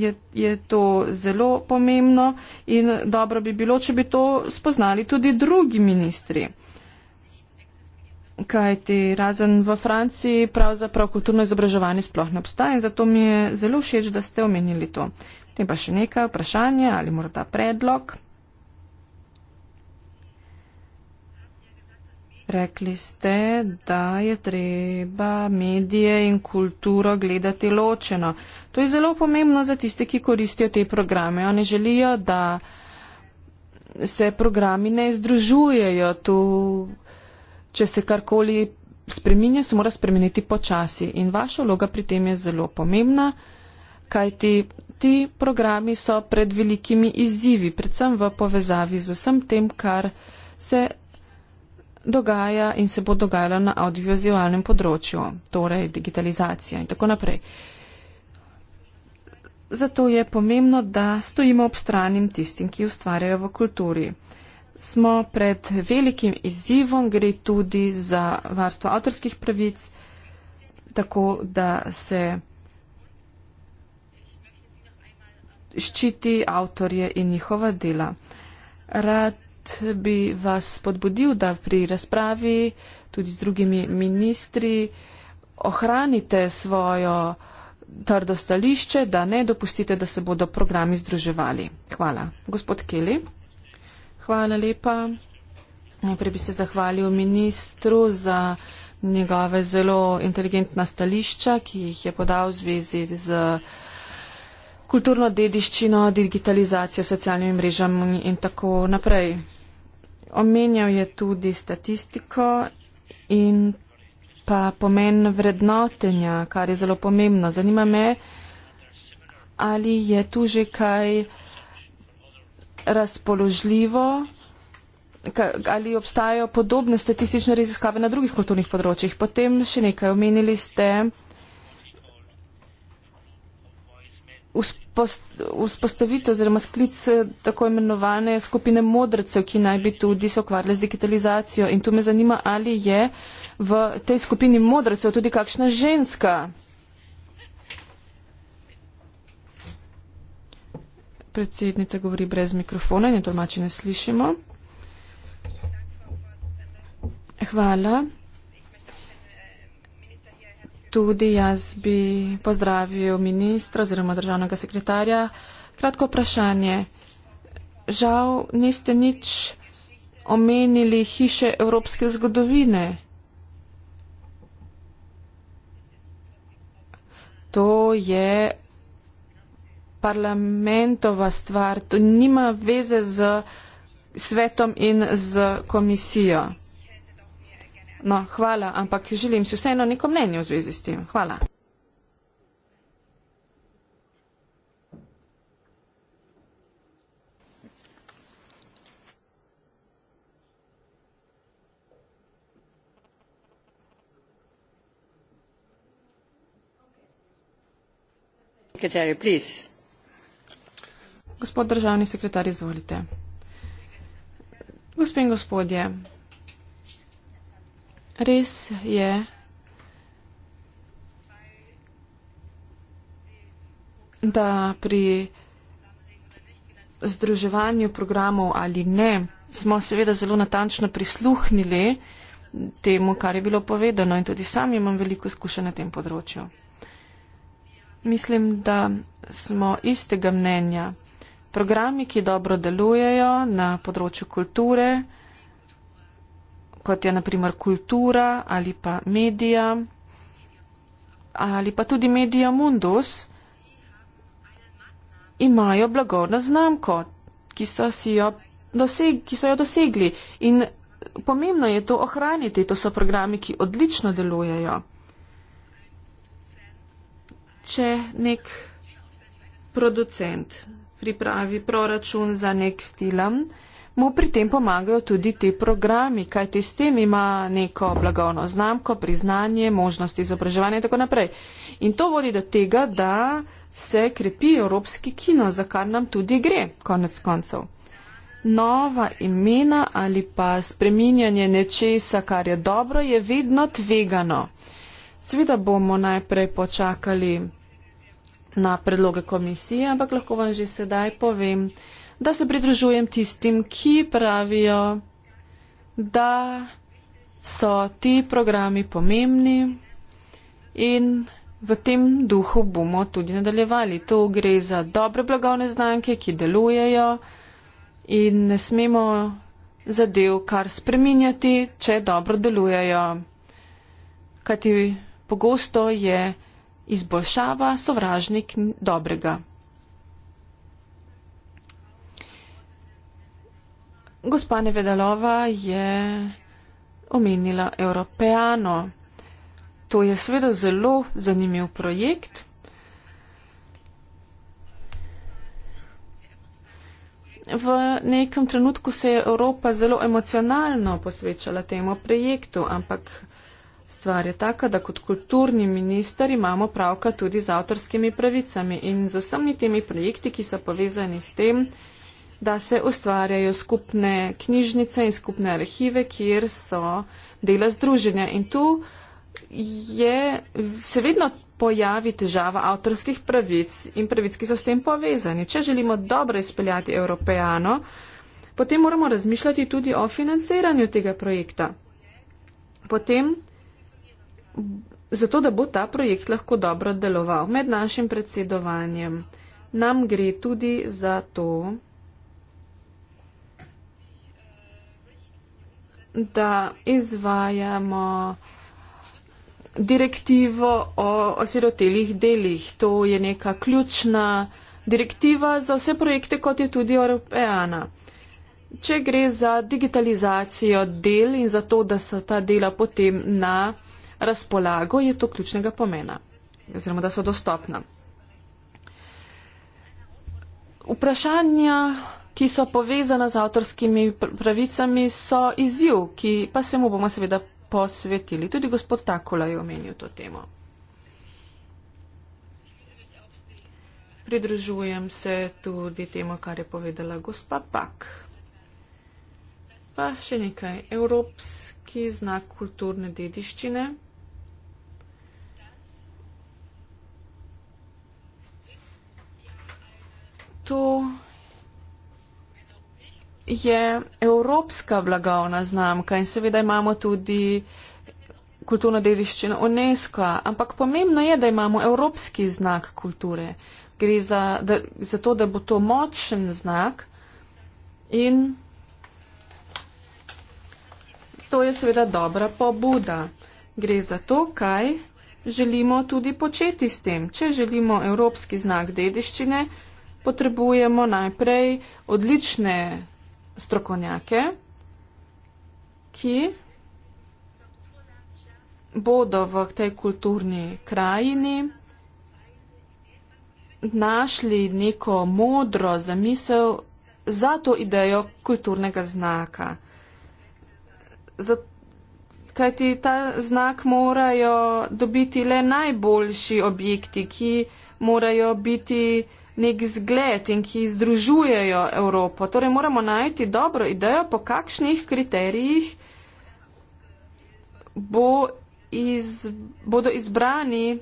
je, je to zelo pomembno in dobro bi bilo, če bi to spoznali tudi drugi ministri. Kaj ti razen v Franciji pravzaprav kulturno izobraževanje sploh ne obstaja in zato mi je zelo všeč, da ste omenili to. Te pa še nekaj vprašanja ali morda predlog. Rekli ste, da je treba medije in kulturo gledati ločeno. To je zelo pomembno za tiste, ki koristijo te programe. Oni želijo, da se programi ne združujejo. To, če se karkoli spreminja, se mora spremeniti počasi. In vaša vloga pri tem je zelo pomembna, kajti ti programi so pred velikimi izzivi, predvsem v povezavi z vsem tem, kar se dogaja in se bo dogajalo na audiovizualnem področju, torej digitalizacija in tako naprej. Zato je pomembno, da stojimo ob stranim tistim, ki ustvarjajo v kulturi. Smo pred velikim izzivom, gre tudi za varstvo avtorskih pravic, tako da se ščiti avtorje in njihova dela. Rad bi vas podbudil, da pri razpravi tudi z drugimi ministri ohranite svojo trdo stališče, da ne dopustite, da se bodo programi združevali. Hvala. Gospod Keli. Hvala lepa. Najprej bi se zahvalil ministru za njegove zelo inteligentna stališča, ki jih je podal v zvezi z kulturno dediščino, digitalizacijo, socialnimi mrežami in tako naprej. Omenjal je tudi statistiko in pa pomen vrednotenja, kar je zelo pomembno. Zanima me, ali je tu že kaj razpoložljivo, ali obstajajo podobne statistične raziskave na drugih kulturnih področjih. Potem še nekaj omenili ste. vzpostavitev oziroma sklic eh, tako imenovane skupine modrecev, ki naj bi tudi se ukvarjali z digitalizacijo. In tu me zanima, ali je v tej skupini modrecev tudi kakšna ženska. Predsednica govori brez mikrofona in tolmači ne slišimo. Hvala. Tudi jaz bi pozdravil ministra oziroma državnega sekretarja. Kratko vprašanje. Žal niste nič omenili hiše evropske zgodovine. To je parlamentova stvar, to nima veze z svetom in z komisijo. No, hvala, ampak želim si vseeno neko mnenje v zvezi s tem. Hvala. Gospod državni sekretar, izvolite. Gospod in gospodje, Res je. da pri združevanju programov ali ne, smo seveda zelo natančno prisluhnili temu, kar je bilo povedano in tudi sam imam veliko izkušenj na tem področju. Mislim, da smo istega mnenja. Programi, ki dobro delujejo na področju kulture, kot je naprimer kultura ali pa medija ali pa tudi medija Mundus, imajo blagovno znamko, ki so, si jo, doseg, ki so jo dosegli. In pomembno je to ohraniti, to so programi, ki odlično delujejo. Če nek producent pripravi proračun za nek film, mu pri tem pomagajo tudi ti programi, kajti s tem ima neko blagovno znamko, priznanje, možnosti izobraževanja in tako naprej. In to vodi do tega, da se krepi evropski kino, za kar nam tudi gre, konec koncev. Nova imena ali pa spreminjanje nečesa, kar je dobro, je vedno tvegano. Sveda bomo najprej počakali na predloge komisije, ampak lahko vam že sedaj povem, da se pridružujem tistim, ki pravijo, da so ti programi pomembni in v tem duhu bomo tudi nadaljevali. To gre za dobre blagovne znamke, ki delujejo in ne smemo zadev kar spreminjati, če dobro delujejo. Kajti pogosto je izboljšava sovražnik dobrega. Gospa Nevedalova je omenila Europeano. To je seveda zelo zanimiv projekt. V nekem trenutku se je Evropa zelo emocionalno posvečala temu projektu, ampak stvar je taka, da kot kulturni minister imamo pravka tudi z avtorskimi pravicami in z vsemi temi projekti, ki so povezani s tem, da se ustvarjajo skupne knjižnice in skupne arhive, kjer so dela združenja. In tu je, se vedno pojavi težava avtorskih pravic in pravic, ki so s tem povezani. Če želimo dobro izpeljati Evropejano, potem moramo razmišljati tudi o financiranju tega projekta. Potem, zato da bo ta projekt lahko dobro deloval med našim predsedovanjem, nam gre tudi za to, da izvajamo direktivo o osirotelih delih. To je neka ključna direktiva za vse projekte, kot je tudi Europeana. Če gre za digitalizacijo del in za to, da so ta dela potem na razpolago, je to ključnega pomena oziroma da so dostopna. Vprašanja ki so povezana z avtorskimi pravicami, so izziv, ki pa se mu bomo seveda posvetili. Tudi gospod Takula je omenil to temo. Pridružujem se tudi temu, kar je povedala gospa Pak. Pa še nekaj. Evropski znak kulturne dediščine. To je evropska blagovna znamka in seveda imamo tudi kulturno dediščino UNESCO, ampak pomembno je, da imamo evropski znak kulture. Gre za, da, za to, da bo to močen znak in to je seveda dobra pobuda. Gre za to, kaj želimo tudi početi s tem. Če želimo evropski znak dediščine, potrebujemo najprej odlične strokovnjake, ki bodo v tej kulturni krajini našli neko modro zamisel za to idejo kulturnega znaka. Kajti ta znak morajo dobiti le najboljši objekti, ki morajo biti nek zgled in ki združujejo Evropo. Torej moramo najti dobro idejo, po kakšnih kriterijih bo iz, bodo izbrani,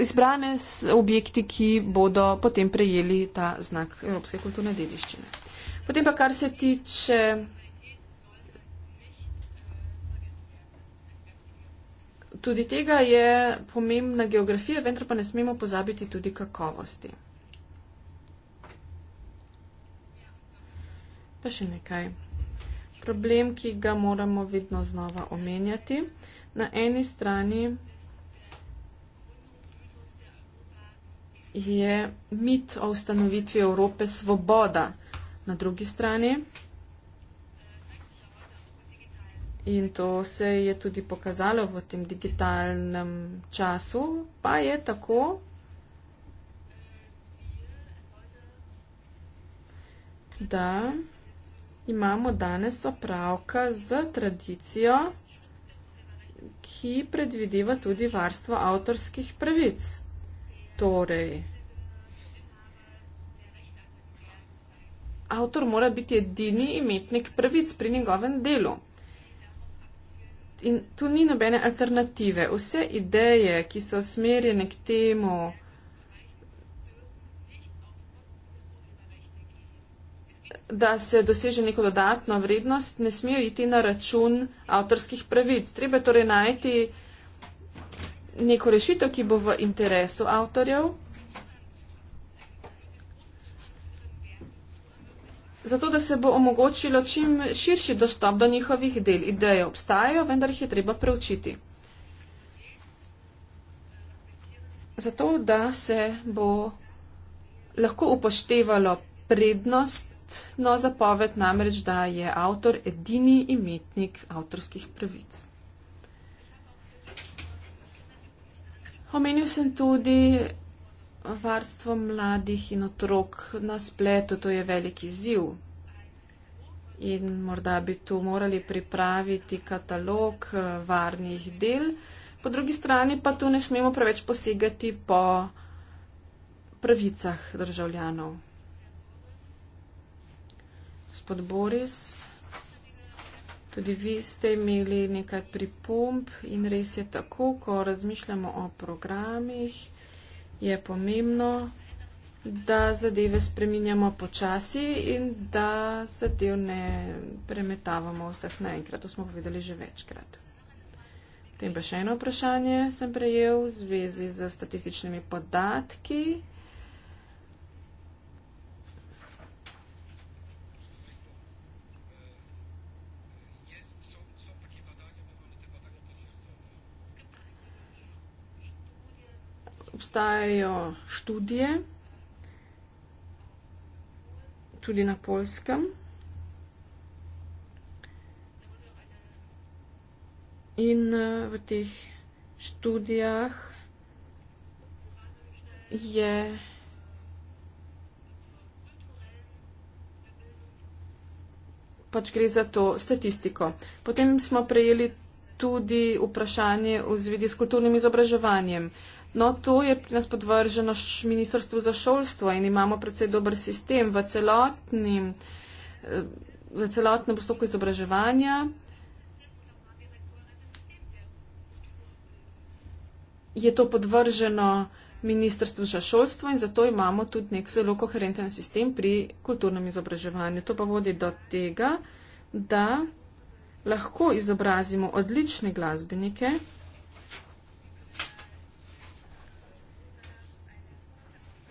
izbrane objekti, ki bodo potem prejeli ta znak Evropske kulturne dediščine. Potem pa kar se tiče. tudi tega je pomembna geografija, vendar pa ne smemo pozabiti tudi kakovosti. Pa še nekaj. Problem, ki ga moramo vedno znova omenjati. Na eni strani je mit o ustanovitvi Evrope svoboda, na drugi strani In to se je tudi pokazalo v tem digitalnem času, pa je tako. Da imamo danes opravka z tradicijo, ki predvideva tudi varstvo avtorskih pravic. Torej, avtor mora biti edini imetnik pravic pri njegovem delu. In tu ni nobene alternative. Vse ideje, ki so smerjene k temu, da se doseže neko dodatno vrednost, ne smejo iti na račun avtorskih pravic. Treba torej najti neko rešitev, ki bo v interesu avtorjev. zato da se bo omogočilo čim širši dostop do njihovih del. Ideje obstajajo, vendar jih je treba preučiti. Zato, da se bo lahko upoštevalo prednostno zapoved, namreč da je avtor edini imetnik avtorskih pravic. Omenil sem tudi varstvo mladih in otrok na spletu, to je veliki ziv. In morda bi tu morali pripraviti katalog eh, varnih del. Po drugi strani pa tu ne smemo preveč posegati po pravicah državljanov. Gospod Boris, tudi vi ste imeli nekaj pripomp in res je tako, ko razmišljamo o programih je pomembno, da zadeve spreminjamo počasi in da zadev ne premetavamo vseh naenkrat. To smo povedali že večkrat. Potem pa še eno vprašanje sem prejel v zvezi z statističnimi podatki. obstajajo študije, tudi na polskem. In eh, v teh študijah je pač gre za to statistiko. Potem smo prejeli tudi vprašanje v zvedi s kulturnim izobraževanjem. Uh, No, to je pri nas podvrženo Ministrstvu za šolstvo in imamo predvsej dober sistem v celotnem, eh, v celotnem postopku izobraževanja. Je to podvrženo Ministrstvu za šolstvo in zato imamo tudi nek zelo koherenten sistem pri kulturnem izobraževanju. To pa vodi do tega, da lahko izobrazimo odlične glasbenike.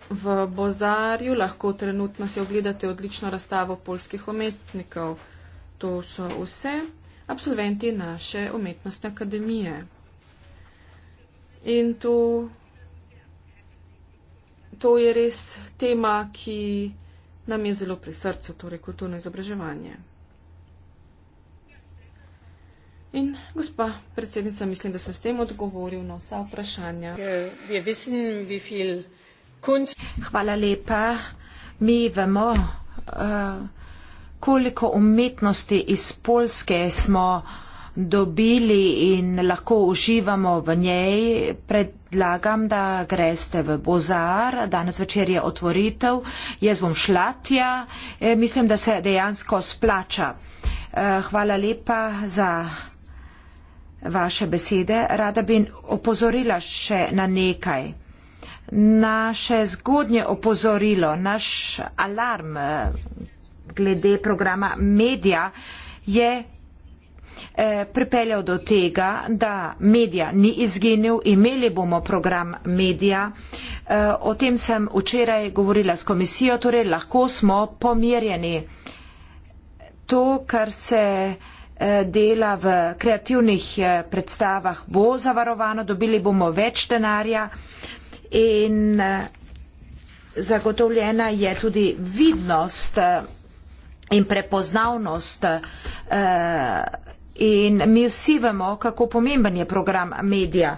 V Bozarju lahko trenutno si ogledate odlično razstavo polskih umetnikov. To so vse absolventi naše umetnostne akademije. In tu, to je res tema, ki nam je zelo pri srcu, torej kulturno izobraževanje. In gospa predsednica, mislim, da sem s tem odgovoril na vsa vprašanja. Uh, yeah, Kunc. Hvala lepa. Mi vemo, eh, koliko umetnosti iz Polske smo dobili in lahko uživamo v njej. Predlagam, da greste v bozar. Danes večer je otvoritev. Jaz bom šla tja. Eh, mislim, da se dejansko splača. Eh, hvala lepa za vaše besede. Rada bi opozorila še na nekaj naše zgodnje opozorilo, naš alarm eh, glede programa Media je eh, pripeljal do tega, da medija ni izginil, imeli bomo program medija. Eh, o tem sem včeraj govorila s komisijo, torej lahko smo pomirjeni. To, kar se dela v kreativnih predstavah, bo zavarovano, dobili bomo več denarja in eh, zagotovljena je tudi vidnost eh, in prepoznavnost eh, in mi vsi vemo, kako pomemben je program medija.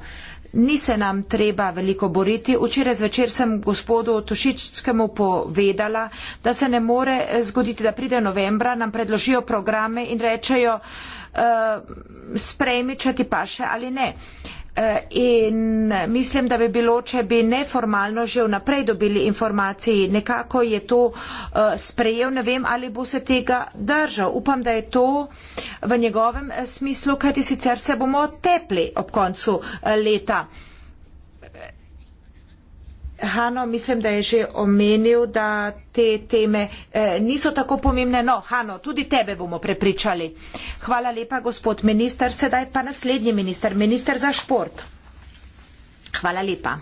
Ni se nam treba veliko boriti. Včeraj zvečer sem gospodu Tušičskemu povedala, da se ne more zgoditi, da pride novembra, nam predložijo programe in rečejo, uh, sprejmi, če ti paše ali ne. Uh, Eh, in mislim, da bi bilo, če bi neformalno že vnaprej dobili informacije, nekako je to eh, sprejel, ne vem, ali bo se tega držal. Upam, da je to eh, v njegovem smislu, kajti sicer se bomo tepli ob koncu leta. Hano, mislim, da je že omenil, da te teme eh, niso tako pomembne. No, Hano, tudi tebe bomo prepričali. Hvala lepa, gospod minister. Sedaj pa naslednji minister, minister za šport. Hvala lepa.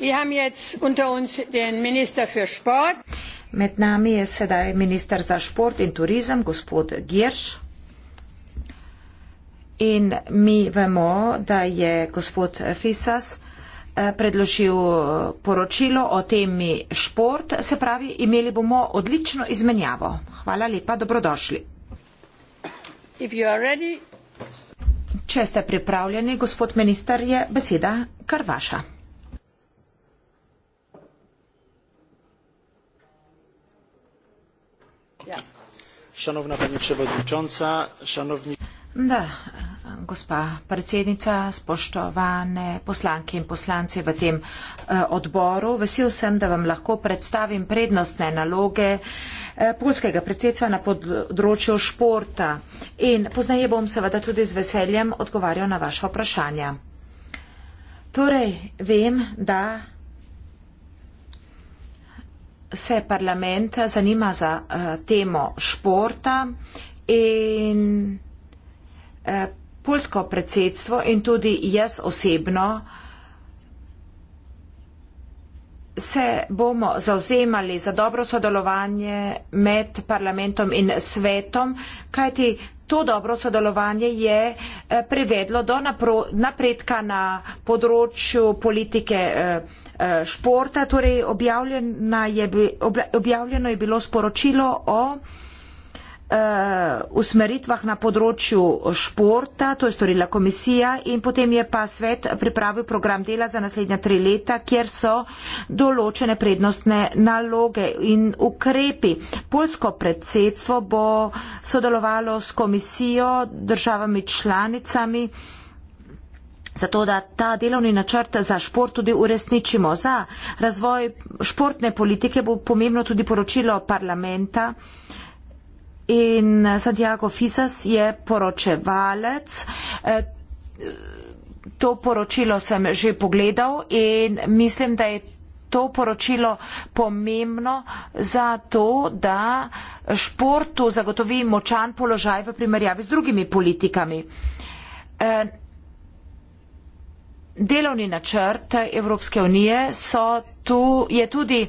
Wir haben jetzt unter uns den Minister für Sport. Med nami je sedaj minister za šport in turizem, gospod Girš. In mi vemo, da je gospod Fisas eh, predložil poročilo o temi šport, se pravi, imeli bomo odlično izmenjavo. Hvala lepa, dobrodošli. Ready, Če ste pripravljeni, gospod minister, je beseda kar vaša. Šanovna pani predsednica, šanovni. Da, gospa predsednica, spoštovane poslanke in poslanci v tem eh, odboru. Vesel sem, da vam lahko predstavim prednostne naloge eh, polskega predsedstva na področju športa in poznaje bom seveda tudi z veseljem odgovarjal na vaša vprašanja. Torej, vem, da se parlament zanima za uh, temo športa in uh, eh, polsko predsedstvo in tudi jaz osebno se bomo zauzemali za dobro sodelovanje med parlamentom in svetom, kajti to dobro sodelovanje je eh, privedlo do napredka na področju politike eh, Eh, športa. Torej, objavljeno, je, objavljeno je bilo sporočilo o eh, usmeritvah na področju športa, to je storila komisija in potem je pa svet pripravil program dela za naslednja tri leta, kjer so določene prednostne naloge in ukrepi. Polsko predsedstvo bo sodelovalo s komisijo, državami članicami. Zato, da ta delovni načrt za šport tudi uresničimo. Za razvoj športne politike bo pomembno tudi poročilo parlamenta. In Santiago Fisas je poročevalec. E, to poročilo sem že pogledal in mislim, da je to poročilo pomembno za to, da športu zagotovi močan položaj v primerjavi z drugimi politikami. E, delovni načrt evropske unije je tudi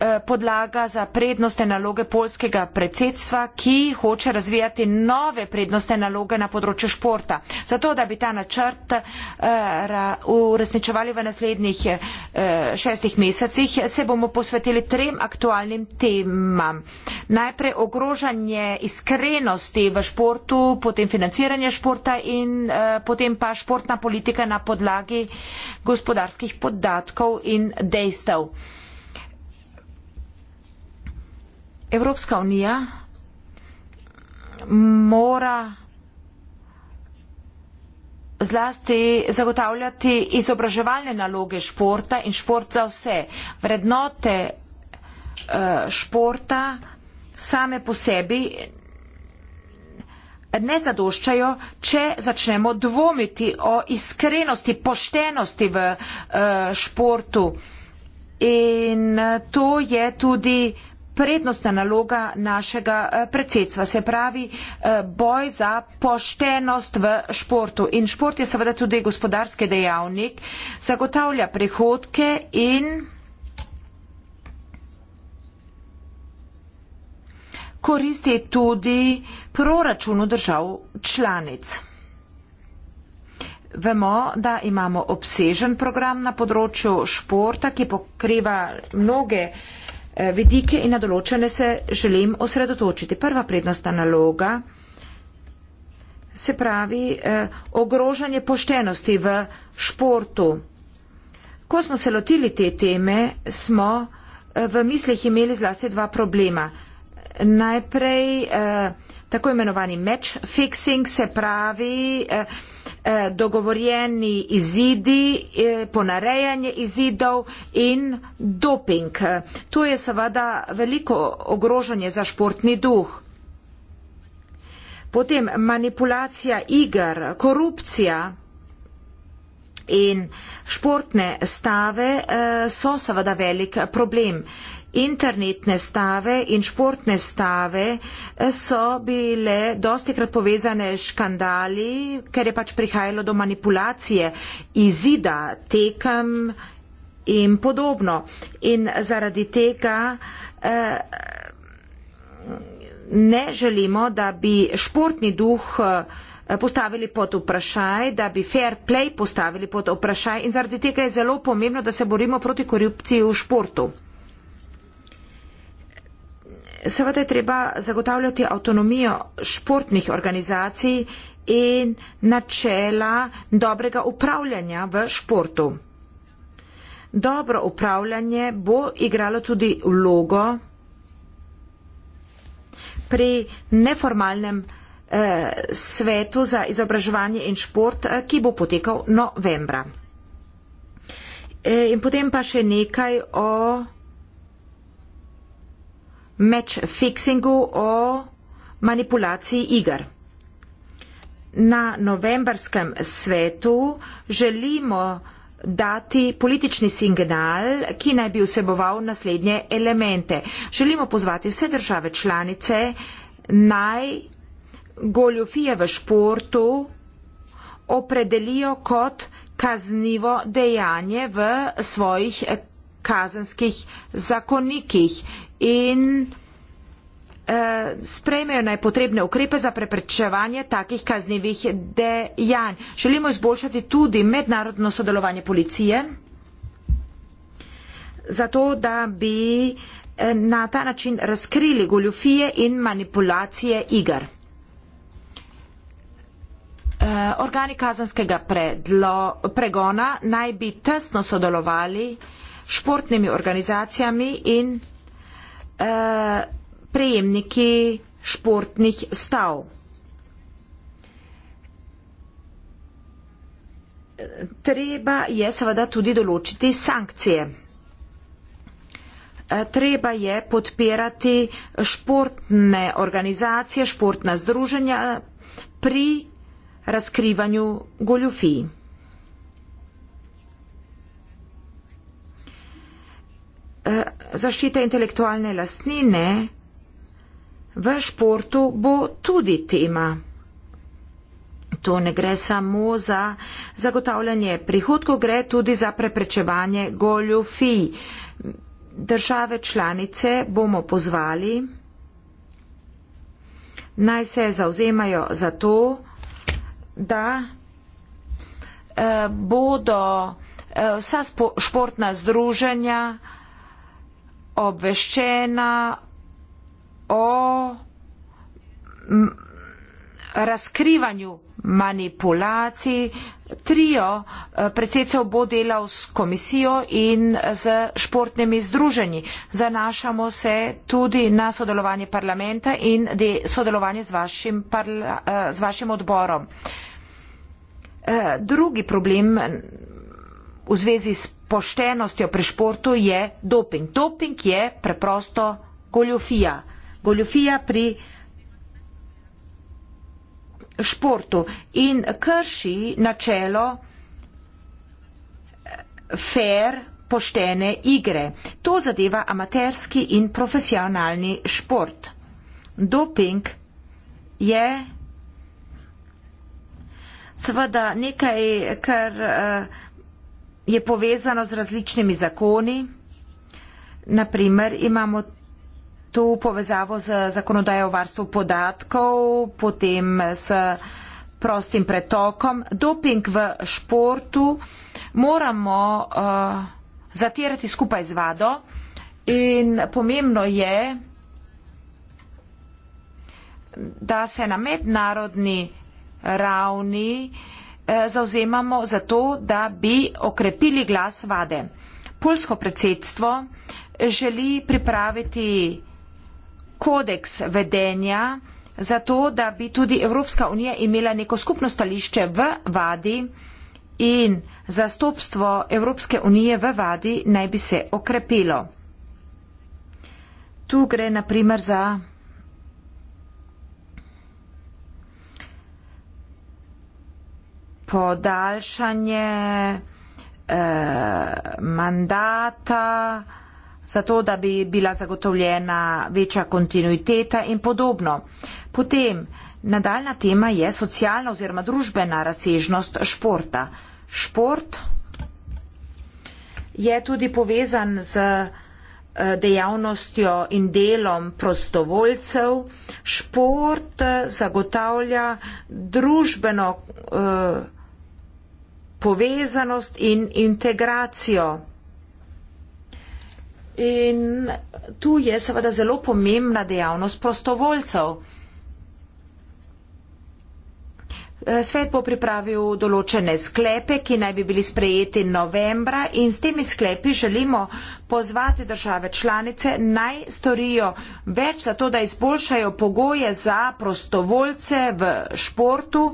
Eh, podlaga za prednostne naloge polskega predsedstva, ki hoče razvijati nove prednostne naloge na področju športa. Zato, da bi ta načrt eh, uresničevali v naslednjih eh, šestih mesecih, se bomo posvetili trem aktualnim temam. Najprej ogrožanje iskrenosti v športu, potem financiranje športa in potem pa športna politika na podlagi gospodarskih podatkov in dejstev. Evropska unija mora zlasti zagotavljati izobraževalne naloge športa in šport za vse. Vrednote eh, športa same po sebi ne zadoščajo, če začnemo dvomiti o iskrenosti, poštenosti v uh, športu. In eh, to je tudi uh, prednostna naloga našega eh, predsedstva, se pravi eh, boj za poštenost v športu. In šport je seveda tudi gospodarski dejavnik, zagotavlja prihodke in koristi tudi proračunu držav članic. Vemo, da imamo obsežen program na področju športa, ki pokriva mnoge uh, Eh, vidike in na določene se želim osredotočiti. Prva prednostna naloga se pravi eh, ogrožanje poštenosti v športu. Ko smo se lotili te teme, smo eh, v mislih imeli zlasti dva problema. Najprej tako imenovani match fixing, se pravi, eh, Eh, dogovorjeni izidi, eh, ponarejanje izidov in doping. To je seveda veliko ogrožanje za športni duh. Potem manipulacija igr, korupcija in športne stave eh, so seveda velik problem internetne stave in športne stave eh, so bile dosti krat povezane s škandali, ker je pač prihajalo do manipulacije izida, tekem in podobno. In zaradi tega eh, ne želimo, da bi športni duh eh, postavili pod vprašaj, da bi fair play postavili pod vprašaj in zaradi tega je zelo pomembno, da se borimo proti korupciji v športu seveda je treba zagotavljati avtonomijo športnih organizacij in načela dobrega upravljanja v športu. Dobro upravljanje bo igralo tudi vlogo pri neformalnem eh, svetu za izobraževanje in šport, eh, ki bo potekal novembra. E, in potem pa še nekaj o match fixingu o manipulaciji igar. Na novembrskem svetu želimo dati politični signal, ki naj bi vseboval naslednje elemente. Želimo pozvati vse države članice naj goljofije v športu opredelijo kot kaznivo dejanje v svojih kazenskih zakonikih in eh, sprejmejo najpotrebne ukrepe za preprečevanje takih kaznivih dejanj. Želimo izboljšati tudi mednarodno sodelovanje policije, zato da bi eh, na ta način razkrili goljufije in manipulacije igr. Eh, organi kazanskega predlo, pregona naj bi tesno sodelovali športnimi organizacijami in Eh, prejemniki športnih stav. Treba je seveda tudi določiti sankcije. Eh, treba je podpirati športne organizacije, športna združenja pri razkrivanju goljufij. Eh, zaščite intelektualne lastnine v športu bo tudi tema. To ne gre samo za zagotavljanje prihodkov, gre tudi za preprečevanje goljufij. Države članice bomo pozvali, naj se zauzemajo za to, da eh, bodo eh, vsa spo, športna združenja eh, obveščena o razkrivanju manipulacij. Trio eh, predsedcev bo delal s komisijo in z športnimi združenji. Zanašamo se tudi na sodelovanje parlamenta in sodelovanje z vašim, eh, z vašim odborom. Eh, drugi problem v zvezi s poštenostjo pri športu je doping. Doping je preprosto goljofija. Goljofija pri športu in krši načelo eh, fair poštene igre. To zadeva amaterski in profesionalni šport. Doping je seveda nekaj, kar uh, je povezano z različnimi zakoni. Naprimer, imamo tu povezavo z zakonodajo o varstvu podatkov, potem s prostim pretokom. Doping v športu moramo uh, zatirati skupaj z vado in pomembno je, da se na mednarodni ravni uh, Eh, zauzemamo za to, da bi okrepili glas vade. Polsko predsedstvo želi pripraviti kodeks vedenja za to, da bi tudi Evropska unija imela neko skupno stališče v vadi in zastopstvo Evropske unije v vadi naj bi se okrepilo. Tu gre naprimer za podaljšanje eh, mandata, zato da bi bila zagotovljena večja kontinuiteta in podobno. Potem nadaljna tema je socialna oziroma družbena razsežnost športa. Šport je tudi povezan z eh, dejavnostjo in delom prostovoljcev. Šport eh, zagotavlja družbeno uh, povezanost in integracijo. In tu je seveda zelo pomembna dejavnost prostovoljcev. Eh, svet bo pripravil določene sklepe, ki naj bi bili sprejeti novembra in s temi sklepi želimo pozvati države članice naj storijo več za to, da izboljšajo pogoje za prostovoljce v športu,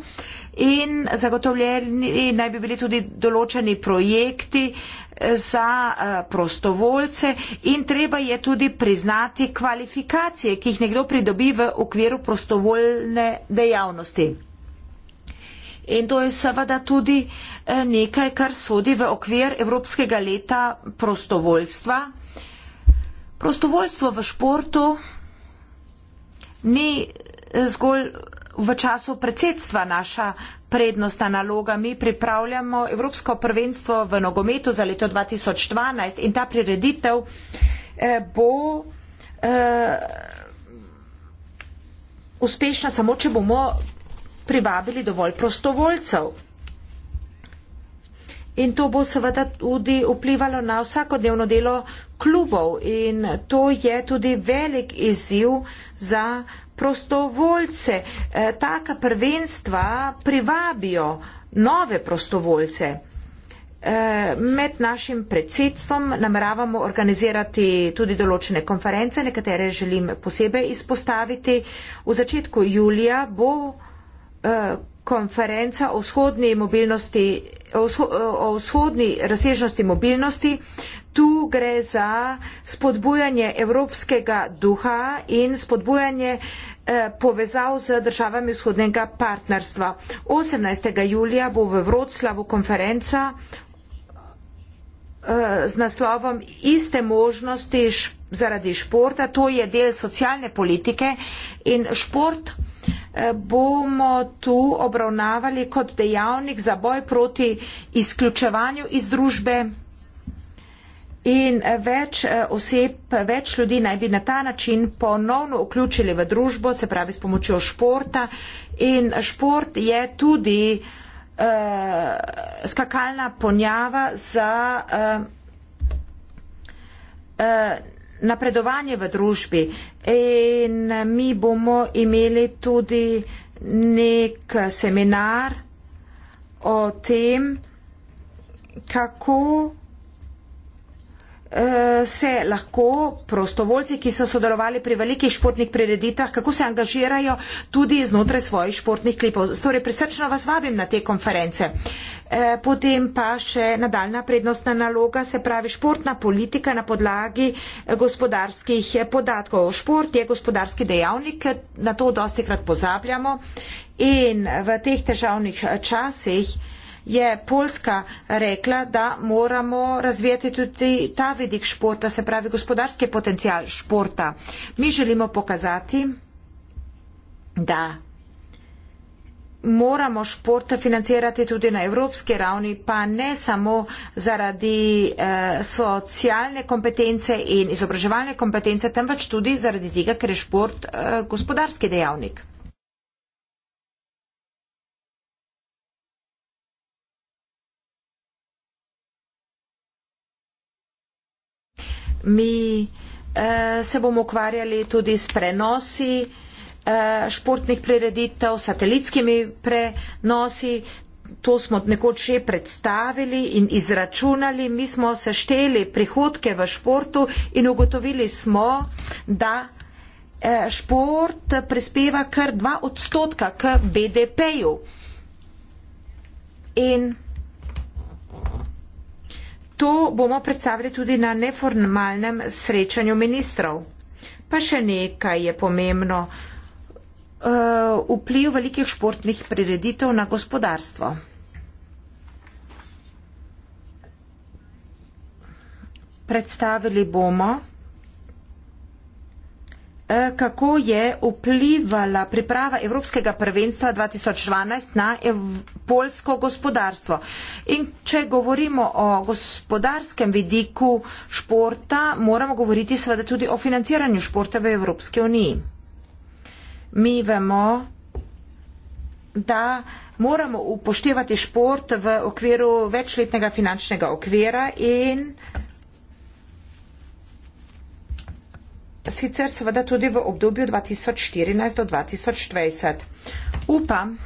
in zagotovljeni naj bi bili tudi določeni projekti eh, za eh, prostovoljce in treba je tudi priznati kvalifikacije, ki jih nekdo pridobi v okviru prostovoljne dejavnosti. In to je seveda tudi eh, nekaj, kar sodi v okvir Evropskega leta prostovoljstva. Prostovoljstvo v športu ni zgolj v času predsedstva naša prednostna naloga. Mi pripravljamo Evropsko prvenstvo v nogometu za leto 2012 in ta prireditev eh, bo eh, uspešna samo, če bomo privabili dovolj prostovoljcev. In to bo seveda tudi vplivalo na vsakodnevno delo klubov in to je tudi velik izziv za prostovoljce, e, taka prvenstva privabijo nove prostovoljce. E, med našim predsedstvom nameravamo organizirati tudi določene konference, nekatere želim posebej izpostaviti. V začetku julija bo e, konferenca o vzhodni mobilnosti, o vzhodni razsežnosti mobilnosti. Tu gre za spodbujanje evropskega duha in spodbujanje eh, povezav z državami vzhodnega partnerstva. 18. julija bo v Vroclavu konferenca eh, z naslovom Iste možnosti zaradi športa, to je del socialne politike in šport bomo tu obravnavali kot dejavnik za boj proti izključevanju iz družbe in več eh, oseb, več ljudi naj bi na ta način ponovno vključili v družbo, se pravi s pomočjo športa in šport je tudi eh, skakalna ponjava za eh, eh, napredovanje v družbi in mi bomo imeli tudi nek seminar o tem, kako Eh, se lahko prostovoljci, ki so sodelovali pri velikih športnih prireditah, kako se angažirajo tudi znotraj svojih športnih klipov. Torej, prisrčno vas vabim na te konference. Eh, potem pa še nadaljna prednostna naloga, se pravi športna politika na podlagi eh, gospodarskih podatkov. Šport je gospodarski dejavnik, na to dosti krat pozabljamo in v teh težavnih časih je Poljska rekla, da moramo razvijati tudi ta vidik športa, se pravi gospodarski potencial športa. Mi želimo pokazati, da moramo šport financirati tudi na evropski ravni, pa ne samo zaradi eh, socialne kompetence in izobraževalne kompetence, temveč tudi zaradi tega, ker je šport eh, gospodarski dejavnik. Mi eh, se bomo ukvarjali tudi s prenosi eh, športnih prireditev, satelitskimi prenosi. To smo nekoč že predstavili in izračunali. Mi smo sešteli prihodke v športu in ugotovili smo, da eh, šport prispeva kar 2 odstotka k BDP-ju. In To bomo predstavili tudi na neformalnem srečanju ministrov. Pa še nekaj je pomembno. Uh, vpliv velikih športnih prireditev na gospodarstvo. Predstavili bomo, uh, kako je vplivala priprava Evropskega prvenstva 2012 na ev polsko gospodarstvo. In če govorimo o gospodarskem vidiku športa, moramo govoriti seveda tudi o financiranju športa v Evropski uniji. Mi vemo, da moramo upoštevati šport v okviru večletnega finančnega okvira in sicer seveda tudi v obdobju 2014 do 2020. Upam,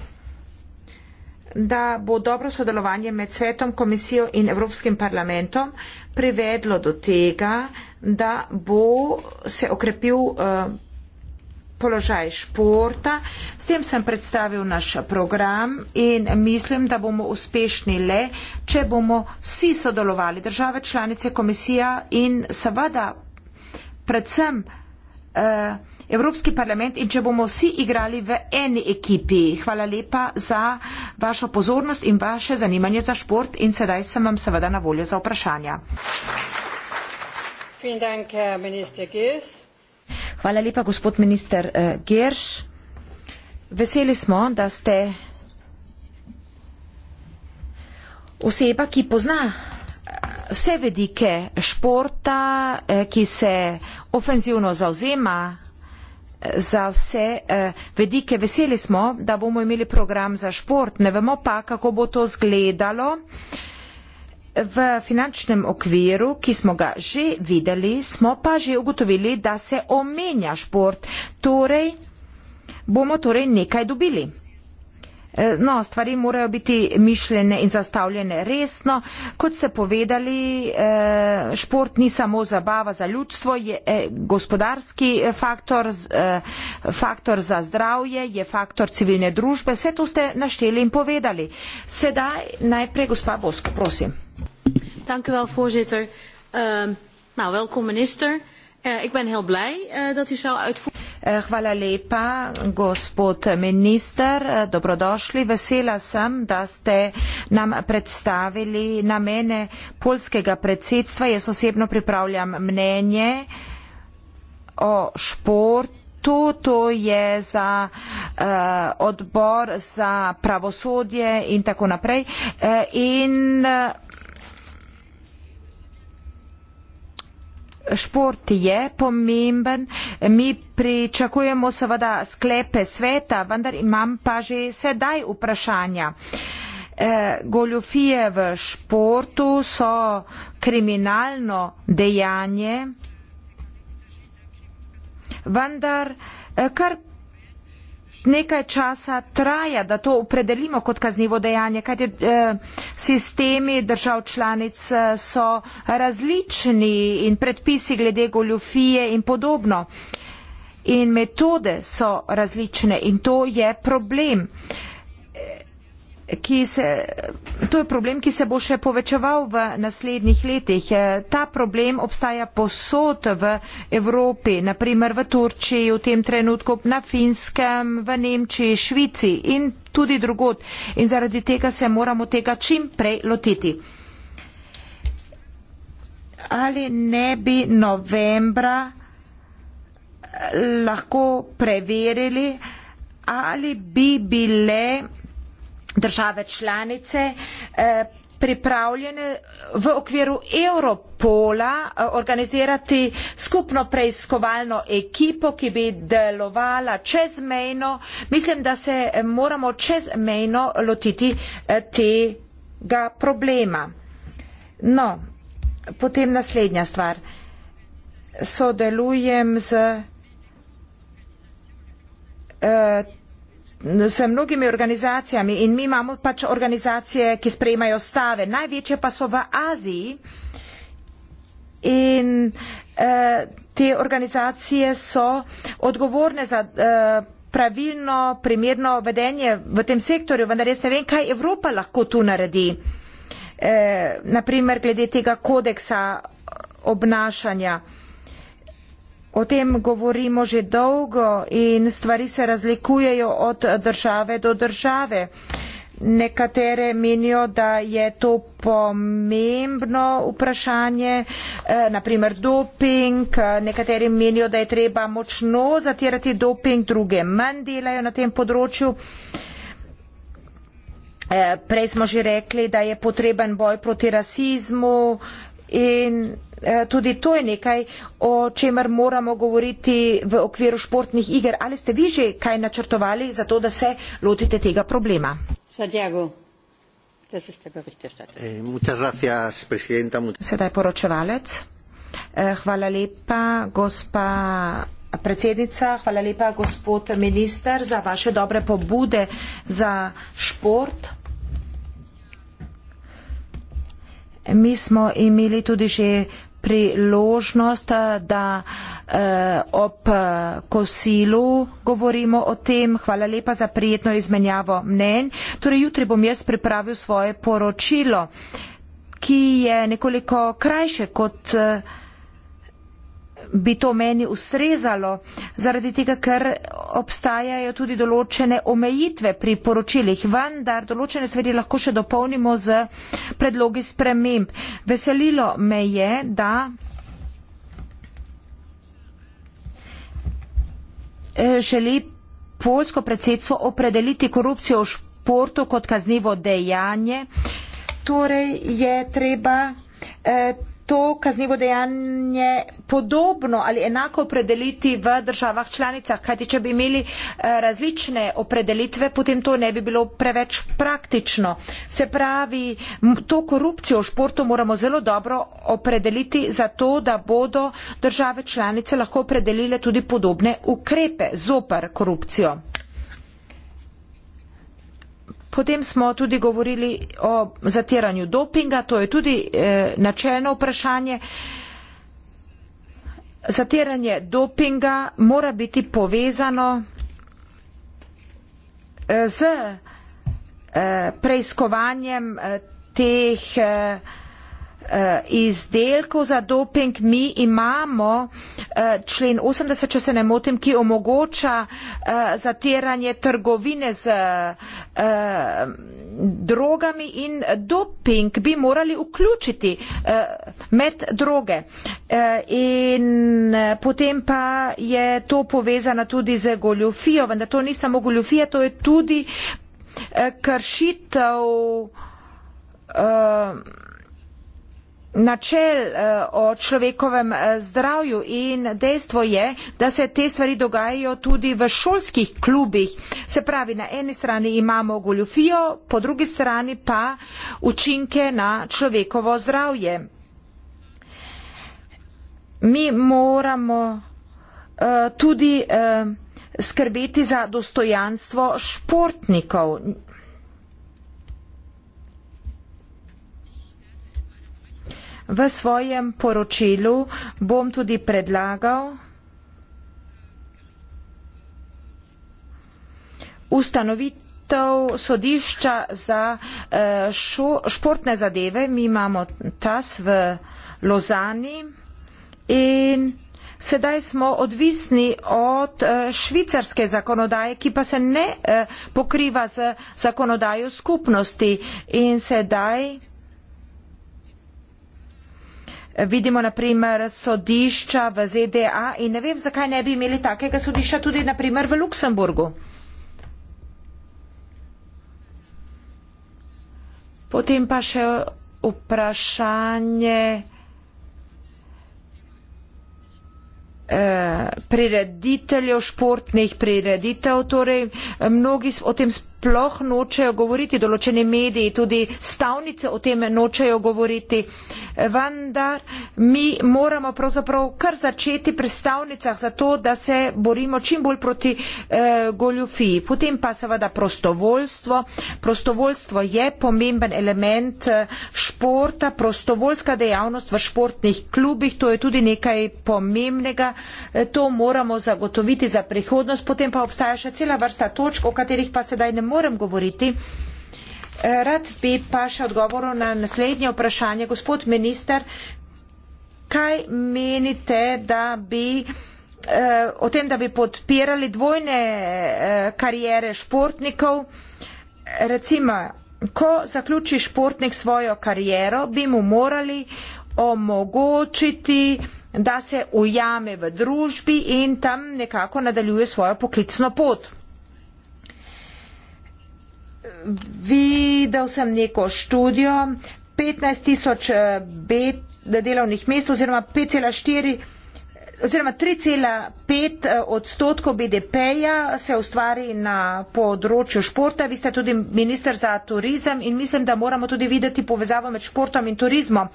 da bo dobro sodelovanje med svetom, komisijo in Evropskim parlamentom privedlo do tega, da bo se okrepil eh, položaj športa. S tem sem predstavil naš program in mislim, da bomo uspešni le, če bomo vsi sodelovali, države, članice, komisija in seveda predvsem eh, Evropski parlament in če bomo vsi igrali v eni ekipi. Hvala lepa za vašo pozornost in vaše zanimanje za šport in sedaj sem vam seveda na voljo za vprašanja. Hvala lepa, gospod minister eh, Gerš. Veseli smo, da ste oseba, ki pozna eh, vse vedike športa, eh, ki se ofenzivno zauzema za vse eh, vedike. Veseli smo, da bomo imeli program za šport, ne vemo pa, kako bo to zgledalo. V finančnem okviru, ki smo ga že videli, smo pa že ugotovili, da se omenja šport. Torej, bomo torej nekaj dobili. Eh, no, stvari morajo biti mišljene in zastavljene resno. Kot ste povedali, eh, šport ni samo zabava za ljudstvo, je eh, gospodarski faktor, faktor za zdravje, je faktor civilne družbe. Vse to ste našteli in povedali. Sedaj najprej gospa Bosko, prosim. Thank you, well, um, now, well, minister. Eh, ik ben heel blij eh, dat u zo uitvoert. Eh, hvala lepa, gospod minister. Dobrodošli. Vesela sem, da ste nam predstavili namene polskega predsedstva. Jaz osebno pripravljam mnenje o športu. To, to je za uh, odbor za pravosodje in tako naprej. Uh, in šport je pomemben. Mi pričakujemo seveda sklepe sveta, vendar imam pa že sedaj vprašanja. Eh, Goljofije v športu so kriminalno dejanje, vendar eh, kar nekaj časa traja, da to opredelimo kot kaznivo dejanje, kajti eh, sistemi držav članic eh, so različni in predpisi glede goljofije in podobno. In metode so različne in to je problem. Eh, ki se, to je problem, ki se bo še povečeval v naslednjih letih. E, ta problem obstaja posod v Evropi, naprimer v Turčiji, v tem trenutku na Finskem, v Nemčiji, Švici in tudi drugod. In zaradi tega se moramo tega čim prej lotiti. Ali ne bi novembra eh, lahko preverili, ali bi bile države članice eh, pripravljene v okviru Europola eh, organizirati skupno preiskovalno ekipo, ki bi delovala čezmejno. Mislim, da se moramo čezmejno lotiti eh, tega problema. No, potem naslednja stvar. Sodelujem z s mnogimi organizacijami in mi imamo pač organizacije, ki sprejemajo stave. Največje pa so v Aziji in eh, te organizacije so odgovorne za eh, pravilno, primerno vedenje v tem sektorju, vendar res ne vem, kaj Evropa lahko tu naredi. E, eh, naprimer, glede tega kodeksa obnašanja. O tem govorimo že dolgo in stvari se razlikujejo od države do države. Nekatere menijo, da je to pomembno vprašanje, eh, naprimer doping, eh, nekateri menijo, da je treba močno zatirati doping, druge manj delajo na tem področju. Eh, prej smo že rekli, da je potreben boj proti rasizmu in Eh, tudi to je nekaj, o čemer moramo govoriti v okviru športnih iger. Ali ste vi že kaj načrtovali za to, da se lotite tega problema? Santiago. Eh, Sedaj poročevalec. Eh, hvala lepa, gospa predsednica, hvala lepa, gospod minister, za vaše dobre pobude za šport. Mi smo imeli tudi že priložnost, da eh, ob eh, kosilu govorimo o tem. Hvala lepa za prijetno izmenjavo mnen. Torej, jutri bom jaz pripravil svoje poročilo, ki je nekoliko krajše kot eh, bi to meni ustrezalo, zaradi tega, ker obstajajo tudi določene omejitve pri poročilih, vendar določene stvari lahko še dopolnimo z predlogi sprememb. Veselilo me je, da želi polsko predsedstvo opredeliti korupcijo v športu kot kaznivo dejanje, torej je treba eh, to kaznivo dejanje podobno ali enako opredeliti v državah članicah, kajti če bi imeli eh, različne opredelitve, potem to ne bi bilo preveč praktično. Se pravi, to korupcijo v športu moramo zelo dobro opredeliti za to, da bodo države članice lahko opredelile tudi podobne ukrepe zopr korupcijo. Potem smo tudi govorili o zatiranju dopinga, to je tudi eh, načelno vprašanje. Zatiranje dopinga mora biti povezano eh, z eh, preiskovanjem eh, teh eh, Eh, izdelkov za doping mi imamo eh, člen 80, če se ne motim, ki omogoča eh, zatiranje trgovine z drogami in doping bi morali vključiti med droge. In potem pa je to povezano tudi z goljofijo, vendar to ni samo goljofija, to je tudi kršitev. Uh, načel eh, o človekovem eh, zdravju in dejstvo je, da se te stvari dogajajo tudi v šolskih klubih. Se pravi, na eni strani imamo goljofijo, po drugi strani pa učinke na človekovo zdravje. Mi moramo uh, tudi uh, skrbeti za dostojanstvo športnikov. V svojem poročilu bom tudi predlagal ustanoviti sodišča za eh, športne zadeve. Mi imamo TAS v Lozani in sedaj smo odvisni od eh, švicarske zakonodaje, ki pa se ne eh, pokriva z zakonodajo skupnosti in sedaj vidimo naprimer sodišča v ZDA in ne vem, zakaj ne bi imeli takega sodišča tudi naprimer v Luksemburgu. Potem pa še vprašanje eh, prirediteljev, športnih prireditev, torej mnogi o tem spremljajo, sploh nočejo govoriti, določeni mediji, tudi stavnice o tem nočejo govoriti. Vendar mi moramo pravzaprav kar začeti pri stavnicah za to, da se borimo čim bolj proti eh, goljufiji. Potem pa seveda prostovoljstvo. Prostovoljstvo je pomemben element eh, športa, prostovoljska dejavnost v športnih klubih, to je tudi nekaj pomembnega. Eh, to moramo zagotoviti za prihodnost. Potem pa obstaja še cela vrsta točk, o katerih pa sedaj ne moremo moram govoriti. Eh, rad bi pa še odgovoril na naslednje vprašanje. Gospod minister, kaj menite, da bi eh, o tem, da bi podpirali dvojne eh, karijere športnikov? Recimo, ko zaključi športnik svojo kariero, bi mu morali omogočiti, da se ujame v družbi in tam nekako nadaljuje svojo poklicno pot videl sem neko študijo, 15 tisoč eh, delovnih mest oziroma 5,4 oziroma 3,5 eh, odstotkov BDP-ja se ustvari na področju športa. Vi ste tudi minister za turizem in mislim, da moramo tudi videti povezavo med športom in turizmom.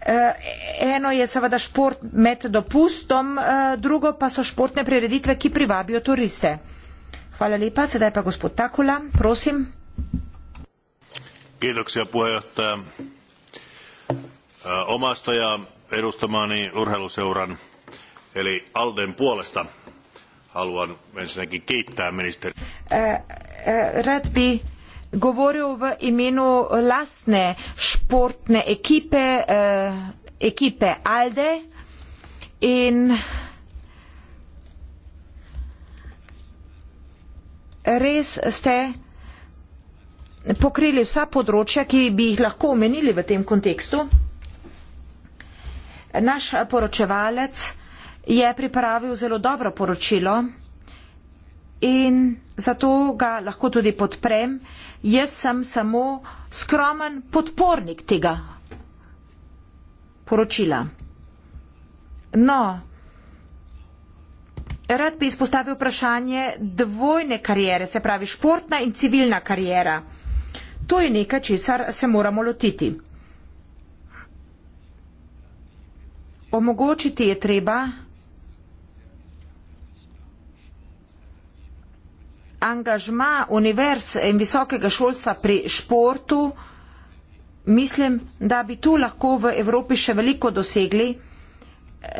Eh, eno je seveda šport med dopustom, drugo pa so športne prireditve, ki privabijo turiste. Hvala lepa. Sedaj pa gospod Takula, prosim. Kiitoksia puheenjohtaja. Omasta ja edustamani urheiluseuran eli Alden puolesta haluan ensinnäkin kiittää ministeri. Äh, äh, rad bi govoril v imenu lastne športne ekipe, äh, ekipe Alde in äh, res ste pokrili vsa področja, ki bi jih lahko omenili v tem kontekstu. Naš poročevalec je pripravil zelo dobro poročilo in zato ga lahko tudi podprem. Jaz sem samo skromen podpornik tega poročila. No, Rad bi izpostavil vprašanje dvojne karijere, se pravi športna in civilna karijera. To je nekaj, česar se moramo lotiti. Omogočiti je treba angažma univerz in visokega šolstva pri športu. Mislim, da bi tu lahko v Evropi še veliko dosegli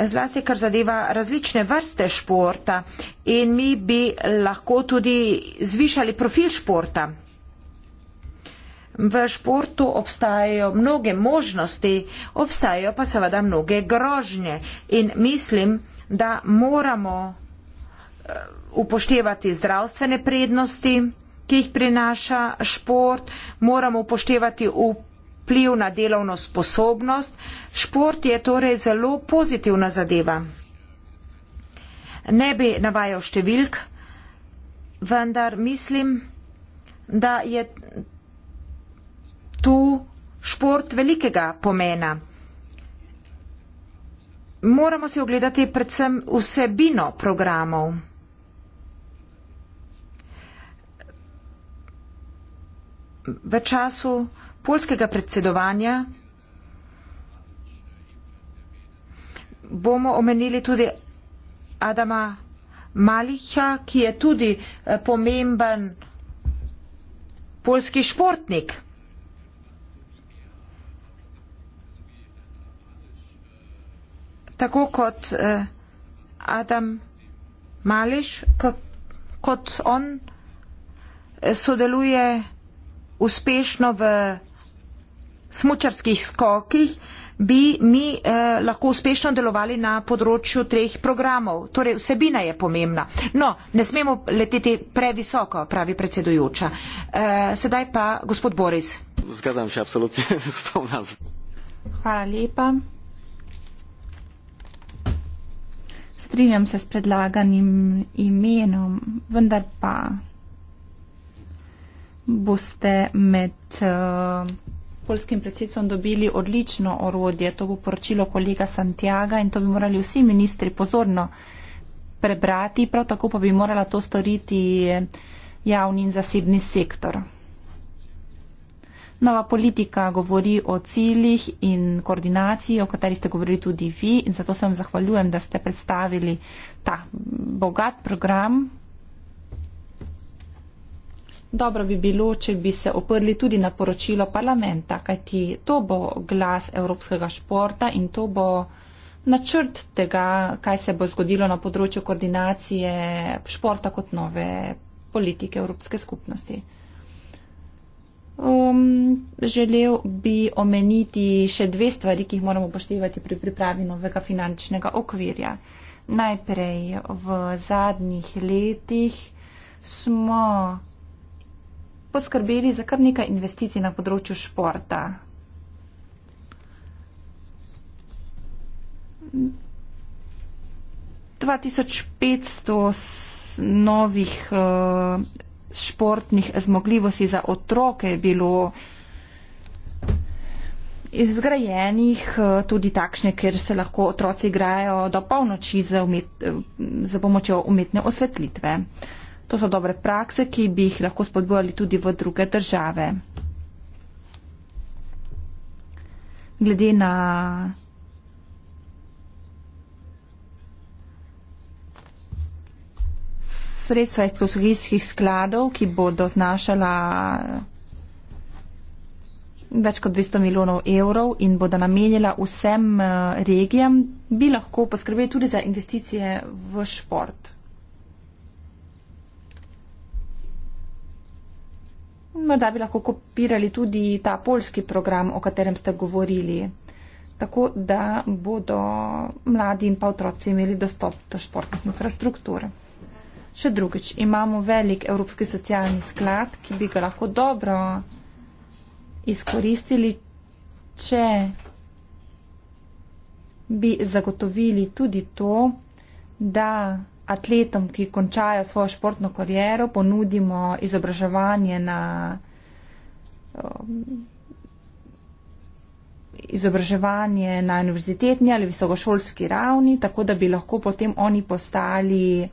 zlasti kar zadeva različne vrste športa in mi bi lahko tudi zvišali profil športa. V športu obstajajo mnoge možnosti, obstajajo pa seveda mnoge grožnje in mislim, da moramo eh, upoštevati zdravstvene prednosti, ki jih prinaša šport, moramo upoštevati upoštevati vpliv na delovno sposobnost, šport je torej zelo pozitivna zadeva. Ne bi navajal številk, vendar mislim, da je tu šport velikega pomena. Moramo si ogledati predvsem vsebino programov. V času polskega predsedovanja bomo omenili tudi Adama Malicha, ki je tudi eh, pomemben polski športnik. Tako kot eh, Adam Mališ, kot on eh, sodeluje uspešno v smočarskih skokih bi mi eh, lahko uspešno delovali na področju treh programov. Torej, vsebina je pomembna. No, ne smemo leteti previsoko, pravi predsedujoča. Eh, sedaj pa gospod Boris. Zgadam še absolutno s to nas. Hvala lepa. Strinjam se s predlaganim imenom, vendar pa boste med. Eh, polskim predsedstvom dobili odlično orodje. To bo poročilo kolega Santiaga in to bi morali vsi ministri pozorno prebrati, prav tako pa bi morala to storiti javni in zasebni sektor. Nova politika govori o ciljih in koordinaciji, o kateri ste govorili tudi vi in zato se vam zahvaljujem, da ste predstavili ta bogat program Dobro bi bilo, če bi se oprli tudi na poročilo parlamenta, kajti to bo glas evropskega športa in to bo načrt tega, kaj se bo zgodilo na področju koordinacije športa kot nove politike Evropske skupnosti. Um, želel bi omeniti še dve stvari, ki jih moramo upoštevati pri pripravi novega finančnega okvirja. Najprej v zadnjih letih smo poskrbeli za kar nekaj investicij na področju športa. novih uh, športnih zmogljivosti za otroke je bilo izgrajenih, uh, tudi takšne, kjer se lahko otroci igrajo do polnoči za, umet, uh, eh, za pomočjo umetne osvetlitve. Uh, To so dobre prakse, ki bi jih lahko spodbojali tudi v druge države. Glede na sredstva iz kosovijskih skladov, ki bodo znašala več kot 200 milijonov evrov in bodo namenjala vsem eh, regijam, bi lahko poskrbeli tudi za investicije v šport. Morda bi lahko kopirali tudi ta polski program, o katerem ste govorili, tako da bodo mladi in pa otroci imeli dostop do športnih infrastruktur. Še drugič, imamo velik Evropski socialni sklad, ki bi ga lahko dobro izkoristili, če bi zagotovili tudi to, da atletom, ki končajo svojo športno kariero, ponudimo izobraževanje na. Um, izobraževanje na univerzitetni ali visokošolski ravni, tako da bi lahko potem oni postali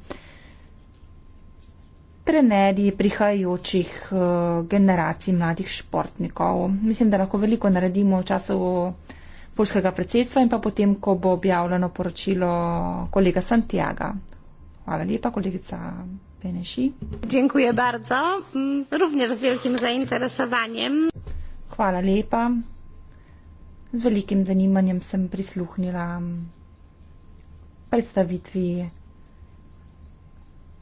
trenerji prihajajočih uh, generacij mladih športnikov. Mislim, da lahko veliko naredimo v času polskega predsedstva in pa potem, ko bo objavljeno poročilo kolega Santiago. Hvala lepa, kolegica Beneši. Dziękuję bardzo, mm, również z wielkim zainteresowaniem. Hvala lepa. Z velikim zanimanjem sem prisluhnila mm, predstavitvi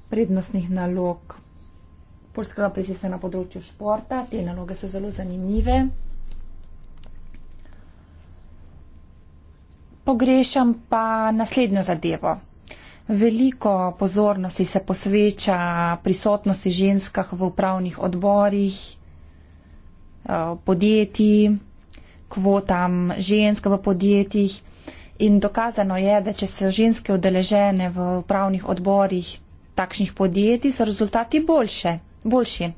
prednostnih nalog polskega presesa na področju športa. Te naloge so zelo zanimive. Pogrešam pa naslednjo zadevo. Veliko pozornosti se posveča prisotnosti ženskah v upravnih odborih, eh, podjetij, kvotam žensk v podjetjih. In dokazano je, da če so ženske udeležene v upravnih odborih takšnih podjetij, so rezultati boljše, boljši.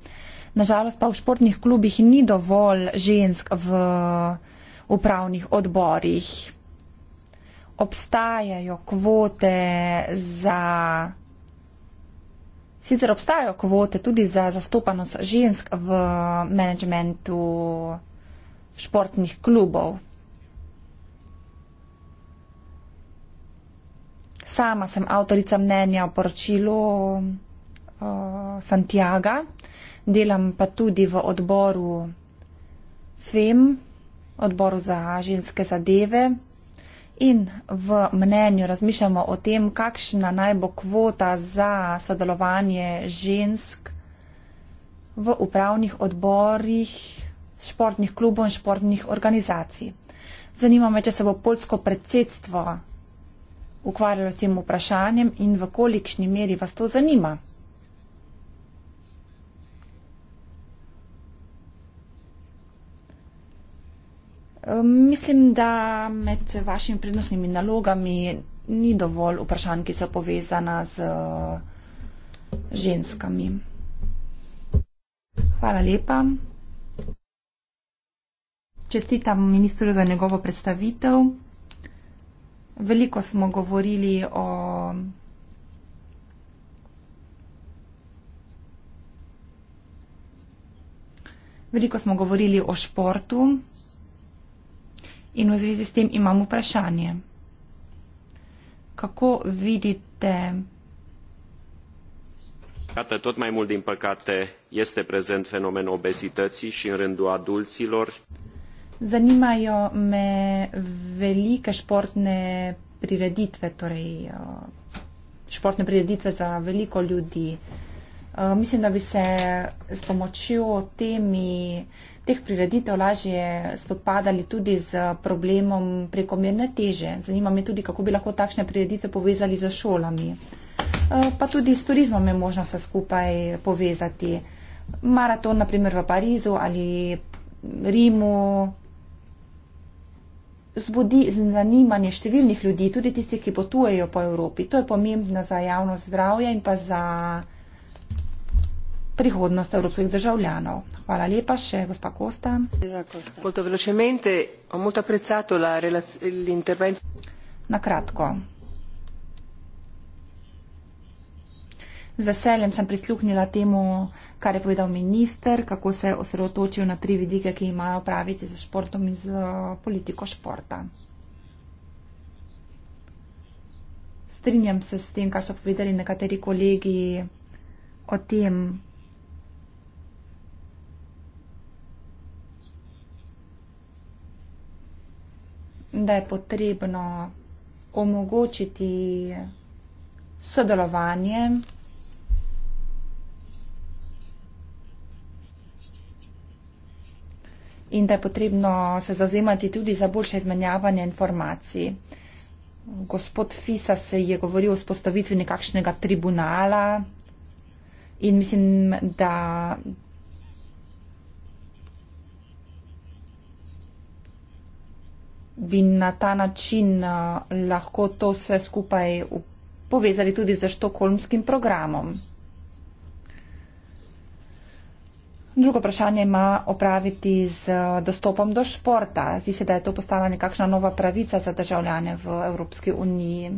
Nažalost pa v športnih klubih ni dovolj žensk v upravnih odborih obstajajo kvote za. Sicer obstajajo kvote tudi za zastopanost žensk v menedžmentu športnih klubov. Sama sem avtorica mnenja o poročilu uh, Santiago, delam pa tudi v odboru FEM, odboru za ženske zadeve in v mnenju razmišljamo o tem, kakšna naj bo kvota za sodelovanje žensk v upravnih odborih športnih klubov in športnih organizacij. Zanima me, če se bo polsko predsedstvo ukvarjalo s tem vprašanjem in v kolikšni meri vas to zanima. Mislim, da med vašimi prednostnimi nalogami ni dovolj vprašanj, ki so povezana z eh, ženskami. Hvala lepa. Čestitam ministru za njegovo predstavitev. Veliko smo govorili o Veliko smo govorili o športu. In v zvezi s tem imam vprašanje. Kako vidite? Iată, tot mai mult, din păcate, este prezent fenomen obezității și în rândul adulților. Zanima jo me velike športne prireditve, torej uh, športne prireditve za veliko ljudi. Uh, mislim, da bi se s pomočjo temi teh prireditev lažje spopadali tudi z problemom prekomerne teže. Zanima me tudi, kako bi lahko takšne prireditve povezali z šolami. Eh, pa tudi s turizmom je možno vse skupaj povezati. Maraton, naprimer v Parizu ali Rimu, zbudi zanimanje številnih ljudi, tudi tistih, ki potujejo po Evropi. To je pomembno za javno zdravje in pa za prihodnost evropskih državljanov. Hvala lepa še, gospa Kosta. Na kratko. Z veseljem sem prisluhnila temu, kar je povedal minister, kako se je osredotočil na tri vidike, ki imajo praviti z športom in z politiko športa. Strinjam se s tem, kar so povedali nekateri kolegi o tem, da je potrebno omogočiti sodelovanje. In da je potrebno se zauzemati tudi za boljše izmenjavanje informacij. Gospod Fisa se je govoril o spostavitvi nekakšnega tribunala in mislim, da bi na ta način uh, lahko to vse skupaj povezali tudi z štokolmskim programom. Drugo vprašanje ima opraviti z uh, dostopom do športa. Zdi se, da je to postala nekakšna nova pravica za državljane v Evropski uniji.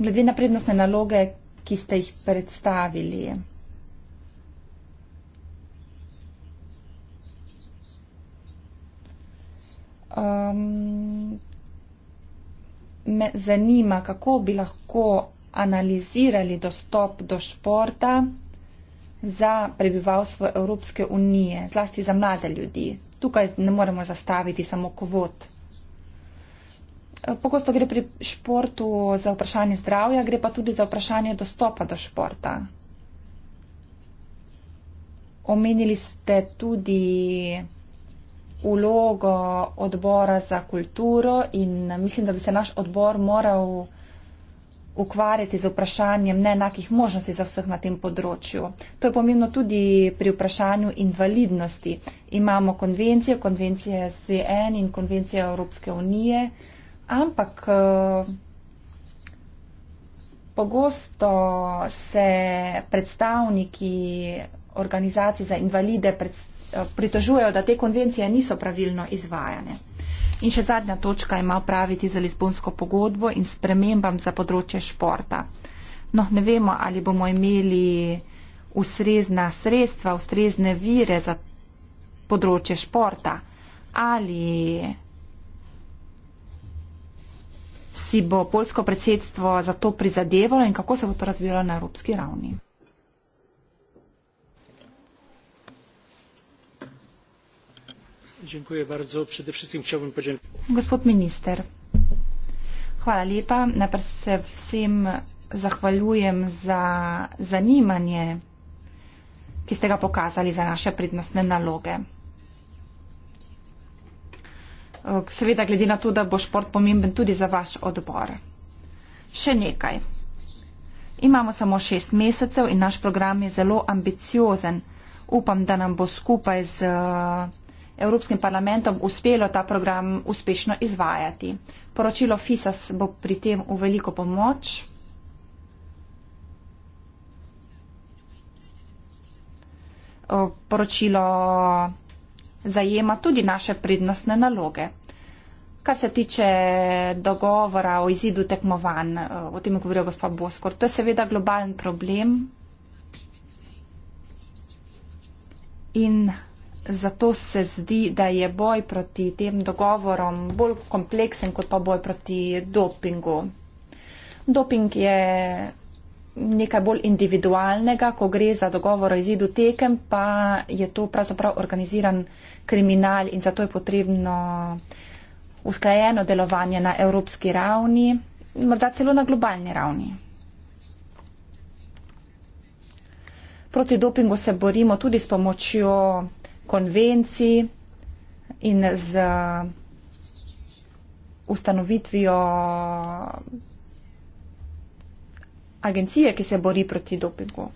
Glede na prednostne naloge, ki ste jih predstavili. um, me zanima, kako bi lahko analizirali dostop do športa za prebivalstvo Evropske unije, zlasti za mlade ljudi. Tukaj ne moremo zastaviti samo kvot. Pogosto gre pri športu za vprašanje zdravja, gre pa tudi za vprašanje dostopa do športa. Omenili ste tudi vlogo odbora za kulturo in eh, mislim, da bi se naš odbor moral ukvarjati z vprašanjem neenakih možnosti za vseh na tem področju. To je pomembno tudi pri vprašanju invalidnosti. Imamo konvencije, konvencije SCN in konvencije Evropske unije, ampak eh, pogosto se predstavniki organizacij za invalide predstavljajo Eh, pritožujejo, da te konvencije niso pravilno izvajane. In še zadnja točka ima upraviti za Lizbonsko pogodbo in spremembam za področje športa. No, ne vemo, ali bomo imeli ustrezna sredstva, ustrezne vire za področje športa, ali si bo polsko predsedstvo za to prizadevalo in kako se bo to razvijalo na evropski ravni. Dziękuję bardzo. Przede wszystkim chciałbym podziękować. Gospod minister. Hvala lepa. Najprej se vsem zahvaljujem za zanimanje, ki ste ga pokazali za naše prednostne naloge. Seveda, glede na to, da bo šport pomemben tudi za vaš odbor. Še nekaj. Imamo samo šest mesecev in naš program je zelo ambiciozen. Upam, da nam bo skupaj z Evropskim parlamentom uspelo ta program uspešno izvajati. Poročilo FISAS bo pri tem v veliko pomoč. Poročilo zajema tudi naše prednostne naloge. Kar se tiče dogovora o izidu tekmovanj, o tem je govoril gospod Boskor, to je seveda globalen problem. In zato se zdi, da je boj proti tem dogovorom bolj kompleksen kot pa boj proti dopingu. Doping je nekaj bolj individualnega, ko gre za dogovor o izidu tekem, pa je to pravzaprav organiziran kriminal in zato je potrebno usklajeno delovanje na evropski ravni, morda celo na globalni ravni. Proti dopingu se borimo tudi s pomočjo konvencij in z ustanovitvijo agencije, ki se bori proti dopingu.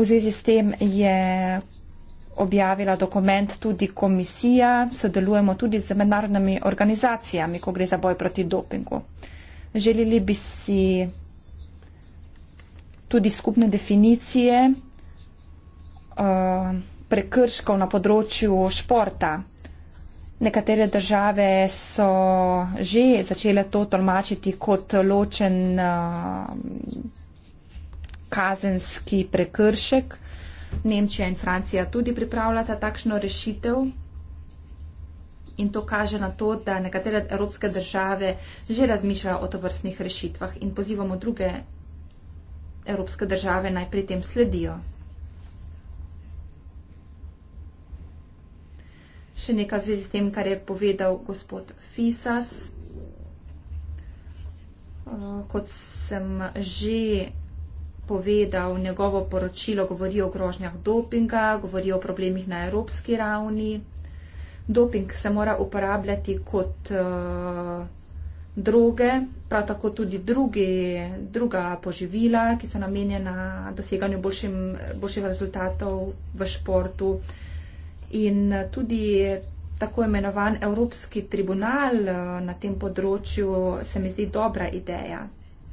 V zvezi s tem je objavila dokument tudi komisija, sodelujemo tudi z mednarodnimi organizacijami, ko gre za boj proti dopingu. Želeli bi si tudi skupne definicije uh, prekrškov na področju športa. Nekatere države so že začele to tolmačiti kot ločen uh, kazenski prekršek. Nemčija in Francija tudi pripravljata takšno rešitev. In to kaže na to, da nekatere evropske države že razmišljajo o tovrstnih rešitvah in pozivamo druge evropske države naj pri tem sledijo. Še nekaj v zvezi s tem, kar je povedal gospod Fisas. Eh, kot sem že povedal, njegovo poročilo govori o grožnjah dopinga, govori o problemih na evropski ravni. Doping se mora uporabljati kot uh, droge, prav tako tudi drugi, druga poživila, ki so namenjena doseganju boljšim, boljših rezultatov v športu. In tudi tako imenovan Evropski tribunal eh, na tem področju se mi zdi dobra ideja.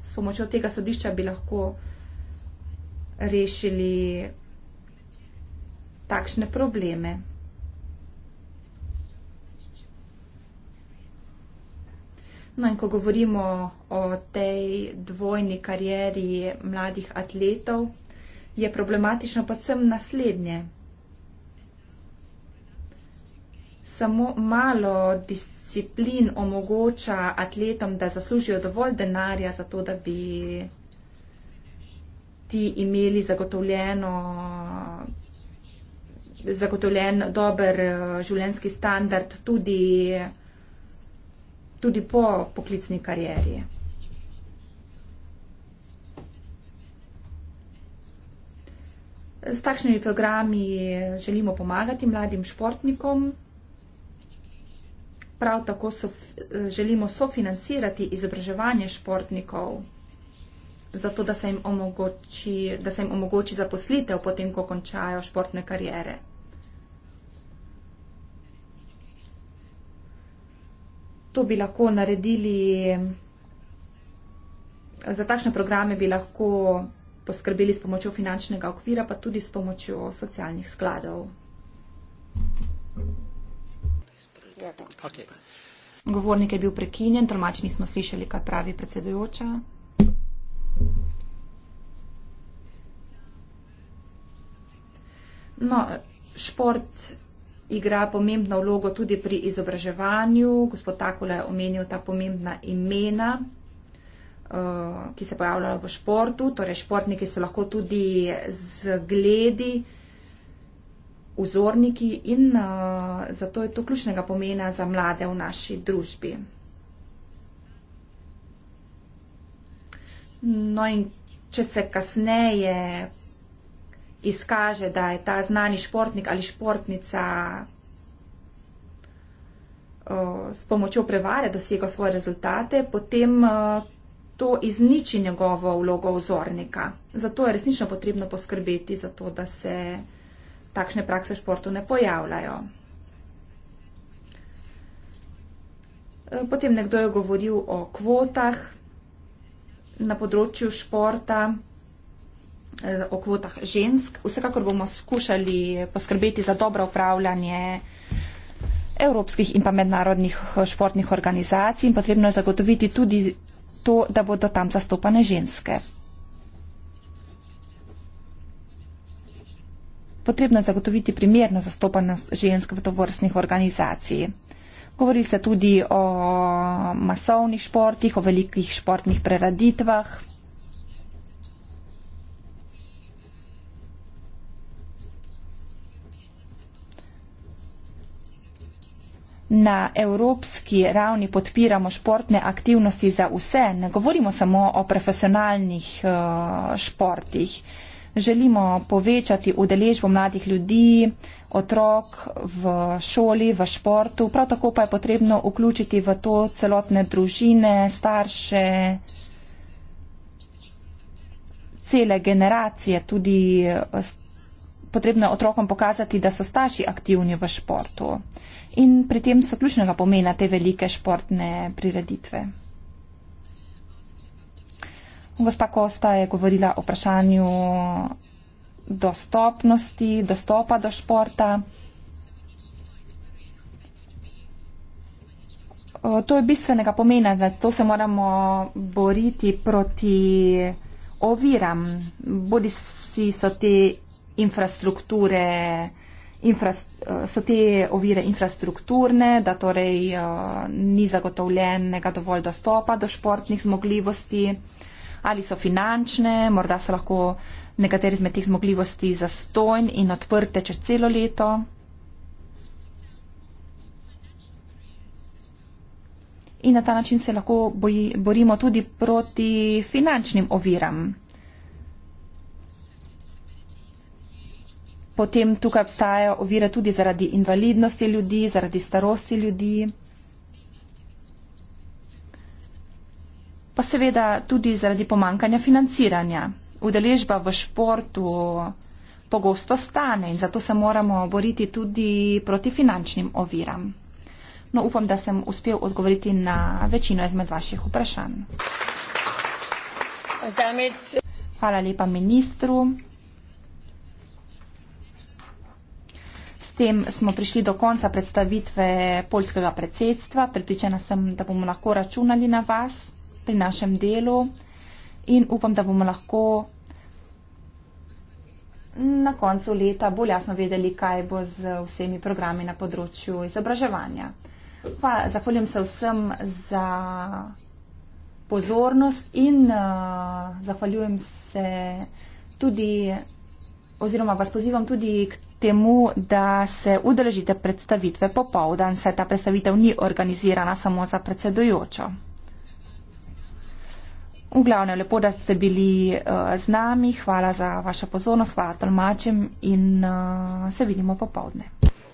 S pomočjo tega sodišča bi lahko rešili takšne probleme. No in ko govorimo o tej dvojni karieri mladih atletov, je problematično pa vsem naslednje. Samo malo disciplin omogoča atletom, da zaslužijo dovolj denarja za to, da bi ti imeli zagotovljeno zagotovljen dober eh, življenski standard tudi tudi po poklicni karieri. S takšnimi programi želimo pomagati mladim športnikom. Prav tako so, želimo sofinancirati izobraževanje športnikov, zato da se jim omogoči, omogoči zaposlitev, potem ko končajo športne karijere. to bi lahko naredili, za takšne programe bi lahko poskrbeli s pomočjo finančnega okvira, pa tudi s pomočjo socialnih skladov. Ja, okay. Govornik je bil prekinjen, tolmač nismo slišali, kaj pravi predsedujoča. No, šport igra pomembno vlogo tudi pri izobraževanju. Gospod Takole je omenil ta pomembna imena, eh, ki se pojavljajo v športu. Torej, športniki so lahko tudi zgledi, vzorniki in eh, zato je to ključnega pomena za mlade v naši družbi. No in če se kasneje pojavljajo, izkaže, da je ta znani športnik ali športnica s pomočjo prevare dosegal svoje rezultate, potem to izniči njegovo vlogo vzornika. Zato je resnično potrebno poskrbeti za to, da se takšne prakse v športu ne pojavljajo. E, potem nekdo je govoril o kvotah na področju športa. Eh, o kvotah žensk. Vsekakor bomo skušali poskrbeti za dobro upravljanje evropskih in pa mednarodnih eh, športnih organizacij in potrebno je zagotoviti tudi to, da bodo tam zastopane ženske. Potrebno je zagotoviti primerno zastopanost žensk v tovrstnih organizacij. Govori se tudi o masovnih športih, o velikih športnih preraditvah. na evropski ravni podpiramo športne aktivnosti za vse, ne govorimo samo o profesionalnih eh, športih. Želimo povečati udeležbo mladih ljudi, otrok v šoli, v športu. Prav tako pa je potrebno vključiti v to celotne družine, starše, cele generacije, tudi starše eh, potrebno je otrokom pokazati, da so starši aktivni v športu in pri tem so ključnega pomena te velike športne prireditve. Gospa Kosta je govorila o vprašanju dostopnosti, dostopa do športa. To je bistvenega pomena, da to se moramo boriti proti oviram, bodi si so te infrastrukture, infra, eh, so te ovire infrastrukturne, da torej eh, ni zagotovljenega dovolj dostopa do športnih zmogljivosti ali so finančne, morda so lahko nekateri izmed teh zmogljivosti zastojn in odprte čez celo leto. In na ta način se lahko boji, borimo tudi proti finančnim oviram. potem tukaj obstajajo ovire tudi zaradi invalidnosti ljudi, zaradi starosti ljudi. Pa seveda tudi zaradi pomankanja financiranja. Udeležba v športu pogosto stane in zato se moramo boriti tudi proti finančnim oviram. No, upam, da sem uspel odgovoriti na večino izmed vaših vprašanj. Hvala lepa ministru. tem smo prišli do konca predstavitve polskega predsedstva. Pripričana sem, da bomo lahko računali na vas pri našem delu in upam, da bomo lahko na koncu leta bolj jasno vedeli, kaj bo z vsemi programi na področju izobraževanja. Pa zahvaljujem se vsem za pozornost in uh, zahvaljujem se tudi oziroma vas pozivam tudi k temu, da se udeležite predstavitve popovdan, saj ta predstavitev ni organizirana samo za predsedujočo. V glavnem, lepo, da ste bili uh, z nami. Hvala za vašo pozornost, hvala tolmačem in uh, se vidimo popovdne.